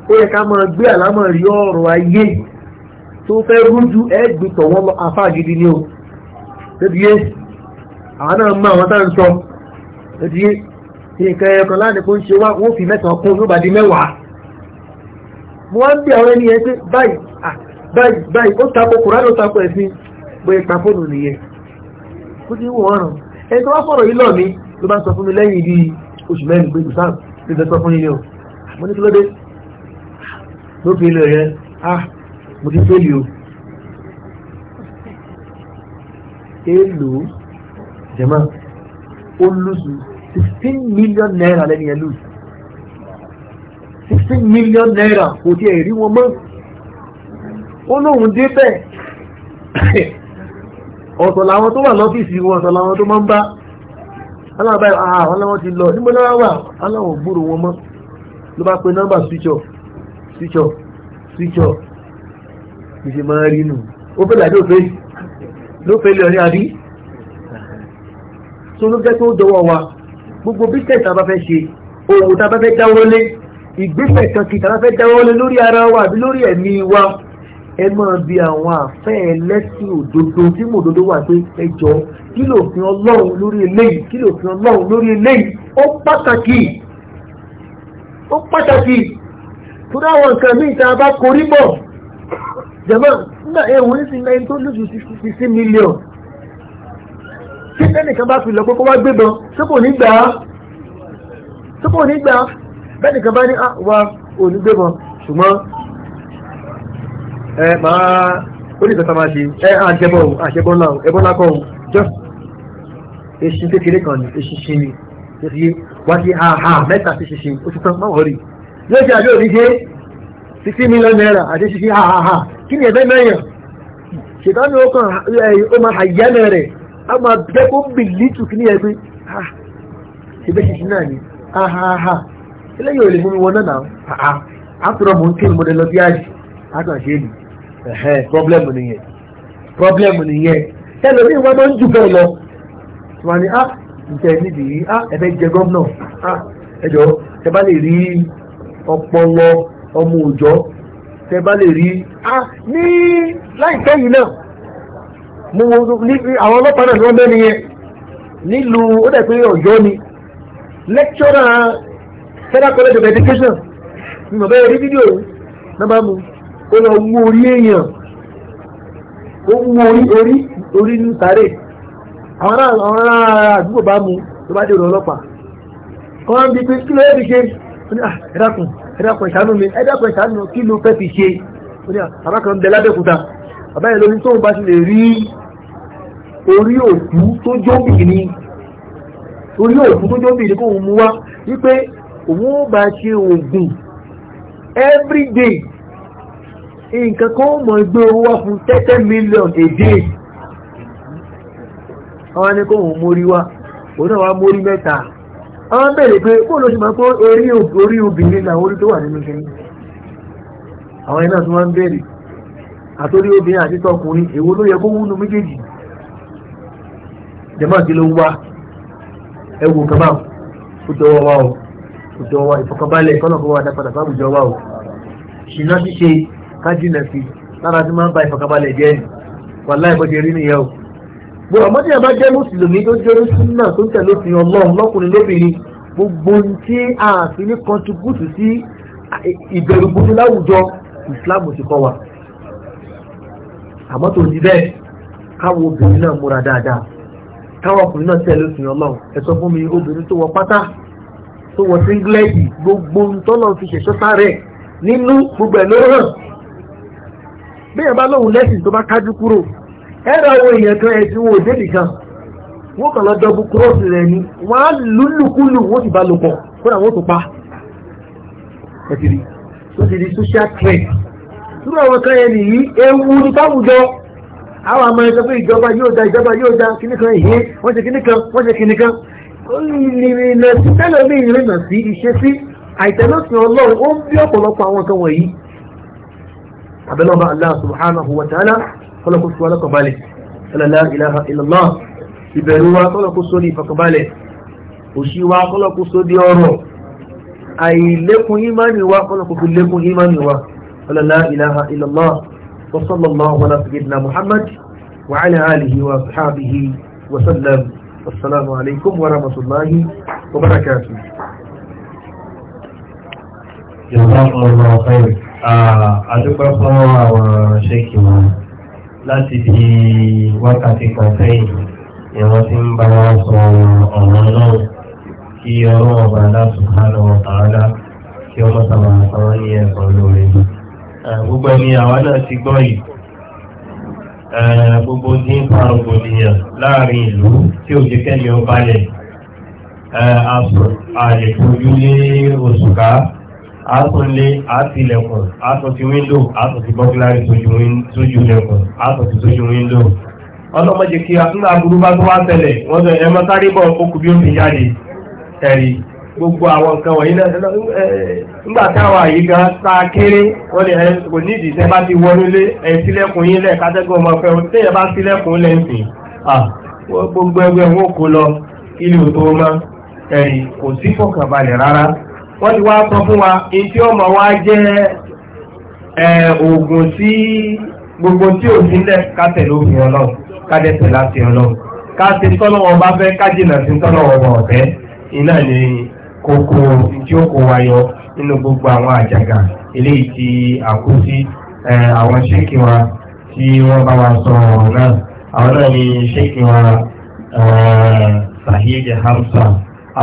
ó yẹ ká máa gbé àlámọ̀ rí ọ̀rọ̀ ayé tó fẹ́ rújú ẹ̀gbìn tọ̀ wọ́n lọ àfáà gidi ni o tẹ́tíyé àwọn náà mọ àwọn táwọn sọ tẹ́tíyé tí nǹkan ẹ̀kan láti kó ń ṣe wá wọ́n fi mẹ́sàn-án kún ló bá di mẹ́wàá mo wá ń bí àwọn ẹni yẹn pé báyìí báyìí báyìí ó tako kùrá ló tako ẹ̀sìn bóyá ìpàfóònù nìyẹn kó ti wọ́n ràn ẹni tó bá sọ̀rọ̀ yìí lọ ní ló bá sọ fún mi lẹ́yìn ibi oṣù mẹ́rin gbé ìgbésàn ló fẹ́ sọ fún yín o mo ní kí ló dé ló fi ilé rẹ ah mo ti fẹ́lì o èlò jẹ̀mọ́ ó lùsù sixteen million naira lẹ́ni ẹ̀ lùsù sixteen million naira kò tiẹ̀ rí wọn mọ́ ó lóun débẹ̀ ọ̀tọ̀ làwọn tó wà lọ́fíìsì wọn ọ̀tọ̀ làwọn tó máa ń bá aláàbá àwọn làwọn ti lọ nígbà náà wà aláwọ̀ gbúrò wọn mọ́ ló bá pe nọ́mbà switch off switch off switch off kì í ṣe máa rí nù ó fẹ́ làdé òfé ló fẹ́ lè ọ̀rẹ́ àbí tó ló jẹ́ pé dọwọ́ wa gbogbo business tá a bá fẹ́ ṣe òwò tá a bá fẹ́ dáwọ́lé ìgbésẹ̀ kan kì tá bá fẹ́ dáwọ́lé lórí ara wa àbí lórí ẹ̀mí wa ẹ máa bi àwọn àfẹ́ ẹlẹ́sìn òdodo tí mò òdodo wà pé ẹ jọ kí lòfin ọlọ́run lórí eléyìí kí lòfin ọlọ́run lórí eléyìí ó pàtàkì ó pàtàkì tó dáwọn nǹkan míì ewu ní ti náà tó lóṣù sixty six million tí ẹnìkan bá fi lọ kókó wá gbébọn nigba ní gbà á sókò ní gbà á ẹ eh, máa ó ní ìtọ́ta máa ṣe ẹ àjẹbọ òun àjẹbọ ńlá òun ẹbọ ńlá kọ òun just eṣin kékeré kan ní eṣin ṣe ni ó ti yé wá sí ha ha mẹ́ta sí ṣe ṣe ó ti tán rí yóò ṣe àbí òní ṣe sixty million naira àti ṣe ṣe ha ha ha kí ni ẹ̀fẹ́ mẹ́yàn ṣètọ́nù ó kàn eh, ó máa àyẹ́nà rẹ̀ á máa jẹ́ kó bìlítù kí ni ha ṣe bẹ́ ṣe ṣe náà ni ha ha ha lè mú mi wọ náà náà ha ha after all mo ń kí ni mo dé lọ bí àjì á kàn ṣe é nìyí. problem nìyẹn problem nìyẹn ẹlòmíì wọn máa ń jù bẹ́ẹ̀ lọ wọn ni ah ǹtẹ̀ níbi yìí ah ẹ fẹ́ jẹ gómìnà ah ẹ jọ tẹ bá lè rí ọpọlọ ọmọ òòjọ́ tẹ bá lè rí ah ní láìpẹ́ yìí náà mo wo àwọn ọlọ́pàá náà ni wọ́n mẹ́ni yẹn nílùú ó ni lecturer federal college of education ni mo bẹ́ẹ̀ rí fídíò náà mu. ó lọ mú orí èèyàn ó mú orí orí orí ní sáré àwọn ará àdúgbò bá mú tó bá dèrò ọlọ́pàá kan bí pé kí ló yẹ fi ṣe ẹ dákun ìṣàánú mi ẹ dákun ìṣàánú kí ló fẹ́ fi ṣe bàbá kan bẹ lábẹ́kúta bàbá yẹn lórí tóun bá ti lè rí orí òkú tó jóbì ni orí òkú tó jóbì ni kóun mú wá wípé òun ó bá ṣe oògùn everyday nǹkan kan mọ̀ gbé owó wá fún tẹ́tẹ́ mílíọ̀n èdè àwọn ní kò wọ́n mórí wá òun náà wá mórí mẹ́ta àwọn bẹ̀rẹ̀ pé kó ló ṣe máa kó orí obìnrin làwọn orí tó wà nínú kẹ́yìn àwọn iná tó máa ń bẹ̀rẹ̀ àtórí obìnrin àti tọkùnrin èwo ló yẹ kó wúnu méjèèjì jẹ́mọ́ àti ló ń wá ẹwù kàmá ó jọwọ́ wá o ó jọwọ́ ìfọkànbalẹ̀ kọ́nà kó wá o ṣìnà ṣíṣe kájínà sí lára tí máa ń ba ìfọ̀kàbalẹ̀ jẹ́ wàláhì bó ṣe rí nìyẹn o bọ̀rọ̀ mọ́tí àbá jẹ́ mùsùlùmí tó jẹ́ rúsùnà tó ń tẹ̀lé òfin ọlọ́run lọ́kùnrin lóbìnrin gbogbo tí a fi ní kọntribútù sí ìbẹ̀rù gbogbo láwùjọ ìsìláàmù ti kọ́ wa àmọ́ tó ní bẹ́ẹ̀ káwọn obìnrin náà múra dáadáa káwọn ọkùnrin náà tẹ̀lé òfin ọlọ́run ẹ sọ fún mi obìnrin tó wọ pátá tó wọ síngilẹ́ẹ̀tì gbogbo ntọ́nà fi ṣẹ̀ṣọ́ sáré nínú gbogbo ẹ̀ ló hàn bẹ́ẹ̀ bá lóhun lẹ́sìn tó bá kájú kúrò ẹ̀rọ àwọn èèyàn kan ẹ̀sìn wo nwoke nìkan wọ́n kàn lọ dọ́bù kúrọ́ọ̀sì rẹ̀ ni wọ́n á lúlùkulù wọ́n sì bá lò pọ̀ wọ́n tó pa ẹ̀sìrì tó ti di social túbọ̀ àwọn kan yẹn nìyí ewu ní táwùjọ àwọn àmọ́ ẹ̀sọ́ pé da ìjọba yóò da kíníkan ìhé wọ́n ṣe wọ́n ṣe sí tẹ́lẹ̀ sí ìṣesí àìtẹ́lọ́sìn ọlọ́run ó ń bí ọ̀pọ̀lọpọ̀ àwọn kan wọ̀nyí حبلنا الله سبحانه وتعالى فلا كسوة لك بالي فلا لا إله إلا الله إبروا فلا كسوة لي فقبالي وشيوا فلا كسوة ديارو أي لكم إيماني وفلا كسوة لكم إيماني فلا لا إله إلا الله وصلى الله على سيدنا محمد وعلى آله وصحابه وسلم السلام عليكم ورحمة الله وبركاته جزاك الله خيرك àdúgbò ah, fún àwọn ṣẹ́kì wọn láti di wákàtí kan sẹ́yìn ni wọ́n ti ń bá wọn sọ ọ̀rọ̀ náà kí ọlọ́run ọba aláṣùkánà ọ̀tàlá kí ọmọ sábà sáwọn ní ẹ̀kọ́ lórí. Ah, gbogbo ẹni àwa náà ti gbọ́ yìí ah, gbogbo tí ń fa rògbòdìyàn láàrin ìlú tí ò jẹ́ kẹ́mi ọba lẹ̀ àlè fojú oṣù ká. àtúnlé àtìlẹ̀kùn àtúntí wíńdò àtúntí bọ́kílárì sójú lẹ̀kùn àtúntí sójú wíńdò ọlọ́mọdé kí àtúnlá burú bá tó wá tẹ̀lẹ̀ wọ́n sọ ẹ̀mọ́ sáré bọ̀ okùn bí ó gbogbo àwọn nǹkan wọ̀nyí náà nígbà táwọn àyè gan sá kéré wọ́n kò ní ìdí bá ti yín lẹ̀ wọ́n ti wá sọ fún wa etí ọmọ wa jẹ́ oògùn sí gbogbo tí ò sílẹ̀ kátẹ̀ ló fi ọlọ́run kádẹ́ tẹ̀ láti ọlọ́run káṣe tọ́lọ́wọ́ bá fẹ́ kájìnà sí ọ̀fẹ́ iná ni kókó tí ó nínú gbogbo àwọn àjàgà eléyìí tí àkóso àwọn ṣéèkì wa tí wọ́n bá wa sọ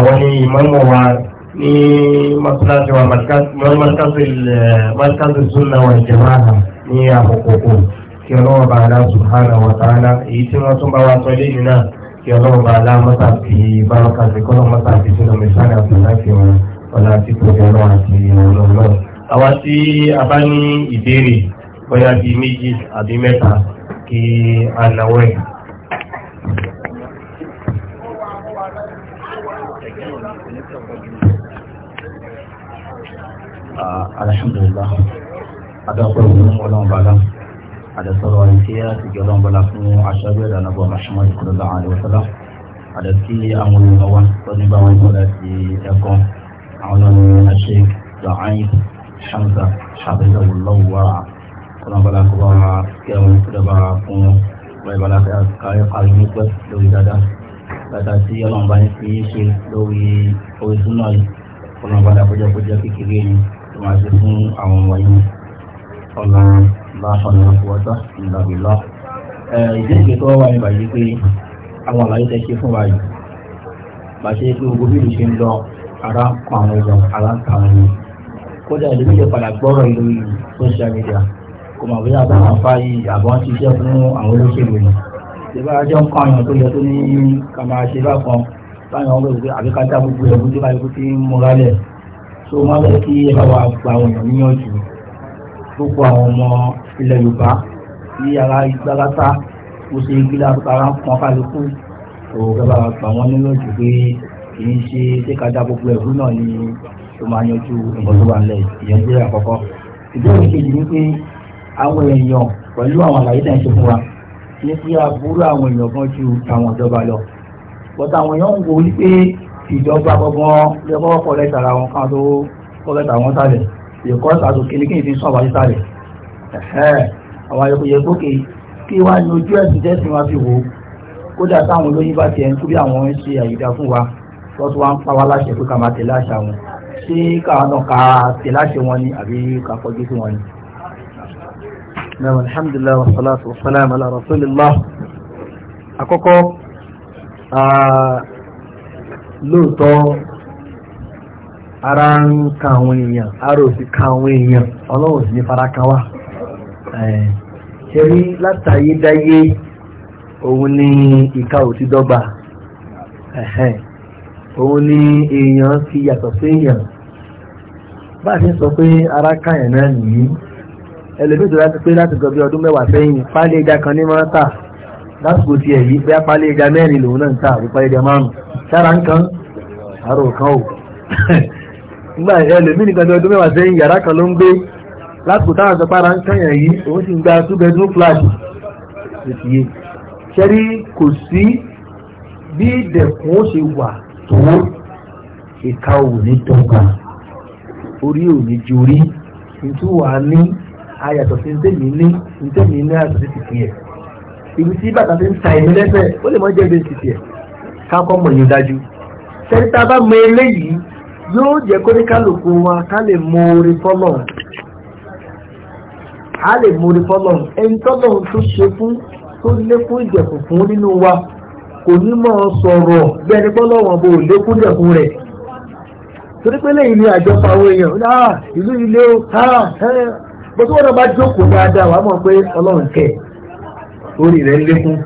ọ̀rọ̀ ní masalasi wa markazu sunna wa jama'a ní àkókò kí ọlọ́wọ́ bá aláà subhanahu wa ta'ala èyí tí wọ́n tún bá wa sọ lẹ́yìn náà kí ọlọ́wọ́ bá aláà mọ́ta fi bárọ́kà sí kọ́nà mọ́ta fi sínú mẹ́sàn-án àti láti wọn ọ̀la àti tòkè ọlọ́wọ́ àti ọlọ́wọ́ náà. àwa tí a bá ní ìbéèrè bóyá bíi méjì àbí mẹ́ta kí a náwó alhamdulillah adáwọ̀pọ̀ ìwọ̀n ọlọ́run bàlá àdẹ̀sọ̀rọ̀ ọ̀rẹ́ tí a ti jọ lọ́nbọ̀lá fún aṣáájú ẹ̀dá nàbọ̀ Muhammad sallallahu alaihi wasallam àdẹ̀sí àwọn olùmọ̀ wa tó ní báwọn ìbọn láti ẹ̀kọ́ àwọn ọlọ́run aṣẹ́ Da'if Hamza hafizahullahu wa ọlọ́nbọ̀lá kọ́ bá wa kẹwọn ìfúdàbà fún ọlọ́nbọ̀lá káyọ̀ káyọ̀ nípẹ́ lórí dáadáa bàtà tí ọlọ́nbọ̀lá ń fi ṣe lórí kékeré ni máa ṣe fún àwọn ọmọ yìí ọ̀la láfàlà wọ́tá ìlàbílà ìdíje tó wà nígbà yìí pé àwọn àlàyé tẹ́ ṣe fún wa yìí bá ṣe pé gbogbo bí ìlú ṣe ń lọ ara kan àwọn èèyàn ara ń ta kódà ìlú padà gbọ́rọ̀ ìlú social media kò mọ̀ bóyá àbá wọn fáyì àbá wọn ṣiṣẹ́ fún àwọn olóṣèlú ni ìjọba ajọ́ ń kọ́ àyàn tó yẹ tó ní ká máa ṣe bákan láwọn ọmọ ìwé àbíkájá gbogbo ẹ̀kú tó máa fẹ́ kí àwa gba àwọn èèyàn níyànjú gbogbo àwọn ọmọ ilẹ̀ Yorùbá bí ara ìgbàlátà ó ṣe gbé lára ń pọn kálukú tó gbàgbà gbà wọ́n níyànjú pé kì í ṣe ṣé ká dá gbogbo ẹ̀rú náà ni tó máa yanjú nǹkan tó bá ń lẹ̀ ìyẹn jẹ́ àkọ́kọ́ ìbéèrè kejì ni pé àwọn èèyàn pẹ̀lú àwọn àlàyé náà ṣe fún wa ní pé aburú àwọn èèyàn kan ju tàwọn ìjọba lọ bọ́tà àwọn èèyàn ń wo wípé ìjọba gbọ́gbọ́n lẹ́kọ́ kọ́lẹ́tà ara wọn kan tó kọ́lẹ́tà wọn sálẹ̀ ìkọ́ sàtò kìnnìkì ìfi sún àwárí sálẹ̀ ẹ̀hẹ́ àwọn ayọkùnye gbókè kí wá ní ojú ẹ̀sìn tẹ́sìn wá fi wò kódà táwọn olóyìn bá ti ẹ̀ ń kú bí àwọn ń ṣe àyíká fún wa lọ́tún wá ń pa wá láṣẹ pé ká máa tẹ̀lé àṣà wọn ṣé káwọn náà ká tẹ̀lé àṣẹ wọn ni àbí ká kọjú sí wọn ni. alhamdulilayi wa salatu wa salam ala rasulillah. Àkọ́kọ́ ah, lóòótọ́ ara ń ka àwọn èèyàn ara ò ka àwọn èèyàn ọlọ́run sì ní fara wá ṣẹ́rí látàyédáyé òun ni ìka ò ti dọ́gba òun ni èèyàn fi yàtọ̀ sí èèyàn bá a ti sọ pé ara káyàn náà nìyí láti pé láti gọ bí ọdún mẹ́wàá sẹ́yìn pálí kan ní lásìkò tiẹ̀ yìí bí apálẹ̀ ẹja mẹ́rin lòun náà ń ta àbúpa ẹja márùn-ún sára ń kan àrò kan ò nígbà ẹlòmíì nìkan tó ọdún mẹ́wàá sẹ́yìn yàrá kan ló ń gbé lásìkò táwọn sọ pára ń kànyàn yìí òun sì ń gba two bedroom flat ìfìyè ṣẹ́rí kò sí bí ìdẹ̀kùn ó ṣe wà tó ìka ò ní dọ́gba orí ò ní ju orí ntúwàá ní ayàtọ̀ sí ntẹ́mi ní ní ayàtọ̀ sí tìkìyẹ̀. ibi tí bàtà ti ń ta ó lè mọ jẹ́ ibi títì ẹ̀ káàkọ́ mọ̀ yín dájú sẹ́ńtà bá mọ eléyìí yóò jẹ́ kó ní kálukú wa ká lè mọ fọ́lọ̀ a lè fọ́lọ̀ ẹni tọ́lọ̀ tó ṣe fún tó lékún ìjẹ̀kùn fún wa kò ní mọ̀ sọ̀rọ̀ bí ẹni ìjẹ̀kùn rẹ̀ torí pé lẹ́yìn ah, ìlú ilé o ah, eh. bó wọ́n bá jókòó orí rẹ̀ ń lékún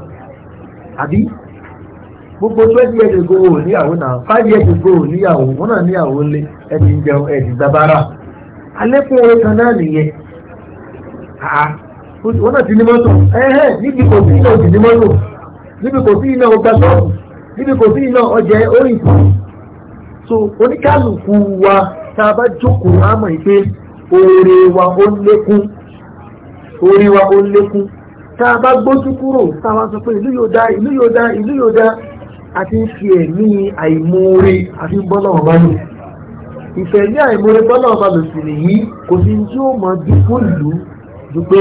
gbogbo twenty years ago ò níyàwó náà five years ago ò níyàwó wọn náà níyàwó lé ẹni ń jẹun ẹni gbàbára alẹ́kùn orin kan náà nìyẹn wọn náà ti ní mọ́tò ẹ̀hẹ́ níbi kò sí iná òjì ní mọ́tò níbi kò sí iná ọgbà níbi so wa tá a bá jókòó á wa ó lékún wa ó tá a bá gbójú kúrò táwa sọ pé ìlú yóò dá ìlú yóò dá ìlú yóò dá àti fi ẹ̀mí àìmoore àfi bọ́lá ọ̀bá lò ìfẹ́ ní àìmoore bọ́lá ọ̀bá lò sì nìyí kò sí tí ó mọ bí fún ìlú ju pé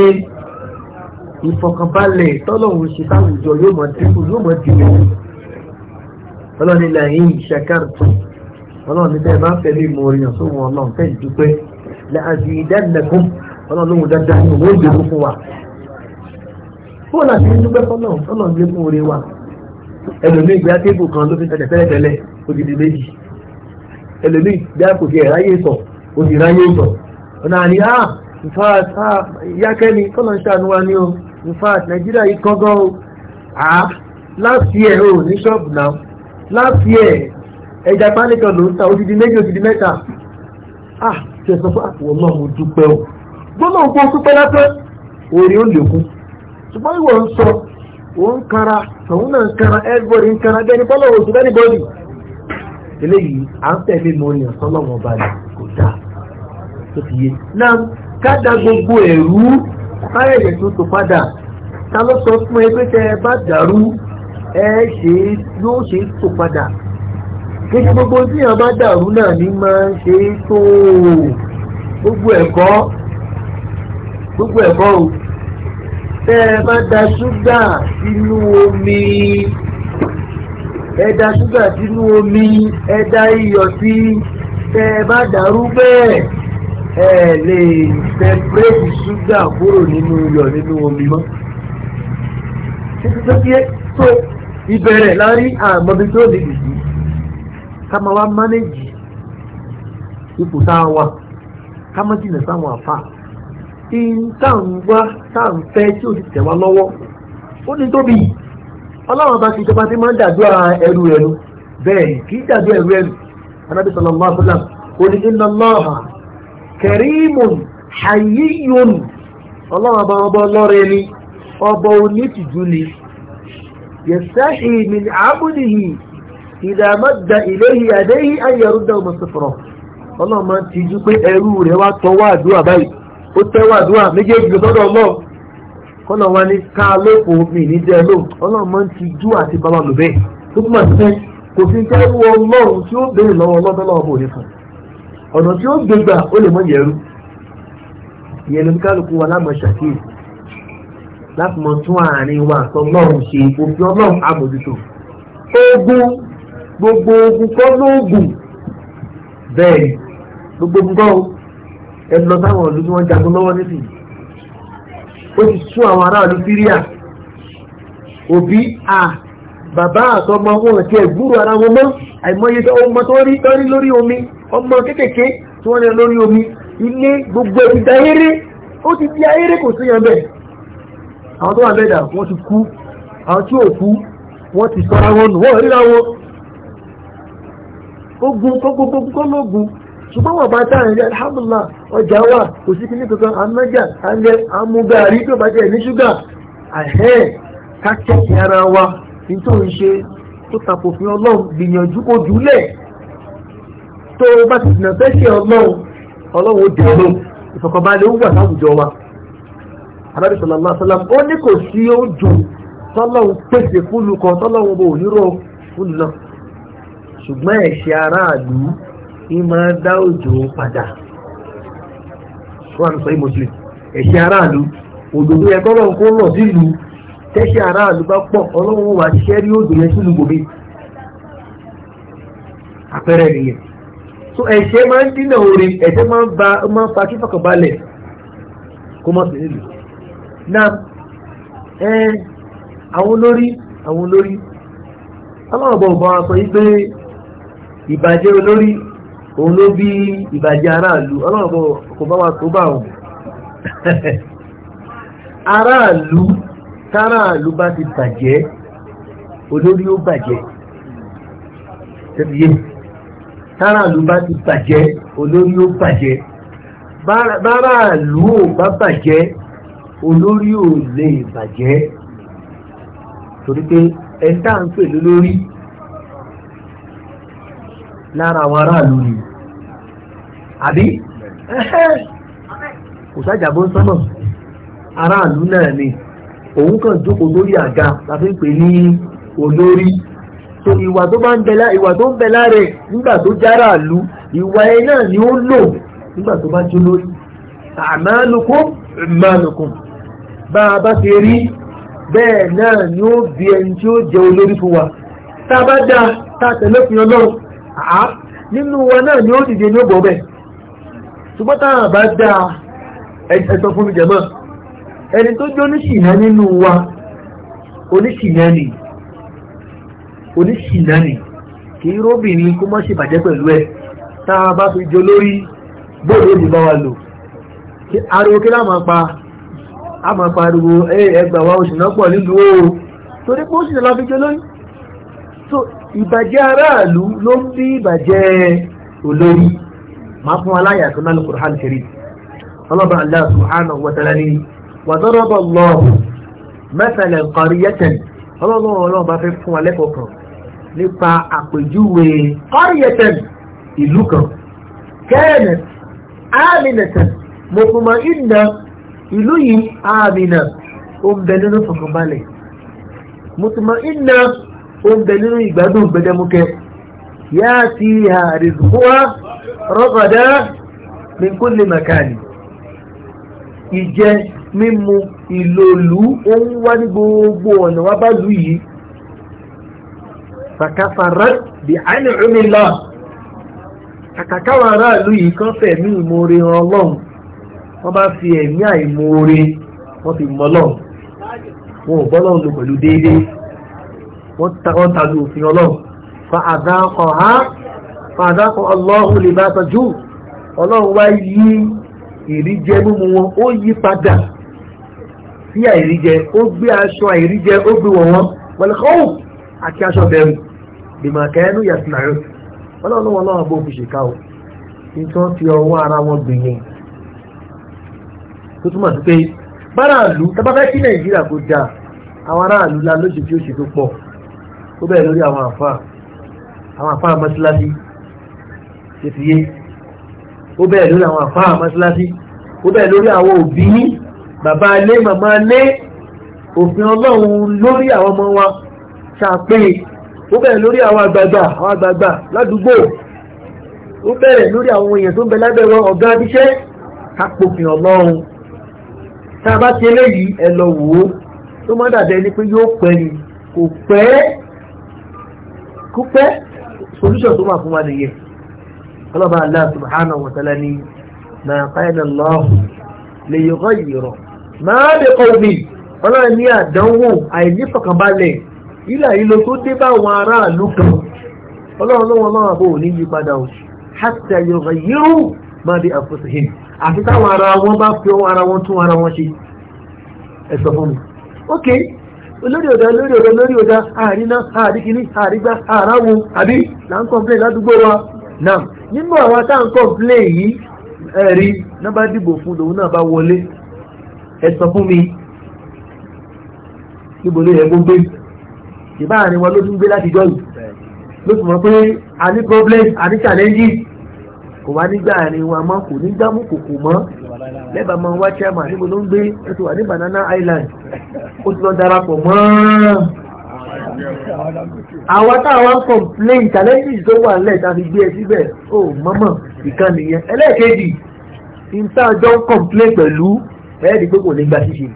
ìfọ̀kànbalẹ̀ tọ́lọ́hún ṣe táwùjọ yóò mọ dínkù yóò mọ dínkù ọlọ́ni lẹ́yìn ìṣẹ́kẹ́rùtù ọlọ́ni bẹ́ẹ̀ bá fẹ́ bí moore yàn sóhun ọlọ́run fẹ́ dúpẹ́ lẹ́ àti ìdánilẹ́kùn ọlọ́run lóhun dáadáa ní òun ó fóònù àti ìdúpẹ́ fọ́nà fọ́nà gbé fún oore wa ẹlòmíì gbé atébù kan ló fi tẹ̀lẹ̀ tẹ́lẹ̀ tẹ́lẹ̀ odidi méjì ẹlòmíì gbé àpòkè ẹ̀ráyè sọ òdì ráyè sọ ọ̀nà àní à ah, in fact à ah, yákẹ́ni fọ́nà ń ṣàánú wa ní o in fact nàìjíríà yìí kọ́gán o à last year o ní ṣọ́ọ̀bù náà last year ẹja pálíkan ló ń ta odidi méjì odidi mẹ́ta à ah, ṣe sọ fún àpò ọlọ́run dúpẹ́ o gbọ́dọ̀ gbọ́ dúpẹ́ lápẹ́ òòrè ó lékún ṣùgbọ́n ìwọ ń sọ òun kara òun náà kara everybody ń kara bẹ́ẹ̀ ni bọ́lá òṣù bẹ́ẹ̀ ni bọ́ọ̀lì eléyìí à ń tẹ̀lé mọ èèyàn sọlọ́wọ́n balẹ̀ kò dáa tó ti yé náà ká da gbogbo ẹ̀rú fáyẹ̀yẹ̀ tó tó padà ta ló sọ fún ẹ pé tẹ ẹ bá dàrú ẹ ṣe yóò ṣe tó padà kéṣe gbogbo tí èèyàn bá dàrú náà ní máa ń ṣe tó gbogbo ẹ̀kọ́ gbogbo ẹ̀kọ́ o tẹ́ ẹ bá da ṣúgà sínú omi ẹ da ṣúgà sínú omi ẹ da iyọ̀ sí tẹ́ ẹ bá dàrú bẹ́ẹ̀ ẹ lè sẹpẹ́rẹ́tì ṣúgà kúrò nínú iyọ̀ nínú omi mọ́. títí tó kí tó ìbẹ̀rẹ̀ lárí àmọ́bí tó lè dìbò ká máa wá mánéjì ipò tá ká má jìnnà sáwọn àfáà in tá à ń wá tá à ń fẹ́ tí ò sì tẹ̀ wá lọ́wọ́ ó ní tóbi ọlọ́run bá ti jọba tí máa ń dàdúrà ẹrú ẹnu bẹ́ẹ̀ kì í dàdúrà ẹrú ẹnu anábì sallallahu alaihi wasallam ó ní inna Allaha karimun hayyun ọlọ́run bá ọba ọlọ́rẹ́ ni ọba onítìjú ni yastahi min abdihi idha madda ilayhi yadayhi an yaruddahu mọ́sọ̀fọ̀rọ̀ ọlọ́run máa ń tijú pé ẹrú rẹ̀ wá tọwọ́ àdúrà báyìí ó tẹ́wà àdúrà méjèèjì lọ sọ́dọ̀ ọlọ́ kọ́nà wa ní ká lóko mi ní jẹ́ ló ọlọ́run máa ń ti jú àti bàbá lò bẹ́ẹ̀ tó túmọ̀ sí pé kò sí kẹ́rù ọlọ́run tí ó béèrè lọ́wọ́ ọlọ́dọ́ lọ́wọ́ bò ní fún ọ̀nà tí ó gbégbà ó lè mọ yẹrù ìyẹn ló ń kálukú wa lámọ̀ ṣàkíyèsí láti mọ tún àárín wa àtọ́ ọlọ́run ṣe òfin ọlọ́run àbòjútó ogun gbogbo ogun kọ́ lóògùn bẹ́ẹ̀ gbogbo ogun kọ́ ẹ lọ sáwọn ìlú tí wọ́n jagun lọ́wọ́ nísìnyí ó ti sún àwọn aráàlú síríà òbí à bàbá àtọmọ wọn ti ẹ̀gbúrò ara wọn mọ́ àìmọye ọmọ tó rí tọ́rí lórí omi ọmọ kékèké tí wọ́n ní lórí omi ilé gbogbo ẹ̀ ti da eré ó ti di ayéré kò síyàn bẹ́ẹ̀ àwọn tó wà mẹ́ta wọ́n ti kú àwọn tí ò kú wọ́n ti sọ́ra wọn nù wọ́n ríra wọn ogun kókókókó lóògùn ṣùgbọ́n wọ́n bá tá à ń jẹ alhamdulilah ọjà wà kò sí kí ní kankan anájà alẹ́ amúgarí tó bá jẹ́ ní ṣúgà àhẹ́ kákẹ́kì ara wa ní tó ń ṣe tó tapò fún ọlọ́run gbìyànjú kó jùlẹ̀ tó bá ti dìnà fẹ́ ṣe ọlọ́run ọlọ́run ó dẹ̀ ló ìfọ̀kànbalẹ̀ ó wà láwùjọ wa arábì sọlọ́lá sọlá ó ní kò sí oúnjẹ tọ́lọ́run pèsè fúlùkọ tọ́lọ́run bò nírò ní máa dá òjò padà wọ́n sọ ìmọ̀sílẹ̀ ẹ̀ṣẹ̀ aráàlú òdòdó ẹ̀kọ́ náà kó lọ sílùú tẹ́ṣẹ̀ aráàlú bá pọ̀ ọlọ́run wà ṣiṣẹ́ rí òjò yẹn sílùú gòmí àpẹẹrẹ nìyẹn so ẹ̀ṣẹ̀ máa ń dínà orin ẹ̀ṣẹ̀ máa ń fa kí fọkànbalẹ̀ kó mọ̀ sí nílùú na ẹ àwọn olórí àwọn olórí ọlọ́run bọ̀ bọ̀ sọ yí pé ìbàjẹ́ olórí òun ló bí ìbàjẹ́ aráàlú ọlọ́run kò bá wa tó bá wọn aráàlú táráàlú bá ti bàjẹ́ olórí ó bàjẹ́ tẹ́bíyé táráàlú bá ti bàjẹ́ olórí ó bàjẹ́ báráàlú ò bá bàjẹ́ olórí ò lè bàjẹ́ torí pé ẹ̀ńtà ń pè lólórí lára àwọn ará ni àbí kò sájàbó sọ́nà aráàlú náà ni òun kàn jókòó lórí àga la pè ní olórí so ìwà tó bá ń bẹ ìwà tó ń bẹ lára nígbà tó jára àlú ìwà ẹ náà ni ó lò nígbà tó bá jó lórí a bá ti rí bẹ́ẹ̀ náà ni ó bí ẹni tí ó jẹ olórí fún wa tá a àá nínú wọn náà ni ó dìde ní ògbò bẹ̀ ṣùgbọ́n táwọn bá dá ẹ̀sọ́ fún mi jẹ̀mọ́ ẹni tó jẹ́ oníṣìnà nínú wa oníṣìnà ni oníṣìnà ni kì í róbìnrin kó mọ́ ṣèbàjẹ́ pẹ̀lú ẹ̀ tá a bá fi jọ lórí bóòlù òdì bá wa lò ariwo kí láàmà pa a máa pariwo ẹgbàá wa oṣù náà pọ̀ nílùú o torí pé ó sì lọ́ọ́ fi jọ lórí ìbàjẹ́ aráàlú ló ń fi ìbàjẹ́ olórí máa fún aláyà tó náà lókùrù hàn kiri ọlọ́bàá Allah subhanahu wa ta'ala ni wa daraba Allah mathalan qaryatan ọlọ́run ọlọ́run bá fẹ́ fún wa lẹ́kọ̀ọ́ kan nípa ó ń bẹ nínú ìgbádùn gbẹdẹmukẹ yá ti hà rìzùkúwá rọ́pàdá min kulli makani ìjẹ mímu ìlòlú ó ń wá ní gbogbo ọ̀nà wá bá lù yìí fàkàfàrà bí àìní ìrìnlá àkàkáwà aráàlú yìí kan fẹ̀mí ìmoore ran ọlọ́run wọ́n bá fi ẹ̀mí àìmoore wọ́n fi mọ́ ọlọ́run wọn ò bọ́lọ́run lò pẹ̀lú déédéé wọ́n tàbí òfin ọlọ́run fàdákọ̀ ọlọ́run lè bá tọ́jú ọlọ́run wá yí ìríjẹ mímu wọn ó yí padà sí àìríjẹ ó gbé aṣọ àìríjẹ ó gbé wọ̀ wọn pẹ̀lẹ́kọ́wù àti aṣọ bẹ̀rù bìmọ̀kẹ́nu yàtìláyò ọlọ́run wọn náà bó fi ṣèkà o nítorí fi ọwọ́ ara wọn gbìyìn tó túmọ̀ sí pé bára àlù la lóṣù tí ó tó bẹ́ẹ̀ lórí àwọn àfà àwọn àfà mọ́síláṣí ṣe ti yé ó bẹ́ẹ̀ lórí àwọn àfà mọ́síláṣí ó bẹ́ẹ̀ lórí àwọn òbí bàbá alé màmá alé òfin ọlọ́run lórí àwọn ọmọ wa ṣàpè ó bẹ̀rẹ̀ lórí àwọn àgbààgbà àwọn àgbààgbà ládùúgbò ó bẹ̀rẹ̀ lórí àwọn èèyàn tó ń bẹ lábẹ́wọ́ ọ̀gá abiṣẹ́ kápòfin ọlọ́run tá a bá ti eléyìí ẹ lọ wò ó tó má dàbẹ́ ni pé yóò pẹ́ ni kò pẹ́ kó pẹ́ solution tó wà fún wa nìyẹn ọlọ́ba Allah subhanahu wa ta'ala ni ma kana Allah li yughayyiru ma bi qawmin ọlọ́run ní àdánwò àìnífọ̀kànbalẹ̀ ilà ìlò tó dé bá àwọn aráàlú kan ọlọ́run lọ́wọ́ náà bò ní yípadà o hatta yughayyiru ma bi anfusihim àfi táwọn ara wọn bá fi ara wọn tún ara wọn ṣe ẹ fún mi olórí ọ̀dà olórí ọ̀dà olórí ọ̀dà àríná àríkíní àrígbá àráwo àbí là ń kọ́ńplé ládùúgbò wa náà nínú àwọn tá à ń kọ́ńplé yìí ẹ̀rí náà bá dìbò fún lòun náà bá wọlé ẹ sọ fún mi níbo ló yẹ kó gbé wọn ló tún gbé láti jọ yìí ló sì pé a ní problem a ní kò wá nígbà rìn wa mọ́ kò ní gbámú kòkò mọ́ lẹ́bàá máa wá chairman níbo ló ń gbé ó ti wà ní Banana Island ó ti lọ darapọ̀ mọ́ àwọn táwọn ń complain challenges tó wà nílẹ̀ tá a fi gbé ẹ síbẹ̀ ó mọ́mọ́ ìkan nìyẹn ẹlẹ́ẹ̀kejì níta jọ ń complain pẹ̀lú ẹ̀ẹ́dì pé kò ní gba ṣíṣe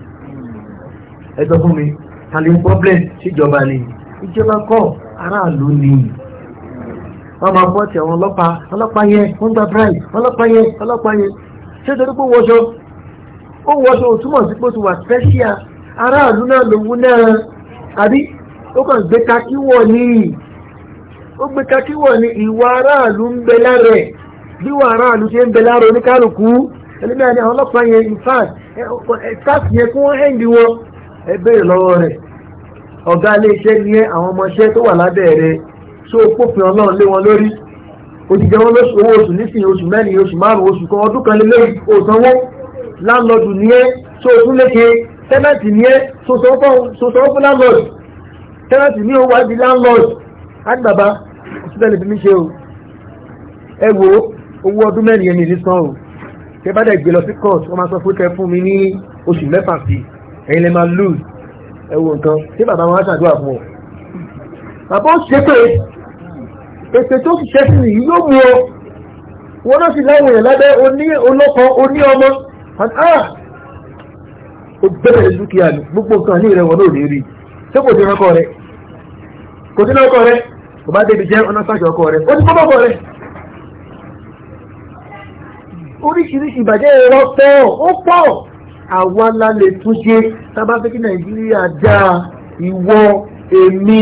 ẹ sọ fún mi ta ni problem síjọba ni ìjọba kọ́ aráàlú nìyí. wọ́n máa fọ́ ti àwọn ọlọ́pàá ọlọ́pàá yẹn wọ́n gba ọlọ́pàá yẹn ọlọ́pàá yẹn ṣé torí pé wọṣọ ó wọṣọ ò túmọ̀ sí pé ó ti wà special aráàlú náà lòun náà àbí ó kàn gbé kakí wọ̀ ní ó gbé kakí wọ̀ ní ìwà aráàlú ń bẹ lára ẹ̀ bí wà aráàlú ṣe ṣó o pófin ọlọ́run lé wọn lórí òjijì wọn lóṣù owó oṣù nísìnyí oṣù mẹ́rin oṣù márùn-ún oṣù kan ọdún kan lé òsanwó láńlọ́dù ní ẹ́ ṣó o tún léke tẹ́nàtì ní ẹ́ ṣó o sanwó fún láńlọ́dù tẹ́nàtì ní owó àti láńlọ́dù á ní bàbá òṣìṣẹ́ fi mí ṣe o ẹ wo owó ọdún mẹ́rin yẹn ní ìlísàn o tẹ bá dẹ̀ gbé lọ sí court wọ́n máa sọ fún kẹ fún mi ní oṣù mẹ́fà sí ẹ̀yin lè máa lose ẹ wo nǹkan tí bàbá wọn á ṣàdúrà fún ọ bàbá ó ṣe pé ètò tó ti ṣe sí nìyí yóò mú o wọn náà sì láwọn èèyàn lábẹ́ oní olóko oní ọmọ ah! ó bẹ̀rẹ̀ dúkìá ni gbogbo nǹkan ní ìrẹ̀ wọn náà lè rí ṣé kò sí ọkọ rẹ kò sí ọkọ rẹ kò bá débi jẹ́ ọ̀nà sáàjọ ọkọ rẹ ó ti kọ́ ọkọ rẹ oríṣiríṣi ìbàjẹ́ ẹ̀rọ pọ̀ ó pọ̀ àwa la lè tún ṣe tá a bá fẹ́ kí nàìjíríà dáa ìwọ èmi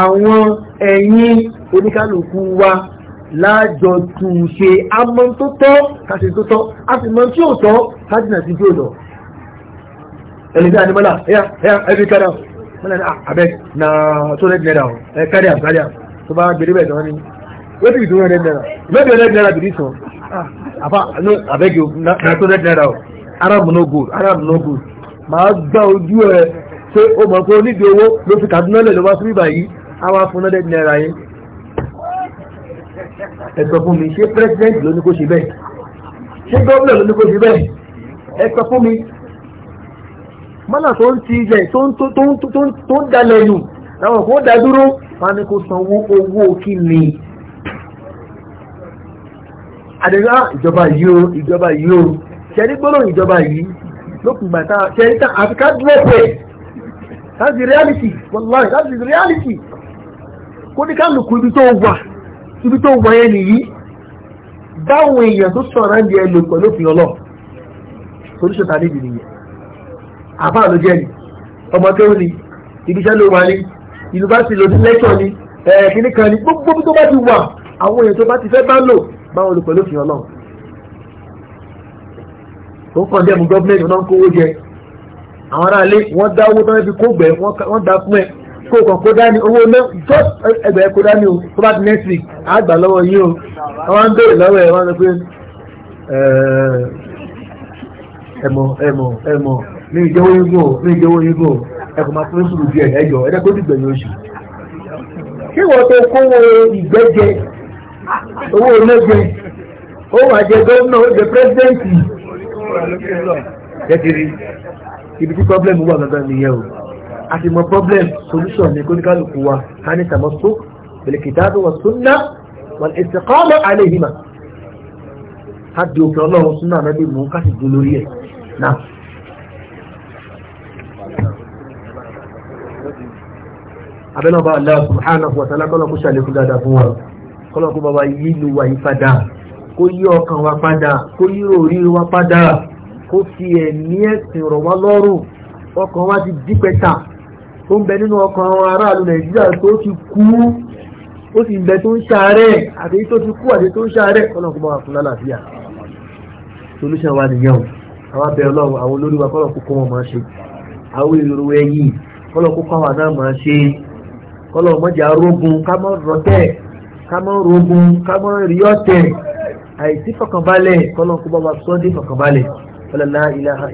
àwọn ẹ̀yìn oníkálùkù wa láàjọ tún ṣe amọ́ tó tọ́ kàṣẹ tó tọ́ a sì mọ tí ò tọ́ kájìnà sí tí ò lọ ẹni bí animala ẹyà ẹyà ẹbí kádà àbẹ́ na tó lẹ́dì náírà ọ̀ ni wọ́n ti fi tó lẹ́dì náírà mẹ́bí lẹ́dì náírà bìrì sàn àbá àbẹ́gì na tó lẹ́dì náírà ọ̀ aram no good aram no good màá gbá ojú ẹ ṣé o mọ̀ pé onídìí owó ló fi kàdúnà lẹ̀ lọ́wọ́ sí bíbá àwa fún hundred naira yẹn ẹ sọ fún mi ṣé president ló ní kó ṣe bẹ́ẹ̀ ṣé gómìnà ló ní kó ṣe bẹ́ẹ̀ ẹ sọ fún mi mọ́nà tó ń ti ilẹ̀ tó ń dalẹ̀ nù láwọn kò dá dúró wọn ni kò sanwó owó kí ni àdéhùn ah, ìjọba yìí o ìjọba yìí o ṣe ní gbọ́dọ̀ ìjọba yìí lókùn gbàtà ṣe ní tán àfikà dúró pẹ̀ that's the reality wallahi that's the reality kó ní kálukú ibi tó wà ibi tó wà èèyàn tó sọ̀rọ̀ ń di pẹ̀lú òfin ọlọ́ solution níbi nìyẹn àbá ló jẹ́ ni ọmọ tó ní ibiṣẹ́ ló wà ní yunifásitì ló ti lẹ́tọ̀ ni ẹ̀ẹ́dínní kan ní gbogbo bí tó bá ti wà àwọn èèyàn tó bá ti fẹ́ bá lò báwọn lò pẹ̀lú òfin ọlọ́ tó ń kàn dẹ́mu gọ́ọ̀mẹ̀ntì wọn náà ń kówó jẹ àwọn aráalé wọ́n dá owó tó ń fi kó gbẹ wọ́n dá fún ẹ kó kàn kó dání owó just ẹgbẹ̀rẹ́ kó dání o tó bá ti next week á gbà lọ́wọ́ yín o wọ́n ń béèrè lọ́wọ́ ẹ̀ wọ́n sọ pé ẹ̀mọ̀ ẹ̀mọ̀ ẹ̀mọ̀ ní ìjẹ́wó yín gò ní ìjẹ́wó yín gò ẹ̀kọ́ máa fún sùúrù díẹ̀ ẹ̀jọ̀ ẹ̀dá kó dìgbẹ̀ yín oṣù. kí wọ́n tó kówó ìgbẹ́jẹ owó olóògbé ó wà jẹ gómìnà ó jẹ pírẹsidẹ́ǹtì. jẹ́kiri ibi tí pọ́blẹ́mù wà gangan nìyẹn o àti mọ problem solution ní kóníkálukú wa ká ní tàmọ́só bilkitabi wa sunna wal istiqama alayhima ká di òfin ọlọ́run súnà ànábì mú ká sì dúró lórí ẹ̀ náà. abẹ́nà ọba Allah subhanahu wa ta'ala kọ́lọ́kú ṣàlékún dáadáa fún wa kọ́lọ́kú bàbá yílu wa yí padà kó yí ọkàn wa padà kó yí orí wa padà kó fi ẹ̀mí ẹ̀sìn rọ̀ wá lọ́rùn ọkàn wa ti dípẹ́ta ó ń bẹ nínú ọkàn àwọn aráàlú nàìjíríà tó ti kú ó sì ń bẹ tó ń ṣàárẹ̀ àti tó ti kú àti tó ń ṣàárẹ̀ kọ́nà kó bá solution wa nìyẹn o àwọn abẹ ọlọ́run àwọn olórí wa kọ́nà kó kọ́ wọn máa ṣe àwọn èrò ẹ̀yìn kọ́nà kó kọ́ àwọn náà máa ṣe kọ́nà mọ́jà rógun ká mọ́ rọ́tẹ̀ ká mọ́ rógun ká mọ́ rí ọ̀tẹ̀ àìsí fọkànbalẹ̀ kọ́nà kó bá sọ́ndé fọkànbalẹ̀ ọlọ́lá ìlàlá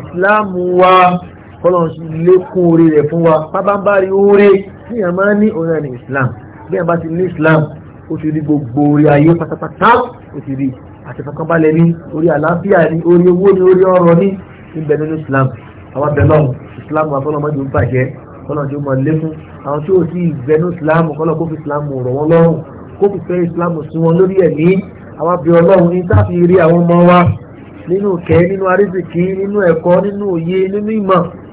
ìsìlámù wa kọ́lọ́n lékún orí rẹ̀ fún wa pábánbárí orí tí a máa ní ọ̀rẹ́ ní islam bí a bá ti ní islam ó ti rí gbogbo orí ayé pátápátá ó ti rí àtìfọkànbalẹ̀ ní orí àlàáfíà ní orí owó ní orí ọrọ̀ ní ibẹ̀ nínú islam àwọn abẹ́lọ́n islam wa fọlọ́n mọ́jú bàjẹ́ kọ́lọ́n tí ó máa lékún àwọn tí ó sì gbẹnú islam kọ́lọ́n kó fi islam rọ̀ wọ́n lọ́rùn kó fi fẹ́ islam sí wọn lórí ẹ̀mí àwọn abẹ́ ọlọ́run ní sáfi rí àwọn ọmọ wa nínú kẹ́ nínú arísìkí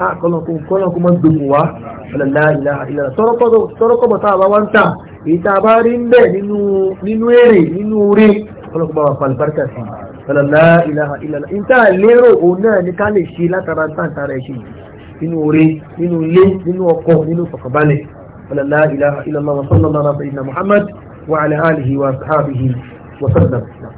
Ah, kọ́lọ́kọ́ mọ́ gbogbo wa ọ̀lọ́lá ìlàhà ìlàhà tọ́rọ́kọ́bọ̀ tá a bá wá ń tà èyí tá a bá rí ń bẹ̀ nínú èrè nínú orí kọ́lọ́kọ́ bá wà pàlùbáríkà sí ọ̀lọ́lá ìlàhà ìlàhà ìta lérò òun náà ní ká lè ṣe látara táǹtà rẹ̀ ṣe nínú orí nínú ilé nínú ọkọ̀ nínú fọkànbalẹ̀ ọ̀lọ́lá ìlàhà ìlàhà wa sallallahu ala sayyidina Muhammad wa ala alihi wa sahbihi wa sallam